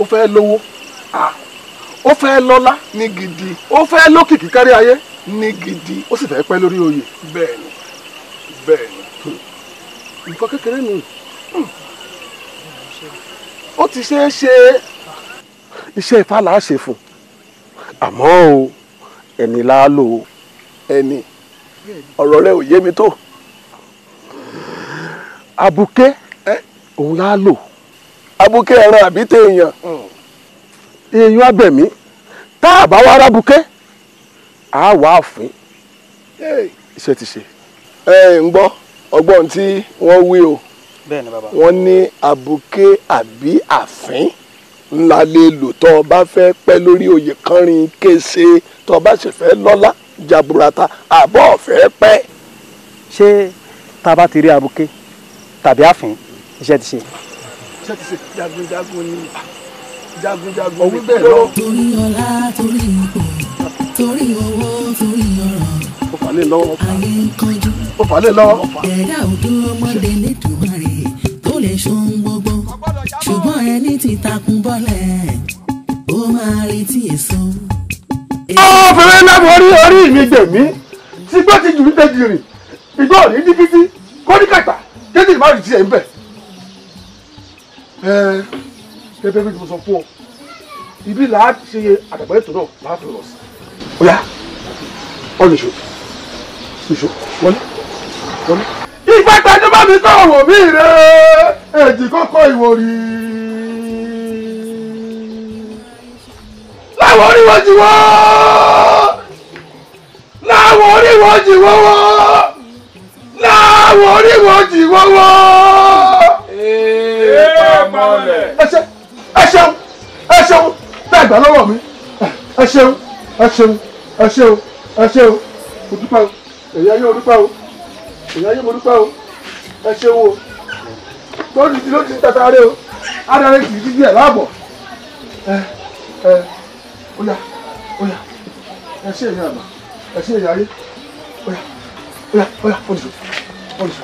ó fẹ́ lówó ó fẹ́ lọ́lá ní gidi ó fẹ́ lókìkí kárí ayé ní gidi ó sì fẹ́ pẹ́ lórí oyè. bẹ́ẹ̀ ni nǹkan kékeré nù. ó ti ṣeé ṣe iṣẹ́ ifá là á ṣe fún àmọ́ o ẹni láálò o. ẹni ọ̀rọ̀ rẹ ò yé mi tó. abuké òun láálò. abuké ẹran àbí téèyàn. èèyàn abẹ̀mí tá a bá wá rábuké a wà á fún iṣẹ́ ti ṣe. ẹ ǹ gbọ́ ọgbọ́n tí wọ́n wí o. bẹ́ẹ̀ni bàbá. wọ́n ní abuké àbí àfín ńlá lè lò tó o bá fẹ́ pẹ́ lórí oyè kánrin kése tó o bá sì fẹ́ lọ́lá jaburata àbọ̀ ọ̀fẹ́ pẹ́. ṣé tá a bá ti rí abuké tàbí àfín iṣẹ́ ti ṣe. iṣẹ́ ti ṣe jagunjagun ni jagunjagun òun bẹ́ẹ̀ lọ. torí ọlá torí ipò torí owó torí ọrọ̀ ayé ń kánjú ẹ̀dá òdo ọmọdé nítorí lè ṣohun gbogbo ṣùgbọ́n ẹni tí takun bọ́lẹ̀ ó máa retí èso. ọ̀bẹ̀rẹ̀ náà mo rí orí mi gbèmí tí gbọ́ ti jù mí tẹ́jú rìn ìgbọ́ òní dígítí kóníkàtà tẹ́tí ìmáàrún ti ẹ̀ ń bẹ̀. ẹ ẹ bẹ́ẹ̀ bí mo sọ fún ọ ibi là á ṣe àdàgbà ètò náà là á fi lọ sí. ó yá ọ lè wọlé wọlé ìgbàgbẹ́jú bá mi sọ̀rọ̀ mí rè èjì kọ́kọ́ ìwòrì. láwọn oríwọ́jì wọ́ láwọn oríwọ́jì wọ́ wọ́ láwọn oríwọ́jì wọ́ wọ́. ẹ ṣeun ẹ ṣeun ẹ ṣeun bẹ́ẹ̀ gbà lọ́wọ́ mi ẹ ṣeun ẹ ṣeun ẹ ṣeun ẹ ṣeun òdúpẹ́ o èyí ayé òdúpẹ́ o ìyá yìí mo dúpẹ́ o ẹ ṣe wo lórí ti lórí ti tata rẹ o adarí kì dídí ẹ̀ láàbọ̀ ẹ ẹ óyá óyá ẹ ṣe èyí àgbà ẹ ṣe èyí ayé óyá óyá óyá olùsọ olùsọ.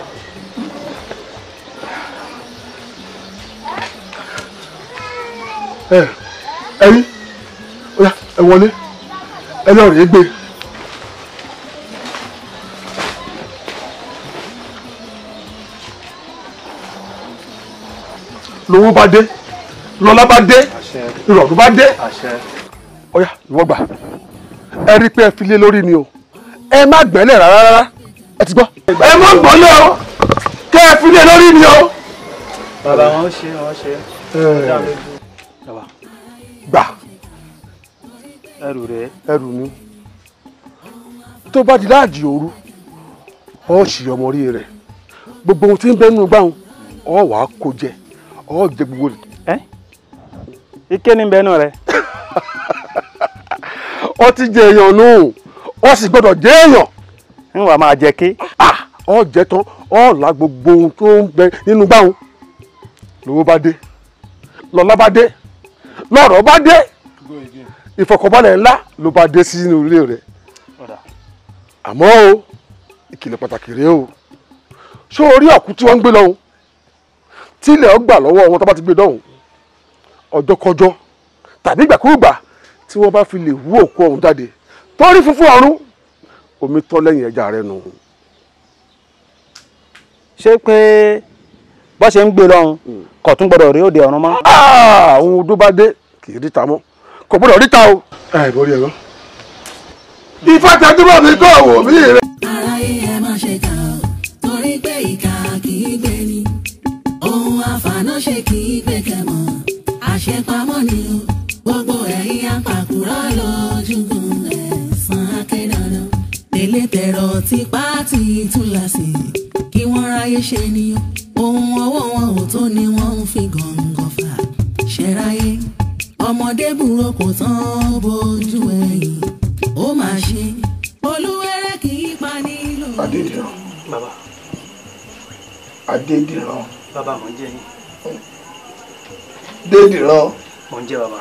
ẹ̀yin óyá ẹ wọlé ẹ lọ́ọ̀rì ẹ gbé. lówó bá dé lọ́lá bá dé ìrọ̀rùn bá dé ọ̀yà ìwọ gbà ẹ rí i pé ẹ fi lé lórí ni o ẹ má gbẹ́lẹ̀ rárá rárá ẹ ti gbọ́. ẹ má gbọ́lẹ̀ o kẹ́ ẹ fi lé lórí ni o. bàbá wọn ṣe wọn ṣe gbà ẹrù rẹ ẹrù mi tó bá di láàjì òru ọ ṣì ọmọ rí rẹ gbogbo ohun tí ń bẹnu gbáhùn ọ wàá kó jẹ Oh, the gbogbo Eh? ẹ can't ni bẹnu rẹ. ọ ti jẹ èèyàn nù ọ sì gbọ́dọ̀ jẹ èèyàn. n wà máa jẹ kí. ọ jẹ tán ọ là gbogbo ohun tó ń the nínú gbáhùn lówó bá dé lọ́lá bá dé lọ́rọ̀ bá dé ìfọ̀kànbalẹ̀ ńlá ló bá dé sínú ilé rẹ àmọ́ o ìkìlọ̀ pàtàkì rèé o ṣó orí ọ̀kú tí wọ́n ń gbé lọ́hùn tí ilẹ̀ ọgbà lọ́wọ́ wọn tó bá ti gbé dọ́hùn ọjọ́kọjọ́ tàbí ìgbàkúùgbà tí wọ́n bá fi lè wú òkú ọ̀hún jáde torí funfun ọ̀run omi tọ́ lẹ́yìn ẹja rẹ nù. ṣé pé bó ṣe ń gbé lọ́hùn hmm. kò tún gbọ́dọ̀ rí òde ọ̀run mọ́. àwọn ah, odó bá dé kì í ríta mọ́ kò gbọ́dọ̀ ríta o. ẹ borí ẹ̀rọ. ifá tẹ́túbọ̀ mi kọ́ òwò mi rẹ. ara yìí ẹ ṣe kà ó torí pé ìkà kì í gbé ohun àfànàṣe kì í gbẹ̀kẹ̀ mọ́ àṣepamọ́ ni o gbogbo ẹ̀yin apàkúrọ̀ lójúgun ẹ̀sán akẹ́dàdàn délé tẹ̀rọ ti pààtì túláṣì kí wọ́n ráyé ṣe ni o ohun ọwọ́ wọn ò tó ni wọ́n ń fi gàngàn fà ṣẹ́ráyé ọmọdé burú kò tán bójú ẹ̀yìn ó máa ṣe olúwẹ̀rẹ̀ kì í pa nílò. Adédìran Adédìran bàbá mò ń jẹ yín. déèdì rán. mò ń jẹ bàbá.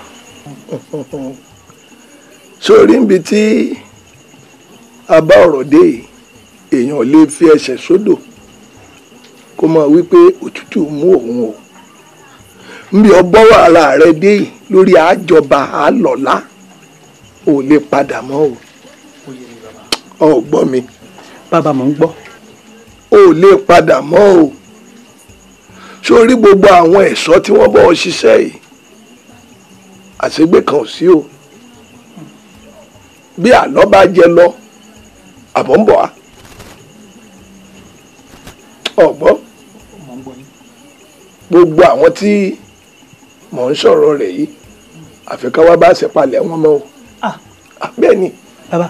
sórí ibi tí a bá ọ̀rọ̀ dé èèyàn lè fi ẹsẹ̀ sódò kó máa wí pé òtútù mú òun o nbí ọgbọ́ wàhálà rẹ dé lórí àjọba àlọ́lá ò lè padà mọ́ o ò gbọ́ mi. bàbá mò ń gbọ́. ò lè padà mọ́ o sórí gbogbo àwọn ẹ̀ṣọ́ tí wọ́n bọ́ ọ ṣiṣẹ́ yìí àṣegbè kan ò sí o bí àná bá jẹ lọ àbọ̀ ń bọ̀ á ọ̀gbọ́n gbogbo àwọn tí mò ń sọ̀rọ̀ rẹ̀ yìí àfi ká wá bá ṣe palẹ̀ wọn mọ́ o ah. Ah, bẹ́ẹ̀ ni. bàbá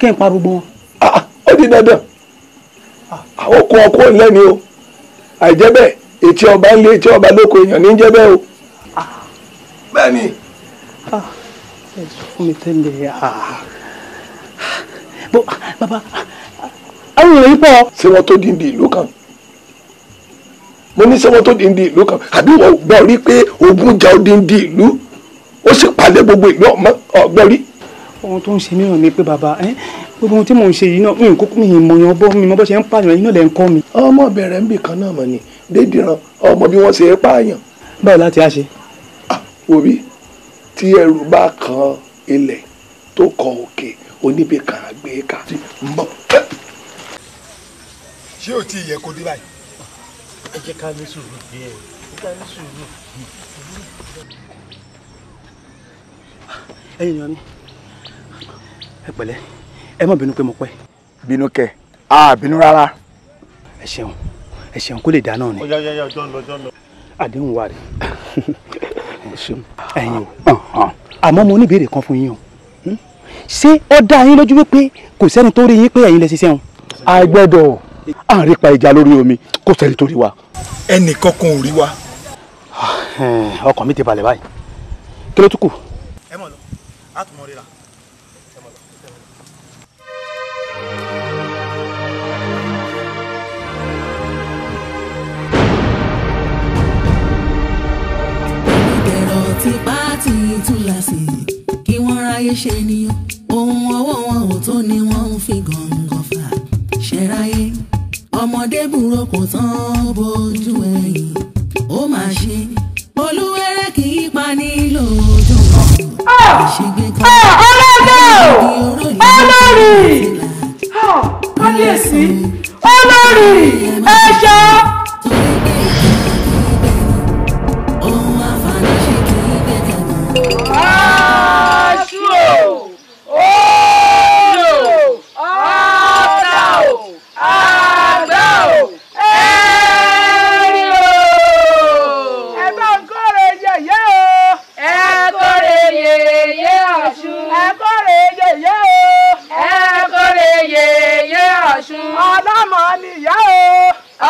kí n pa gbogbo wọn. Ah, ó di dandan àwọn kó ọkọ lẹ́ni o àìjẹ́ bẹ́ẹ̀ etí ọba ń lé etí ọba lóko èèyàn ní jẹ́ bẹ́ẹ̀ o. bẹ́ẹ̀ ni. Ah, ẹ sọ fún mi tẹ́lẹ̀ ah. bó bàbá àwọn èèyàn yìí pọ̀. ṣé wọ́n tó di di ìlú kan mo ní ṣé wọ́n tó di di ìlú kan àbí wọ́n gbọ́ rí pé ogun jà ó di di ìlú ó sì palẹ̀ gbogbo ìlú ọ̀gbọ́n rí ohun tó ń ṣe mìíràn ni pé bàbá ẹ gbogbo ohun tí mò ń ṣe yìí náà mi kúkú mi mọyàn bọ mi mọ bó ṣe ń pààyàn yìí náà lẹ ń kọ́ mi. ọmọ bẹ̀rẹ̀ ń bì kan náà mọ̀ ni dédìran ọmọ bí wọ́n ṣe é pààyàn. báyìí láti á ṣe. òbí ah, tí ẹrù bá kan ilẹ̀ tó kọ òkè oníbi kan àgbé ká ti ń ṣé o ti yẹ kó dé báyìí. ẹ jẹ́ ká ní sùúrù díẹ̀ ẹ ká ní sùúrù. ẹ̀yin ni wọn ní ẹ pẹ̀lẹ́ ẹ má bínú pé mo pẹ́. bínú kẹ a bínú rárá. ẹ ṣeun ẹ ṣeun kó lè dá náà ni. ọ̀yá ọ̀yá ọjọ́ ń lọ ọjọ́ ń lọ. àdéhùn wa rè ẹ̀yin o àmọ́ mo ní ìbéèrè kan fún yín o hmm? ṣé ó dá yín lójú wípé kò sẹ́ni tó rí yín pé ẹ̀yin lè ṣiṣẹ́ wọn. a gbọ́dọ̀ àárín pa ìjà lórí omi kò sẹ́ni tó rí wa. ẹnì kankan ò rí wa. Ah, eh, ọkàn mi ti balẹ̀ báyìí kí ló tún kù. ẹ mọ̀ lọ a tún mọ̀ rí la. tipátì túláṣì kí wọ́n ráyé ṣe nìyàn ohun ọwọ́ wọn ò tó ni wọ́n ń fi gàngàn fà ṣẹ́ráyé ọmọdé burú kò tán bójú ẹ̀yìn ó mà ṣe olúwẹ̀rẹ̀ kì í pa ah, ah, ah, ní lójú olórí kábíyèsí olórí aṣọ òòlò ọ̀tà ò àgbà ò ẹ̀rì ò. ẹ bá ń kórè yèyé o. ẹ kórè yèyé Ọ̀ṣun. ẹ kórè yèyé o. ẹ kórè yèyé Ọ̀ṣun. ọlọ́mọ nìyá o.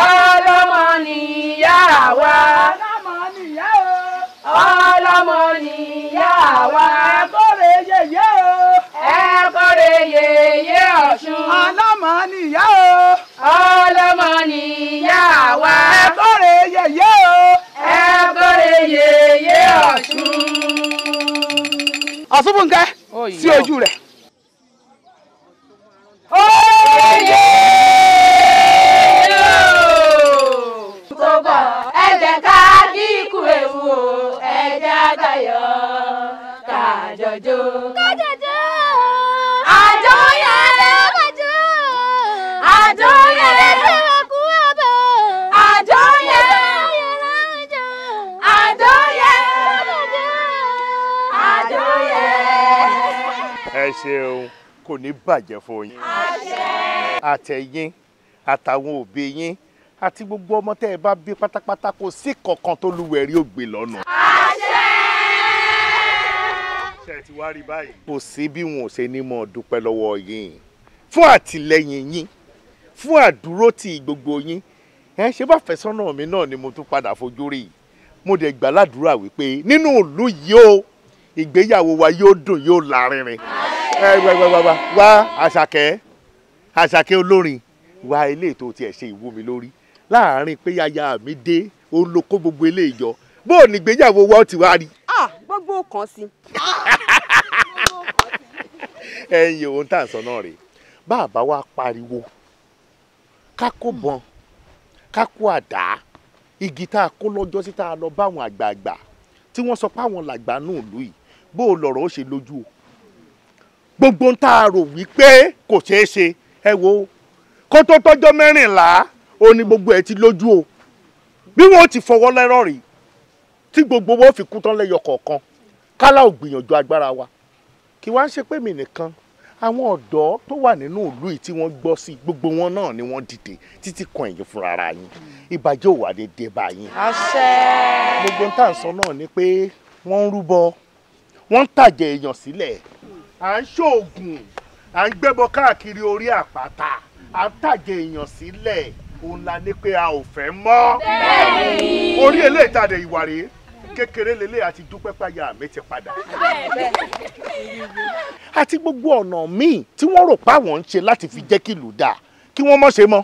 ọlọ́mọ nìyá wa. ọlọ́mọ nìyá o. ọlọ́mọ ni àwa. ẹ ye yèyé o. ẹ ye yèyé ọ̀ṣun. ọlọ́mọ nìyá o. ọlọ́mọ nìyá wa. ẹ kórè ye o. ẹ kórè ye ọ̀ṣun. ọ̀ṣunbùnkẹ́ sí ojú rẹ̀. oyè yóò tó bọ̀ ẹ jẹ́ ká dínkù ewu àjò. kájọjọ. àjò yẹrẹ. àjò. àjò yẹrẹ. ẹ̀rẹ̀kú àbọ̀. àjò yẹrẹ. àjò yẹrẹ. àjò yẹrẹ. ẹ ṣeun kò ní bàjẹ́ fún yín. àṣẹ. àtẹ̀yìn àtàwọn òbí yín àti gbogbo ọmọ tẹ́ ẹ bá bí pátápátá kò sí kankan tó lùwẹ̀rí ògbè lọ́nà. àṣẹ ṣe ti wá rí báyìí. kò sí bí wọn ò ṣe ní mọ dúpẹ́ lọ́wọ́ yín fún àtìlẹ́yìn yín fún àdúró ti gbogbo yín ẹ ṣe bá fẹ̀sọ́nà mi náà ni mo tún padà fojú rí i mo dẹ̀ gbà ládùúrà wípé nínú ìlú yìí o ìgbéyàwó wa yóò dùn yóò lárinrin ẹ wá wá wá wá àṣàkẹ́ àṣàkẹ́ olórin wá ilé ètò tiẹ̀ ṣe ìwú mi lórí láàárín pé yaya mi dé ó gbogbo ilé ìjọ bóò ní ìgbéyàwó wa ó ti wá rí kọ́gbọ́n kan sí. ẹyin òun tá à ń sọ náà rèé bá a bá wa pariwo ká kó bọn ká kó àdá igi tá a kó lọ́jọ́ sí tá a lọ báwọn àgbààgbà tí wọ́n sọ pé làgbà náà lù yìí bó o lọ̀rọ̀ ó ṣe lójú o gbogbo ń tá a rò wípé kò ṣeé ṣe ẹ wo kó tó tọ́jọ́ mẹ́rìnlá o ní gbogbo ẹ̀ ti lójú o bí wọ́n ti fọwọ́ lẹ́rọ̀ rèé tí gbogbo wọn fi kú tán lẹ́yọ kọ̀ọ̀kan kálá ò gbìyànjú agbára wa kí wá ṣe pé mi nìkan àwọn ọ̀dọ́ tó wà nínú ìlú yìí tí wọ́n gbọ́ sí gbogbo wọn náà ni wọ́n dìde títí kan ẹ̀yin fúnra ara yín ìbàjẹ́ ò wà dé bá yín. àṣẹ. gbogbo ń tà ń sọ náà ni pé wọ́n ń rúbọ wọ́n ń tàjẹ̀ èèyàn sílẹ̀ à ń ṣoògùn à ń gbẹ́bọ káàkiri orí àpáta à ń tàjẹ̀ èèyàn sílẹ̀ òun la ní pé a ò fẹ́ mọ́. bẹ́ẹ̀ ni. orí eléyìí tàdé ìwà rèé kékeré lélẹ̀ àti dúpẹ́ páyà mi ti padà. àti gbogbo ọ̀nà míì tí wọ́n rò pa àwọn ń ṣe láti fi jẹ́ kí ìlú dáa kí wọ́n mọ̀ ṣe mọ́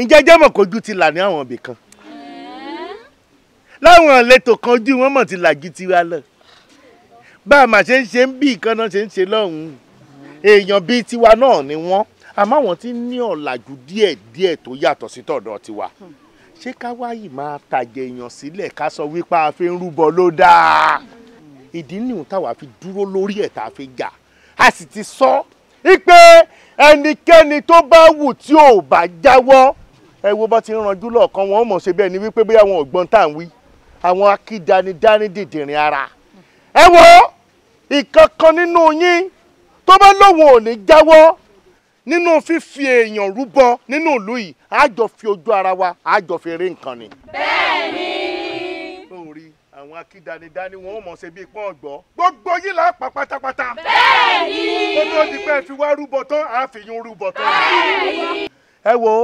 ǹjẹ́ jẹ́ mọ̀ kojú ti là ní àwọn ibì kan láwọn ìletò kan ojú wọn mọ̀ ti là ju tiwa lọ bá a mà ṣe ń ṣe ń bí ìkan náà ṣe ń ṣe lọ́hùn-ún èèyàn bíi tiwa náà ni wọ́n àmọ́ àwọn tí ń ní ọ̀làjú díẹ̀díẹ̀ tó yàtọ̀ sí tọ̀dọ̀ tiwa ṣé káwáyì máa tàjẹ̀ èèyàn sílẹ̀ ká sọ wípé a fi ń rúbọ ló dáa ìdí nìyí táwa fi dúró lórí ẹ̀ tá a fi jà a sì ti sọ wípé ẹnikẹ́ni tó bá wù tí ò bá jáwọ́ ẹ wo bá ti ń ranjú lọ́ọ̀kan wọn mọ̀ ṣe bẹ́ẹ̀ ni wípé bóyá àwọn ọ̀gbọ́n tá à ń wí àwọn akídanidání dìdìrín ara ẹ wo ìkankan nínú yín tó bá lóun ò ní jáwọ́ nínú fífi èèyàn rúbọ nínú ìlú yìí a jọ fi ojú ara wa a jọ fi rí nǹkan ni. bẹ́ẹ̀ni. tó rí àwọn akídanidani wọn ò mọ̀ ṣe bíi pọ́n ọ̀gbọ́ gbogbo yìí là á pa pátápátá. bẹ́ẹ̀ni. ó tó di pé ẹ fi wá rúbọ tán a fi yún rúbọ tán. bẹ́ẹ̀ni. ẹ wo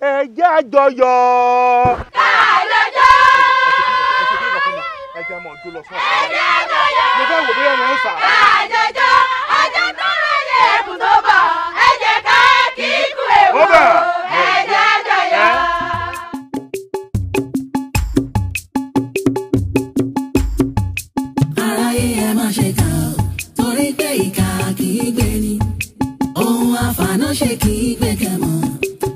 ẹ jẹ́ àjọyọ̀. ká lọ́jọ́. ẹ jẹ́ mo fẹ́ wò bí ẹnu ń sà. ká lọ́jọ́ tó rẹ̀ yẹ ẹ̀kú tó bọ̀ ó bẹ̀. ẹ̀jẹ̀ jọyọ̀. aráyé ẹ má ṣe kà ó torí pé ìkà kì í gbé ni ohun àfànàṣe kì í gbé kẹmọ́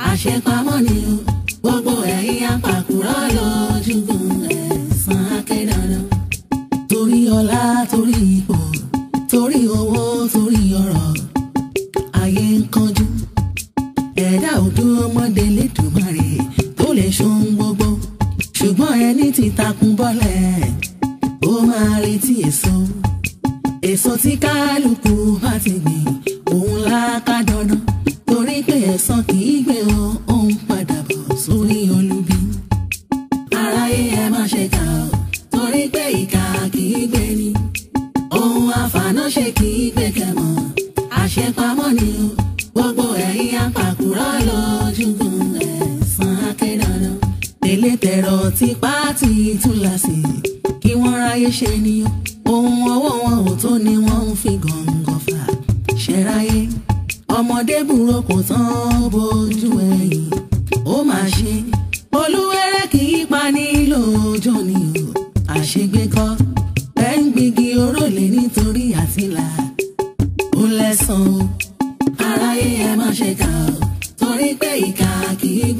àṣepamọ́ ni o gbogbo ẹ̀yin apàkùrọ̀ lọ́ọ́ jùgùn ẹ̀sán akédandan torí ọlá tó. ẹni tí takùn bọ́lẹ̀ ó máa retí èso èso tí kálukú bá ti gbìn òun la ká dandan torí pé ẹ̀san kì í gbé òun padà bọ̀ sórí olúbi. aráyé ẹ má ṣe kà ó torí pé ìkà kì í gbé ni ohun àfàná ṣe kì í gbé kẹmọ àṣepamọ́ ni o. ilé tẹ̀rọ ti pààtì túláàsì kí wọ́n ráyé ṣe ni ohun ọwọ́ wọn ò tó ni wọ́n ń fi gàngàn fà ṣẹ́ráyé ọmọdé burú kò tán bójú ẹ̀yìn ó máa ṣe olúwẹ̀rẹ̀ kì í pa ní lóòjọ́ ni o àṣegbé kọ́ ẹ̀ ń gbígi orólè nítorí àtìlà ó lẹ́sàn-án aráyé ẹ má ṣe kà ó torí pé ìkà kì í gbọ́.